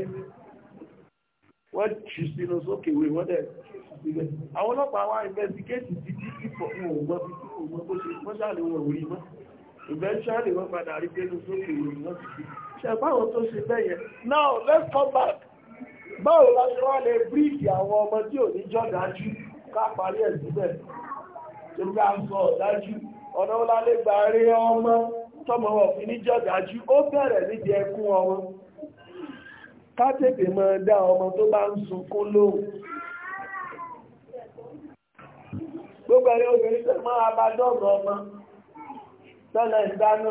wọ́n ṣì sínú sókèwé wọ́n dẹ̀ sílẹ̀ àwọn ọlọ́pàá wá investigate títí pípọ̀ ní ògbọ́n títí ògbọ́n bó ṣe wọ́n ṣàlè wọ̀ orí mọ́ eventually wọ́n padà rí we sókèwé wọ́n ti ṣe báwọn tó ṣe bẹ́yẹn now let's come back báwo la ṣe wá lè bíríkì àwọn ọmọ tí ò ní jọ́ dájú ká parí ẹ̀ síbẹ̀ tó bá ń sọ ọ̀dájú ọ̀nà olálẹ́gbà rí ọmọ tọ́mọ ọ̀fin níjọ̀dájú ó bẹ̀rẹ̀ níbi ẹkún ọmọ ká tètè mọ́ dá ọmọ tó bá ń sunkún lóhùn gbogbo ẹ̀rẹ́ obìnrin tẹ́ máa abádọ́gbọ̀ ọmọ tẹ́lẹ̀ ìdáná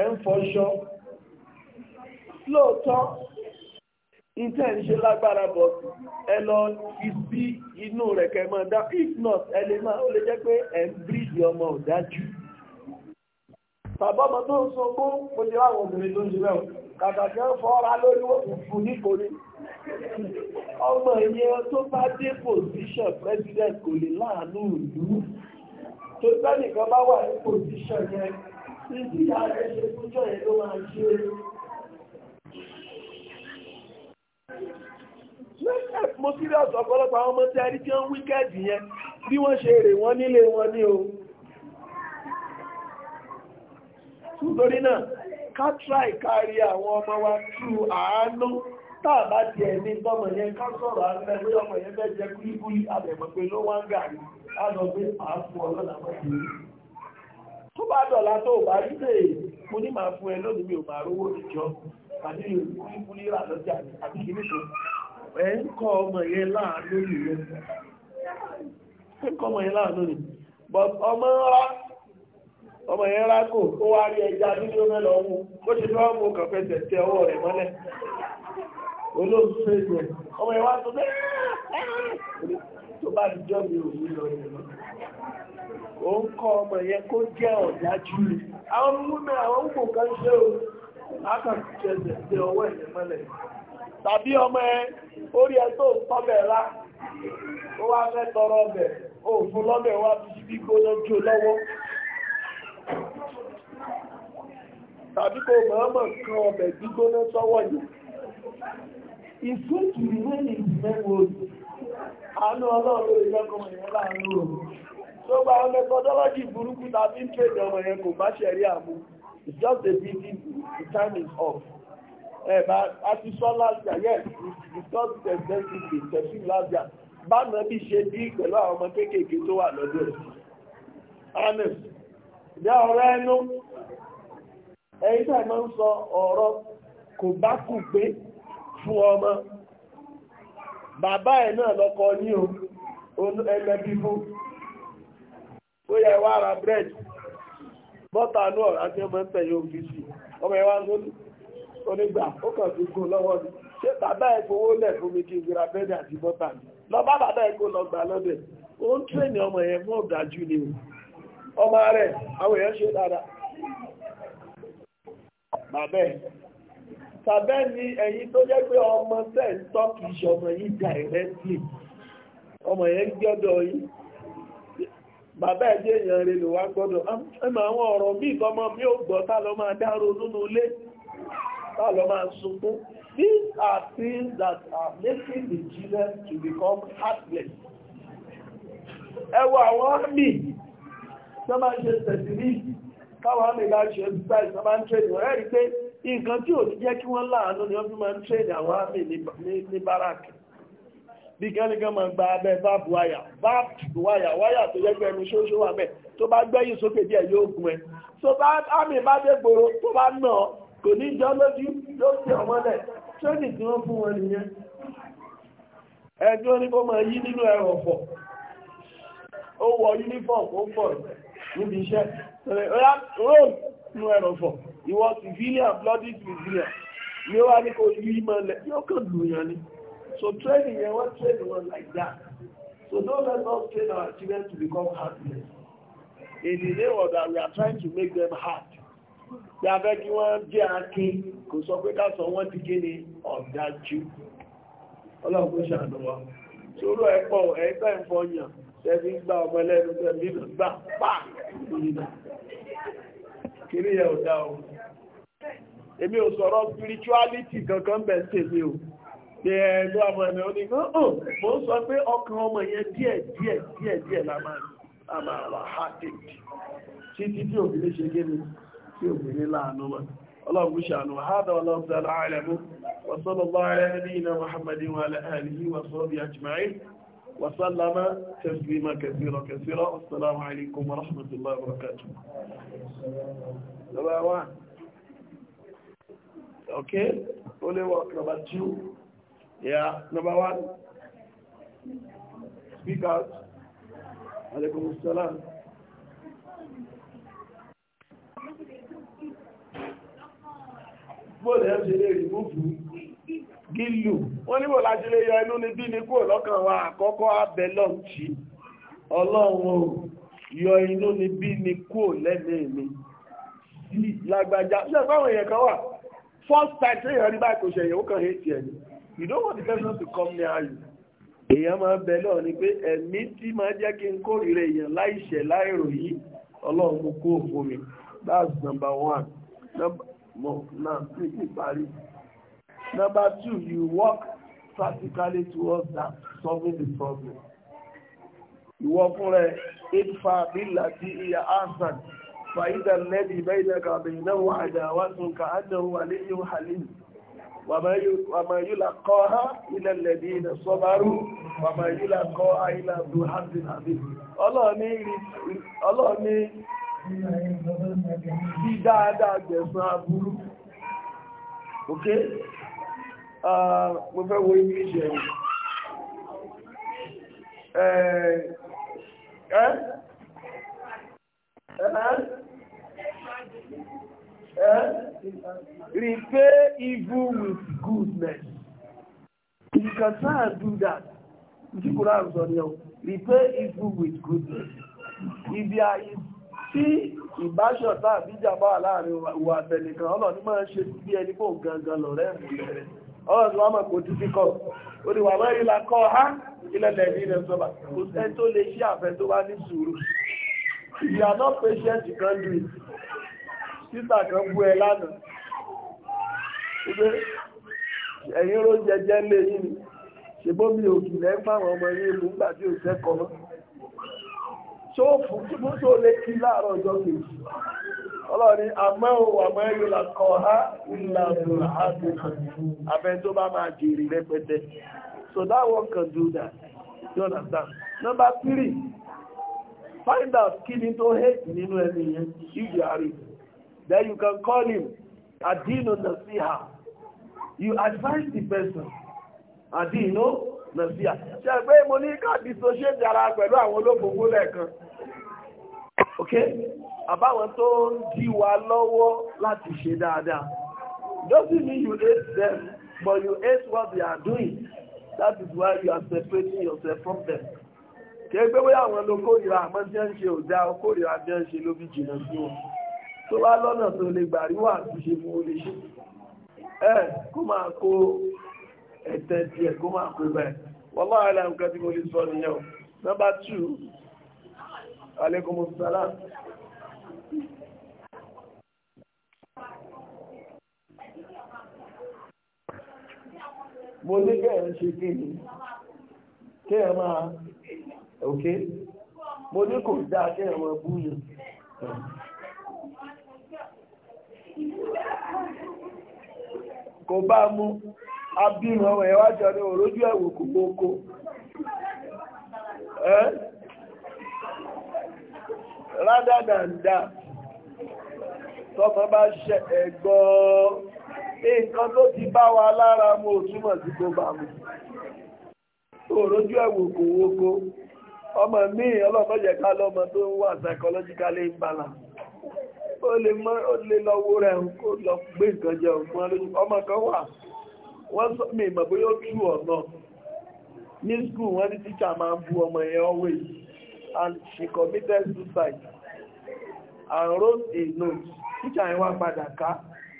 ẹ̀ ń fọṣọ lóòótọ́ intern ṣe lágbára bọ̀ ẹ lọ fi sí inú rẹ̀ kẹmọ dá if not ẹ lè máa ó lè jẹ́ pé ẹ ń bíríìdì ọmọ ọ̀dájú bàbá ọmọ tó ń sunkún mo ti láwọn obìnrin tó ń ṣe bẹ́ẹ̀ kàkà kí wọ́n fọ́ra lórí òkùnkùn nítorí ọmọ ìyẹn tó bá dé pòsíṣàn president kò lè láàánú ìlú tó sẹ́nìkan bá wà ní pòsíṣàn yẹn ìdí ààrẹ ṣe fúnjọ́ yẹn ló máa ṣe é mo serious ọ̀pọ̀lọpọ̀ àwọn ọmọ tí a rí tí ó ń wíkẹ́ẹ̀dì yẹn bí wọ́n ṣe rè wọ́n nílé wọn ní o nítorí náà ká kárí àwọn ọmọ wa tú àánú táà ti ẹ̀mí tọ́mọ yẹn ká sọ̀rọ̀ ọmọ yẹn kúlíkúlí tó bá dọ̀lá tó bá rí lè mú ní máa fún ẹ lónìí mi ò máa rówó ìjọ àti ìfúnlẹ́rà lọ́jà àti kìíníkò ẹ̀ ń kọ́ ọmọ yẹn láàánú nìyẹn kọ́mọ yẹn láàánú ni but ọmọ ńlá ọmọ yẹn rá kò ó wá rí ẹja nílé ọmọ ẹlọ ọmọ ó ti fi ọmọ kan fẹsẹ̀ tẹ ọwọ́ rẹ̀ mọ́lẹ̀ olóòtú ẹgbẹ́ ọmọ yẹn wá tó ah, ah. bẹ́ẹ̀ tó bá ti jọ́ mi ò ní lọ yẹn lọ ó ń ọmọ yẹn kó jẹ́ ọ̀dájú rẹ̀ àwọn múnà àwọn òkú kan ṣe o látàkùnṣe ṣe ọwọ́ ẹ̀yẹ mọ́lẹ̀ tàbí ọmọ ẹ orí ẹ tó ń tọ́bẹ̀ rá ó wá fẹ́ tọrọ ọbẹ̀ lọ́bẹ̀ wá fi gbóná jó lọ́wọ́ tàbí kò kan ọbẹ̀ gbígbóná sọ́wọ́ yìí àánú àwọn methodology burúkú tàbí ń tẹ̀lé ọmọ yẹn kò bá ṣẹ̀rí it's just a busy the time is off ẹ̀bá àti sọ last year yes because the intensity tẹ̀sí last year báwọn ẹbí ṣe bí pẹ̀lú àwọn ọmọ tó wà honest ó yẹ wá ara bread bọ́tà ní ọ̀rọ̀ àti ọmọ ń tẹ̀yẹ ọmọ ẹwà onígbà ó kàn gùn lọ́wọ́ ni ṣé bàbá ẹ̀ fowó lẹ̀ fún mi kí àti bọ́tà ni lọ bá bàbá ẹ̀ kó lọ gbà lọ́dẹ̀ ó ń ọmọ ni ọmọ rẹ̀ àwọn èèyàn ṣe bàbá ẹ̀ ni ẹ̀yin tó jẹ́ ọmọ ń tọ́ ṣe ọmọ yìí ọmọ yẹn bàbá ẹ̀jẹ̀ èèyàn rẹ̀ lò wá gbọ́dọ̀ ẹmọ àwọn ọ̀rọ̀ bí ìkọmọ mi ò gbọ́ tá lọ máa dárò nínú ilé tá lọ máa sunkún these are things that are making the children to become heartless ẹ àwọn àmì tó máa ń ṣe tẹ̀sílì káwọn àmì bá ṣe exercise tó máa ń trade wọ́n ẹ̀rí pé nǹkan tí ò ní jẹ́ kí wọ́n láàánú ni wọ́n fi máa ń trade àwọn àmì ní báràkì bí kẹ́lẹ́gẹ́ máa gba abẹ́ báàbù wáyà báàbù wáyà wáyà tó yẹ pé ẹnu ṣóṣó wà bẹ́ẹ̀ tó bá gbẹ́yìn sókè díẹ̀ yóò gun ẹ tó bá àmì bá dé gbòòrò tó bá nà ọ kò ní jọ lójú ló ṣe ọmọlẹ̀ tírénì tí wọ́n fún wọn nìyẹn ẹjọ́ ní kó máa yí nínú ẹ̀rọ ọ̀fọ̀ ó wọ uniform ó fọ̀ níbi iṣẹ́ rome nínú ẹ̀rọ ọ̀fọ̀ ìwọ civilian bloody civilian ni ó wá ní kó yí mọ́lẹ̀ yóò kàn lùyàn ni. So training yẹn want train one like that. So don't let us train our children to become heartless. In the name of that, we are trying to make them hard. Bí a fẹ́ kí wọ́n jẹ́ akin, kò sọ pé ká sọ wọ́n ti kí ni ọ̀dájú. Ọlọ́run kò ṣàdọ̀wọ́. Sórò ẹ̀pọ̀ ẹ̀gbẹ́ ìfọyàn, tẹ́bí gbá ọmọ ẹlẹ́nu tẹ́bí gbà pàà ìrìnà. Kìrí ẹ̀ ọ̀dá o. Èmi ò sọ̀rọ̀ spirituality kankan bẹ̀ sí èmi o pé ẹlú àwọn ẹ̀mẹ̀ onígbọ́n ò mọ́ sọ pé ọkàn ọmọ yẹn díẹ̀ díẹ̀ díẹ̀ díẹ̀ lámàrà hàtìkì títí tí òbílé ṣe gẹ́nu tí òbílé láàánú mọ́ ọlọ́gbù ṣàánú hádà ọlọ́gbùsàlá àìlẹ̀mú wasallallahu ala nabiyyina muhammadin wa ala alihi wa sahbihi ajma'in wa sallama taslima kathira kathira assalamu alaikum wa rahmatullahi wa barakatuh Okay, only what number two. Yeah, number one. Speak out. Alaykum as-salam. Bọ́ọ̀lù ẹ̀ ṣe lè rí múfù gílù. Wọ́n níbò láti lè yọ inú ní bí ní kúrò lọ́kàn wa àkọ́kọ́ abẹ́lọ́ jì. Ọlọ́run o, yọ inú ní bí ní kúrò lẹ́mìí mi. Lágbàjá, ṣe fáwọn èèyàn kan wà. First time tí èèyàn rí báyìí kò ṣẹ̀yìn ó kàn hé tiẹ̀ ni. you don't want the person to come near you èèyàn máa bẹ náà ni pé ẹ̀mí tí máa jẹ́ kí n kórìíra èèyàn láìṣẹ̀ that's number one number number two you work practically towards that solving the problem ìwọ fúnra ẹ ìfà bílà tí ìyá ansan fàyídà lẹ́bi bẹ́ẹ̀ náà kàbẹ̀yìn náà wà وما يلقاها إلا الذين صبروا وما يلقاها إلا ذو حظ عظيم ọlọ́ọ̀ni bí dáadáa gbẹ̀san aburú ok mo Eh? Repay evil with goodness. You can try and do that. Ndị sọ evil with goodness. Ibi ayé see ìbáṣọ̀tá àbíjàmbá láàrin ìwà àtẹnìkan ọlọ́ni máa ń ṣe bí ẹni fò gangan lọ̀rẹ́ ìmúlẹ̀ ọlọ́ni wọ́n mọ̀ kò tí sí kọ́ wà mẹ́rin la kọ́ ha ilẹ̀lẹ̀ ní ilẹ̀ títà kan bú ẹ lánàá ẹ̀yìn ló jẹjẹ lé yìí ni ṣèbómi òkìlẹ̀ ń fáwọn ọmọ yìí mú nígbà tí ò sẹ́kọ̀ọ́ mọ́ ṣóòfù tí mú tó lè kí láàárọ̀ ọjọ́ kejì ọlọ́rin àmọ́ òun àmọ́ ẹ̀yìn làkọ̀ ha ìlànà àdúrà abẹ tó bá máa jèrè rẹpẹtẹ so that one can do that you understand number three find out kí ni tó hate nínú ẹni yẹn if you are it Then you can call him Adino Nasiha. You advise the person. Adino Nasiha. Ṣé pé mo ní ká dissociate ara pẹ̀lú àwọn olóògbògbò lẹ́ẹ̀kan? Ok? Àbáwọn tó ń dí wa lọ́wọ́ láti ṣe dáadáa. Doesn't mean you hate them, but you hate what they are doing. That is why you are separating yourself from them. Kẹ́gbẹ́ wé àwọn lo kórìíra àmọ́ tí ń ṣe ò dá o kórìíra bí ń ṣe ló fi sí wọn tó wá lọ́nà tó lè gbà rí wà àtúnṣe fún olè ṣe ẹ kó máa kó ẹ̀tẹ́ tiẹ̀ kó máa kó bẹ́ẹ̀ wọ́n máa rẹ̀ nǹkan tí mo lè sọ nìyẹn o nọ́mbà tù alaikum salaam. mo ní kẹ́ẹ̀ ṣe kí ni kẹ́ẹ̀ máa òkè mo ní kò dáa kẹ́ẹ̀ máa búyìn. kò bá mú abínú ọmọ ẹ̀wà jọ ní òrójú ẹ̀wò kò gbókó ẹ́ rádádàndà tọ́mọ bá ṣẹ ẹ̀gbọ́ nǹkan tó ti bá wa lára mú òtúmọ̀ sí kò bá mú òrójú ẹ̀wò kò gbókó ọmọ míì ọlọ́mọ jẹ́ lọ́mọ tó ń wà psychological imbalance ó lè mọ́ ó lè lọ́wọ́ rẹ̀ kó lọ gbé nǹkan jẹ ògbọ́n lójú ọmọ kan wà wọ́n sọ mi ìmọ̀ bóyá ó tú ọ̀nà ní skul wọ́n ní tíṣà máa ń bu ọmọ yẹn always and she committed suicide and wrote a note tíṣà yẹn wá padà ká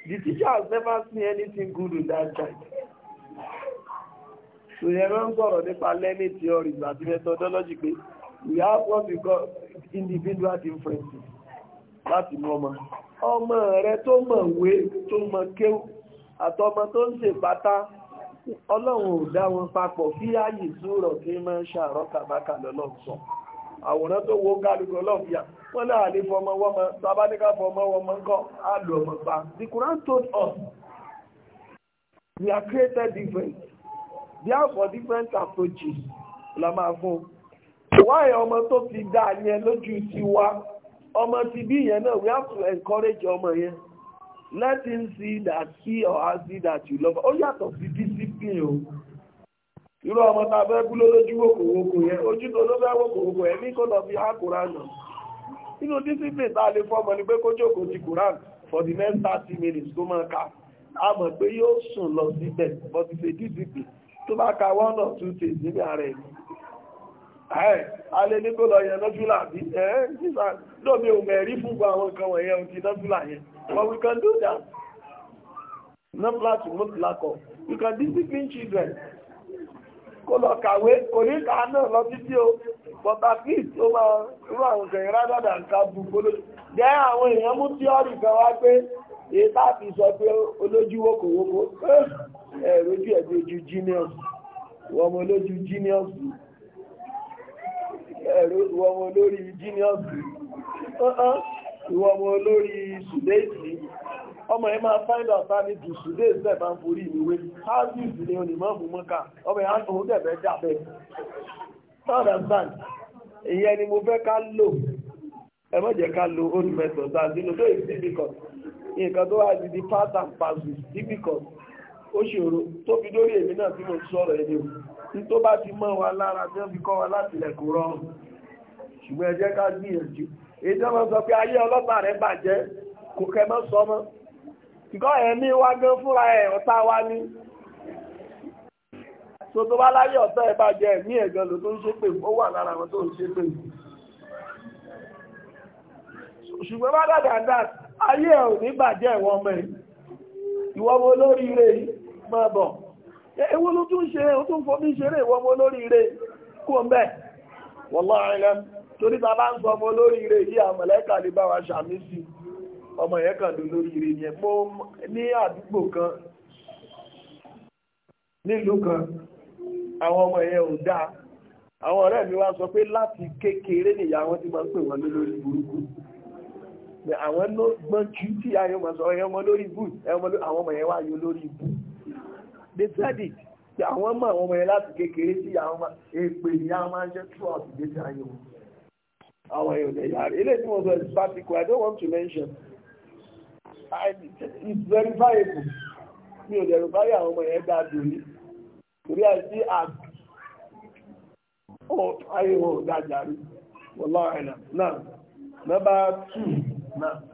the teacher has never seen anything good with that child so yẹn máa ń sọ̀rọ̀ nípa learning theories àti methodology pé we have what we call individual differences láti mú ọmọ ọmọ rẹ tó mọ̀ wé tó mọ̀ kéwú àtọmọ tó ń ṣe pátá ọlọ́run ò dá wọn papọ̀ fí ààyè zúrọ̀ tí máa ń ṣàárọ̀ kàbákà lọ́lọ́run sọ àwòrán tó wo kálukú ọlọ́fíà wọ́n náà lè fọmọ wọ́mọ sábáníká fọmọ wọ́mọ ńkọ́ àlù ọmọ pa The Quran told us we are created different therefore different approaches la máa fún wáyé ọmọ tó ti dá yẹn lójú tiwa ọmọ ti bí yẹn náà we have to encourage ọmọ yẹn let him see that he or her see that you love ó yàtọ̀ sí discipline o irú ọmọ tá a fẹ́ kú lójú wòkòwòkò yẹn ojú tó ló fẹ́ wòkòwòkò yẹn ní kó lọ fi há kúrán náà nínú discipline tá a lè fọmọ ni pé kó jókòó ti kúrán for the next thirty minutes tó máa ka a mọ̀ pé yóò sùn lọ síbẹ̀ but it's a discipline tó bá ka one or two things níbi ara ẹ̀ ẹ̀ alẹ́ ní kó lọ yẹn nọ́fílà bí ẹ̀ sísà lómi ò mẹ̀rí fún gbọ́ àwọn kan wọ̀nyẹn ti nọ́fílà yẹn but we can do that No nọ́fílà to mo ti lakọ̀ you can discipline children kó lọ kàwé kò ní ká náà lọ títí o but at least ó máa rú àwọn kan yẹn rádàdà ká bu gbóló jẹ́ àwọn èèyàn mú tíọ́rì kan wá pé èyí tá a fi sọ pé olójú wókòwókò ẹ̀rọ ojú ẹ̀ bí ojú genius wọ́n mọ olójú genius yìí. ẹ̀rọ ìwọ ọmọ olórí jíníọ̀sì ìwọ ọmọ olórí sùdéèsì ọmọ ẹ máa find out tàbí jù sùdéèsì ẹ̀ máa ń forí ìwé houses ni onímọ̀ọ̀mù mọ́ká ọmọ ẹ̀ àtọ̀hún dẹ̀bẹ̀ dàbẹ̀ understand ìyẹn ni mo fẹ́ ká lò ẹ ká lo lò ó ṣòro tó fi dórí èmi náà tí mo sọ̀rọ̀ èdè ní tó bá ti mọ́ wa lára tí wọ́n fi kọ́ wa láti lẹ̀kùn rọrùn ṣùgbọ́n ẹ jẹ́ ká gbìyànjú èyí tí wọ́n sọ pé ayé ọlọ́pàá rẹ̀ bàjẹ́ kò kẹ́ mọ́ sọ mọ́ ìkọ́ ẹ̀mí wa gan fúnra ẹ̀ ọ̀tá wa ní so tó bá láyé ọ̀tá ẹ̀ bàjẹ́ ẹ̀mí ẹ̀gan ló tó ń ṣépè ó wà lára àwọn tó ń ṣépè ṣùgbọ́n bá dàdà ayé ẹ̀ ò ní bàjẹ́ ìwọ́n mẹ́ ìwọ́n olóríire yìí máa bọ̀ ewu ló tún ṣe o tún fọ́ bí ṣeré ìwọ ọmọ olóríire kú ọmọ wọ́lá ẹ̀lẹ́ torí ta bá ń sọ ọmọ yí àmọ̀lẹ́kà lè bá wa ṣàmì sí ọmọ yẹn kàn ló lóríire yẹn mo ní àdúgbò kan nílùú kan lórí burúkú àwọn gbọ́n jù àwọn ọmọ yẹn wá yọ they said it pé àwọn mọ̀ àwọn ọmọ yẹn láti kékeré sí àwọn ọmọ èpè ní àwọn máa ń ṣe throughout ìgbésí ayé wọn àwọn èèyàn lè yára eléyìí tí mo sọ is particular I don't want to mention I it's verifiable mi ò dẹ̀rù báyìí àwọn ọmọ yẹn dá dòní torí àìsí àgbà ó ayé wọn ò dájà rí wọ́n lọ́rọ̀ náà number two náà.